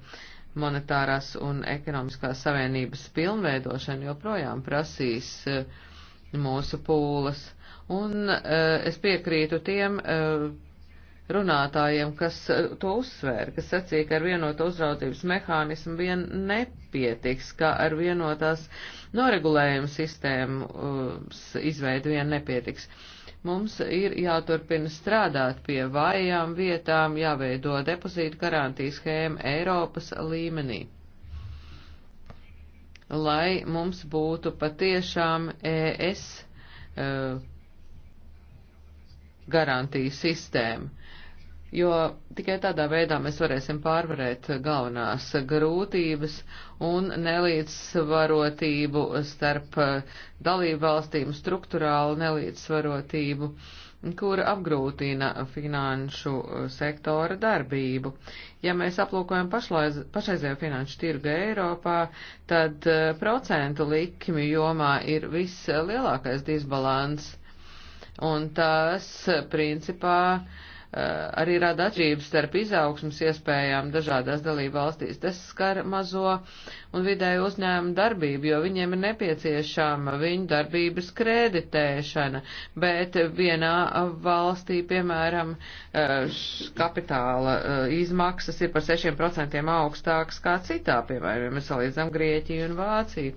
monetārās un ekonomiskās savienības pilnveidošana joprojām prasīs eh, mūsu pūles. Un eh, es piekrītu tiem eh, runātājiem, kas to uzsvēra, kas sacīja, ka ar vienotu uzraudzības mehānismu vien nepietiks, ka ar vienotās noregulējuma sistēmas izveidu vien nepietiks. Uh, Mums ir jāturpina strādāt pie vājām vietām, jāveido depozītu garantijas schēma Eiropas līmenī, lai mums būtu patiešām ES eh, garantijas sistēma jo tikai tādā veidā mēs varēsim pārvarēt galvenās grūtības un nelīdzsvarotību starp dalību valstīm, struktūrālu nelīdzsvarotību, kur apgrūtina finanšu sektora darbību. Ja mēs aplūkojam pašlaiz, pašreizējo finanšu tirgu Eiropā, tad eh, procentu likmi jomā ir vislielākais disbalans, un tas principā uh, Eh, arī rada atšķirības starp izaugsmas iespējām dažādās dalība valstīs. Tas skar mazo un vidēju uzņēmumu darbību, jo viņiem ir nepieciešama viņu darbības kreditēšana, bet vienā valstī, piemēram, eh, kapitāla eh, izmaksas ir par 6% augstākas kā citā, piemēram, ja mēs salīdzinām Grieķiju un Vāciju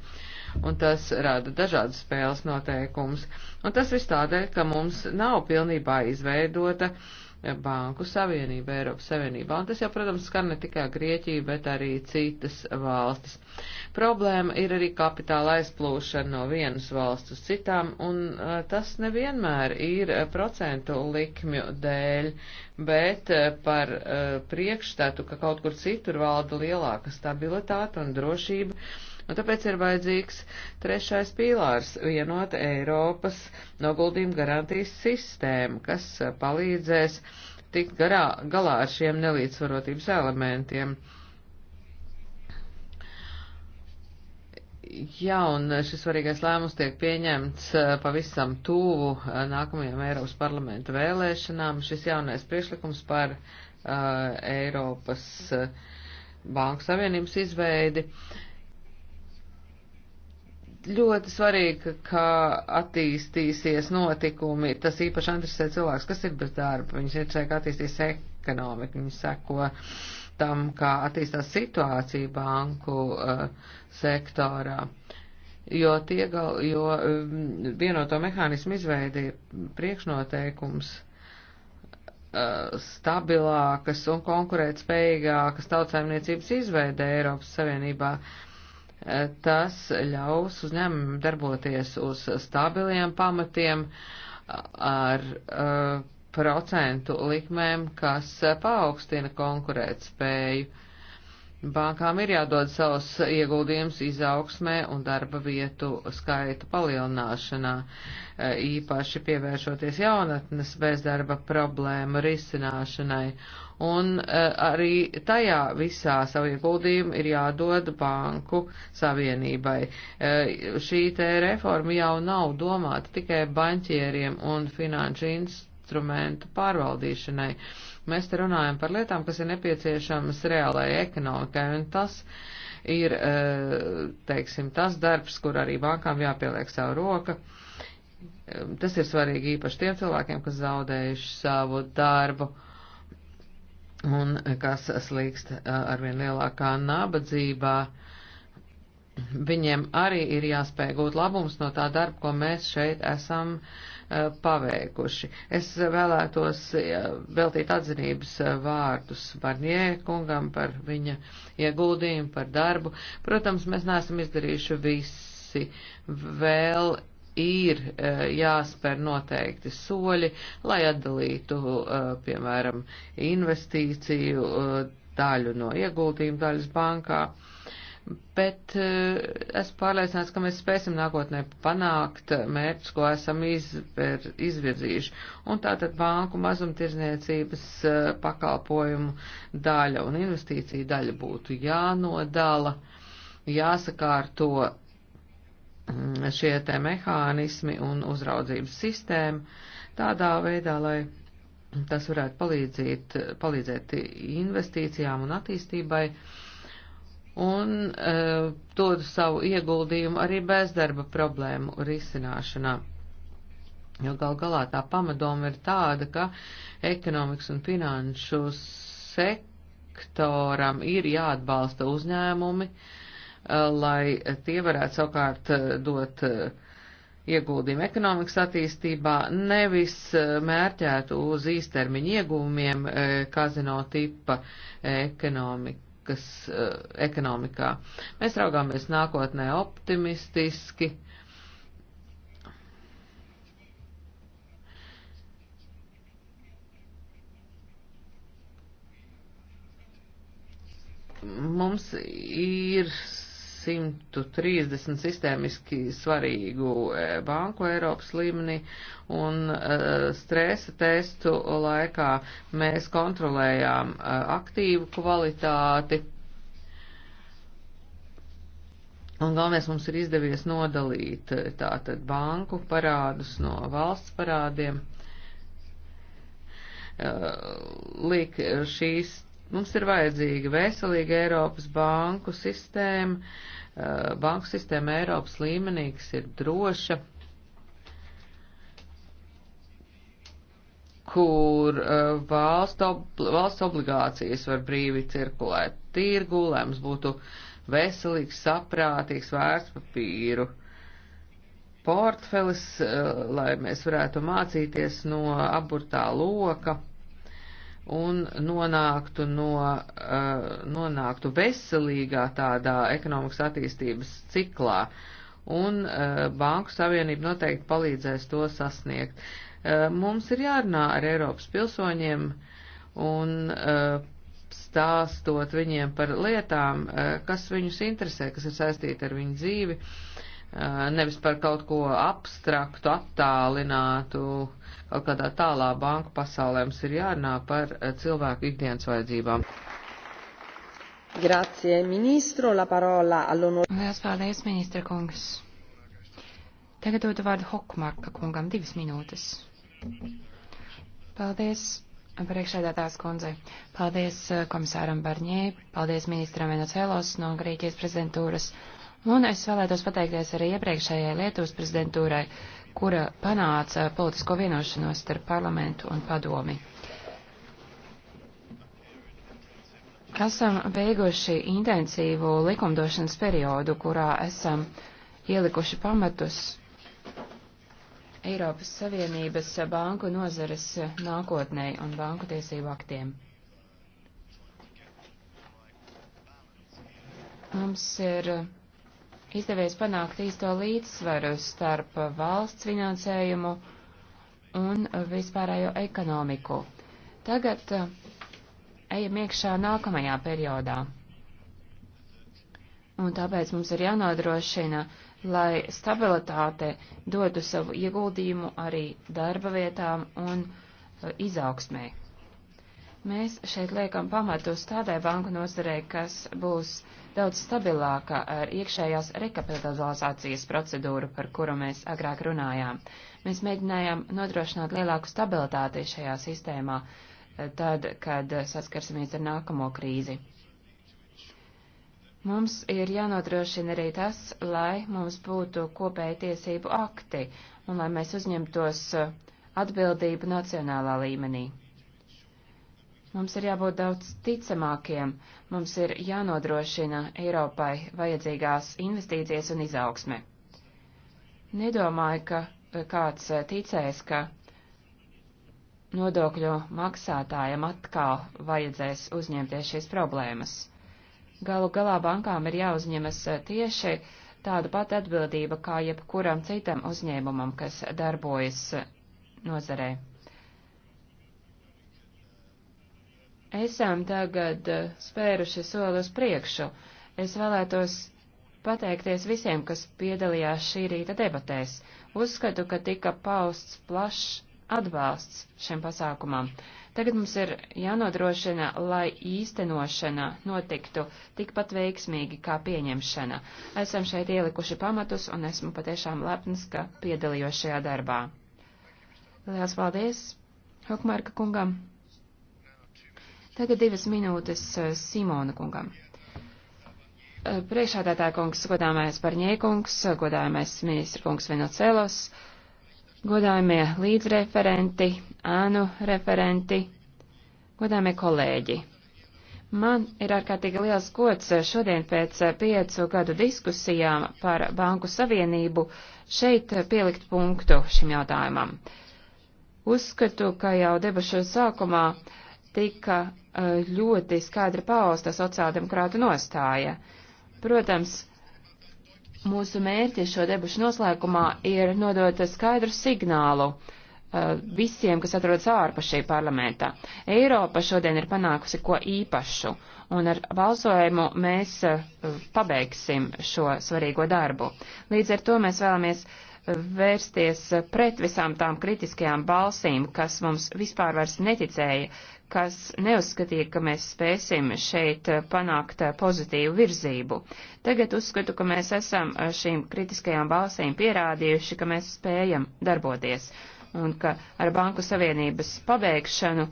un tas rada dažādas spēles noteikumus. Un tas viss tādēļ, ka mums nav pilnībā izveidota uh, Banku Savienība, Eiropas Savienībā. Un tas jau, protams, skar ne tikai Grieķiju, bet arī citas valstis. Problēma ir arī kapitāla aizplūšana no vienas valsts uz citām, un tas nevienmēr ir procentu likmju dēļ, bet par priekšstatu, ka kaut kur citur valda lielāka stabilitāte un drošība Un tāpēc ir vajadzīgs trešais pīlārs - vienota Eiropas noguldījuma garantijas sistēma, kas eh, palīdzēs tikt garā, galā ar šiem nelīdzsvarotības elementiem. Jā, un šis svarīgais lēmums tiek pieņemts eh, pavisam tuvu eh, nākamajām Eiropas parlamenta vēlēšanām. Šis jaunais priešlikums par uh, Eiropas uh, Banku Savienības izveidi uh, ļoti svarīgi, kā attīstīsies notikumi. Tas īpaši interesē cilvēks, kas ir bez darba. Viņus interesē, kā attīstīsies ekonomika. Viņi seko tam, kā attīstās situācija banku uh, sektorā. Jo, tie, gal, jo um, vienoto mehānismu izveidi ir priekšnoteikums uh, stabilākas un konkurētspējīgākas tautsaimniecības izveide Eiropas Savienībā. Uh, Tas ļaus uzņēmumiem darboties uz stabiliem pamatiem ar eh, procentu likmēm, kas paaugstina konkurētspēju. Bankām ir jādod savus ieguldījumus izaugsmē un darba vietu skaitu palielināšanā, eh, īpaši pievēršoties jaunatnes bezdarba problēmu risināšanai un e, arī tajā visā savu ieguldījumu ir jādod banku savienībai. E, šī te reforma jau nav domāta tikai banķieriem un finanšu instrumentu pārvaldīšanai. Mēs te runājam par lietām, kas ir nepieciešamas reālajai ekonomikai, un tas ir, e, teiksim, tas darbs, kur arī bankām jāpieliek savu roku tas ir svarīgi īpaši tiem cilvēkiem, kas zaudējuši savu darbu un eh, kas slīkst eh, arvien lielākā nabadzībā. Viņiem arī ir jāspēj gūt labums no tā darba, ko mēs šeit esam eh, paveikuši. Es vēlētos veltīt atzinības vārdus Barnie kungam par viņa ieguldījumu, par darbu. Protams, mēs neesam izdarījuši visi. Vēl ir eh, jāspēr noteikti soļi, lai atdalītu, eh, piemēram, investīciju eh, daļu no ieguldījuma daļas bankā. Bet esmu pārliecināts, ka mēs spēsim nākotnē panākt mērķus, ko esam izver, izvirzījuši. Un tātad banku mazumtirdzniecības pakalpojumu daļa un investīcija daļa būtu jānodala jāsakārto Mm, šie te mehānismi un uzraudzības sistēma tādā veidā, lai tas varētu palīdzīt, palīdzēt investīcijām un attīstībai un uh, dod savu ieguldījumu arī bezdarba problēmu risināšanā. Jo gal galā tā pamadoma ir tāda, ka ekonomikas un finanšu sektoram ir jāatbalsta uzņēmumi, uh, Uh, lai tie varētu savukārt uh, dot uh, ieguldījumu ekonomikas attīstībā, nevis mērķētu uz īstermiņa iegūmiem kazino tipa ekonomikas, ekonomikā. Mēs raugāmies nākotnē optimistiski. mums ir 130 sistēmiski svarīgu e, banku Eiropas līmenī, un e, stresa testu laikā mēs kontrolējām e, aktīvu kvalitāti. Un galvenais mums ir izdevies nodalīt tātad banku parādus no valsts parādiem. Līk šīs Mums ir vajadzīga veselīga Eiropas banku sistēma, eh, banku sistēma Eiropas līmenī, kas ir droša, kur eh, valsts, ob valsts obligācijas var brīvi cirkulēt tirgu, lai mums būtu veselīgs, saprātīgs vērtspapīru portfelis, eh, lai mēs varētu mācīties no aburtā loka un nonāktu, no, uh, nonāktu veselīgā tādā ekonomikas attīstības ciklā. Un uh, Banku Savienība noteikti palīdzēs to sasniegt. Uh, mums ir jārunā ar Eiropas pilsoņiem un uh, stāstot viņiem par lietām, uh, kas viņus interesē, kas ir saistīti ar viņu dzīvi, uh, nevis par kaut ko abstraktu, attālinātu. Uh, Kaut kādā tālā banku pasaulē mums ir jārunā par eh, cilvēku ikdienas vajadzībām. Grazie, ministro, la parola all'onore. Lielas paldies, ministra kungs. Tagad dodu vārdu Hokmarka kungam divas minūtes. Paldies. Priekšsēdētājs kundze, paldies eh, komisāram Barņē, paldies ministram Venocēlos no Grieķijas prezidentūras, un es vēlētos pateikties arī iepriekšējai Lietuvas prezidentūrai, kura panāca politisko vienošanos starp parlamentu un padomi. Esam beiguši intensīvu likumdošanas periodu, kurā esam ielikuši pamatus Eiropas Savienības banku nozares nākotnē un banku tiesību aktiem. Mums ir izdevies panākt īsto līdzsvaru starp valsts finansējumu un vispārējo ekonomiku. Tagad uh, ejam iekšā nākamajā periodā. Un tāpēc mums ir jānodrošina, lai stabilitāte dotu savu ieguldījumu arī darba vietām un uh, izaugsmē. Mēs šeit liekam pamatus tādai banku nozarei, kas būs daudz stabilāka ar iekšējās rekapitalizācijas procedūru, par kuru mēs agrāk runājām. Mēs mēģinājām nodrošināt lielāku stabilitāti šajā sistēmā, eh, tad, kad saskarsimies ar nākamo krīzi. Mums ir jānodrošina arī tas, lai mums būtu kopēji tiesību akti un lai mēs uzņemtos eh, atbildību nacionālā līmenī. Mums ir jābūt daudz ticamākiem, mums ir jānodrošina Eiropai vajadzīgās investīcijas un izaugsme. Nedomāju, ka eh, kāds eh, ticēs, ka nodokļu maksātājiem atkal vajadzēs uzņemties šīs problēmas. Galu galā bankām ir jāuzņemas eh, tieši tāda pati atbildība kā jebkuram citam uzņēmumam, kas darbojas nozarē. esam tagad eh, spēruši soli uz priekšu. Es vēlētos pateikties visiem, kas piedalījās šī rīta debatēs. Uzskatu, ka tika pausts plašs atbalsts šiem pasākumam. Tagad mums ir jānodrošina, lai īstenošana notiktu tikpat veiksmīgi kā pieņemšana. Esam šeit ielikuši pamatus un esmu patiešām lepns, ka piedalījos šajā darbā. Lielas paldies Hokmārka kungam! Tagad divas minūtes eh, Simona kungam. Eh, priekšādātāja kungs, godāmais Barņēkungs, godāmais ministra kungs Venocelos, godājumie līdzreferenti, ānu referenti, godājumie kolēģi. Man ir ārkārtīgi liels gods eh, šodien pēc piecu gadu diskusijām par Banku Savienību šeit pielikt punktu šim jautājumam. Uzskatu, ka jau debašu sākumā uh, tika eh, ļoti skaidri pausta sociāldemokrātu nostāja. Protams, mūsu mērķis šo debušu noslēgumā ir nodot skaidru signālu eh, visiem, kas atrodas ārpus šī parlamenta. Eiropa šodien ir panākusi ko īpašu, un ar balsojumu mēs eh, pabeigsim šo svarīgo darbu. Līdz ar to mēs vēlamies vērsties pret visām tām kritiskajām balsīm, kas mums vispār vairs neticēja, kas neuzskatīja, ka mēs spēsim šeit eh, panākt eh, pozitīvu virzību. Tagad uzskatu, ka mēs esam eh, šīm kritiskajām balsīm pierādījuši, ka mēs spējam darboties un ka ar Banku Savienības pabeigšanu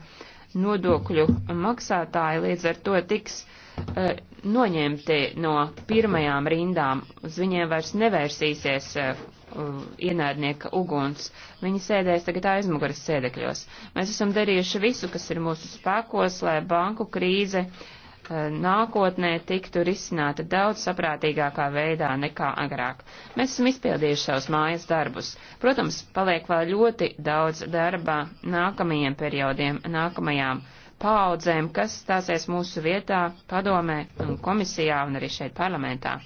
nodokļu maksātāji līdz ar to tiks uh, noņemti no pirmajām rindām, uz viņiem vairs nevērsīsies uh, uh, ienaidnieka uguns. Viņi sēdēs tagad aizmuguras sēdekļos. Mēs esam darījuši visu, kas ir mūsu spēkos, lai banku krīze uh, nākotnē tiktu risināta daudz saprātīgākā veidā nekā agrāk. Mēs esam izpildījuši savus mājas darbus. Protams, paliek vēl ļoti daudz darba nākamajiem periodiem, nākamajām paaudzēm, kas stāsies mūsu vietā, padomē un komisijā un arī šeit parlamentā.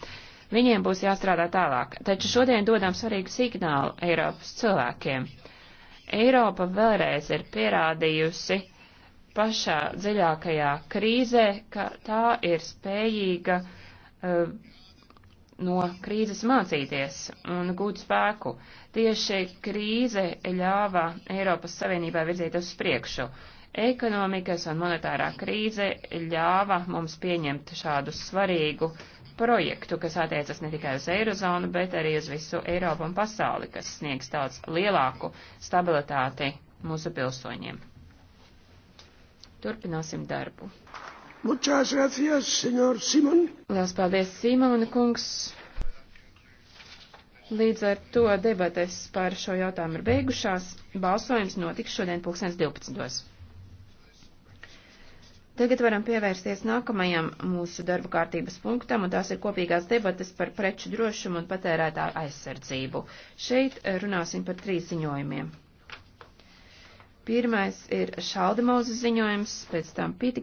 Viņiem būs jāstrādā tālāk, taču šodien dodam svarīgu signālu Eiropas cilvēkiem. Eiropa vēlreiz ir pierādījusi pašā dziļākajā krīzē, ka tā ir spējīga uh, no krīzes mācīties un gūt spēku. Tieši krīze ļāva Eiropas Savienībai virzīt uz priekšu. Ekonomikas un monetārā krīze ļāva mums pieņemt šādu svarīgu uh, projektu, kas attiecas ne tikai uz Eirozonu, bet arī uz visu Eiropu un pasauli, kas sniegs daudz lielāku stabilitāti mūsu pilsoņiem. Turpināsim darbu. Muchas gracias, senor Simon. Lielas paldies, Simona kungs. Līdz ar to debates par šo jautājumu ir beigušās. Balsojums notiks šodien 2012. Tagad varam pievērsties nākamajam mūsu darba kārtības punktam, un tās ir kopīgās debates par preču drošumu un patērētāju aizsardzību. Šeit eh, runāsim par trīs ziņojumiem. Pirmais ir Šaldemauza ziņojums, pēc tam Pīti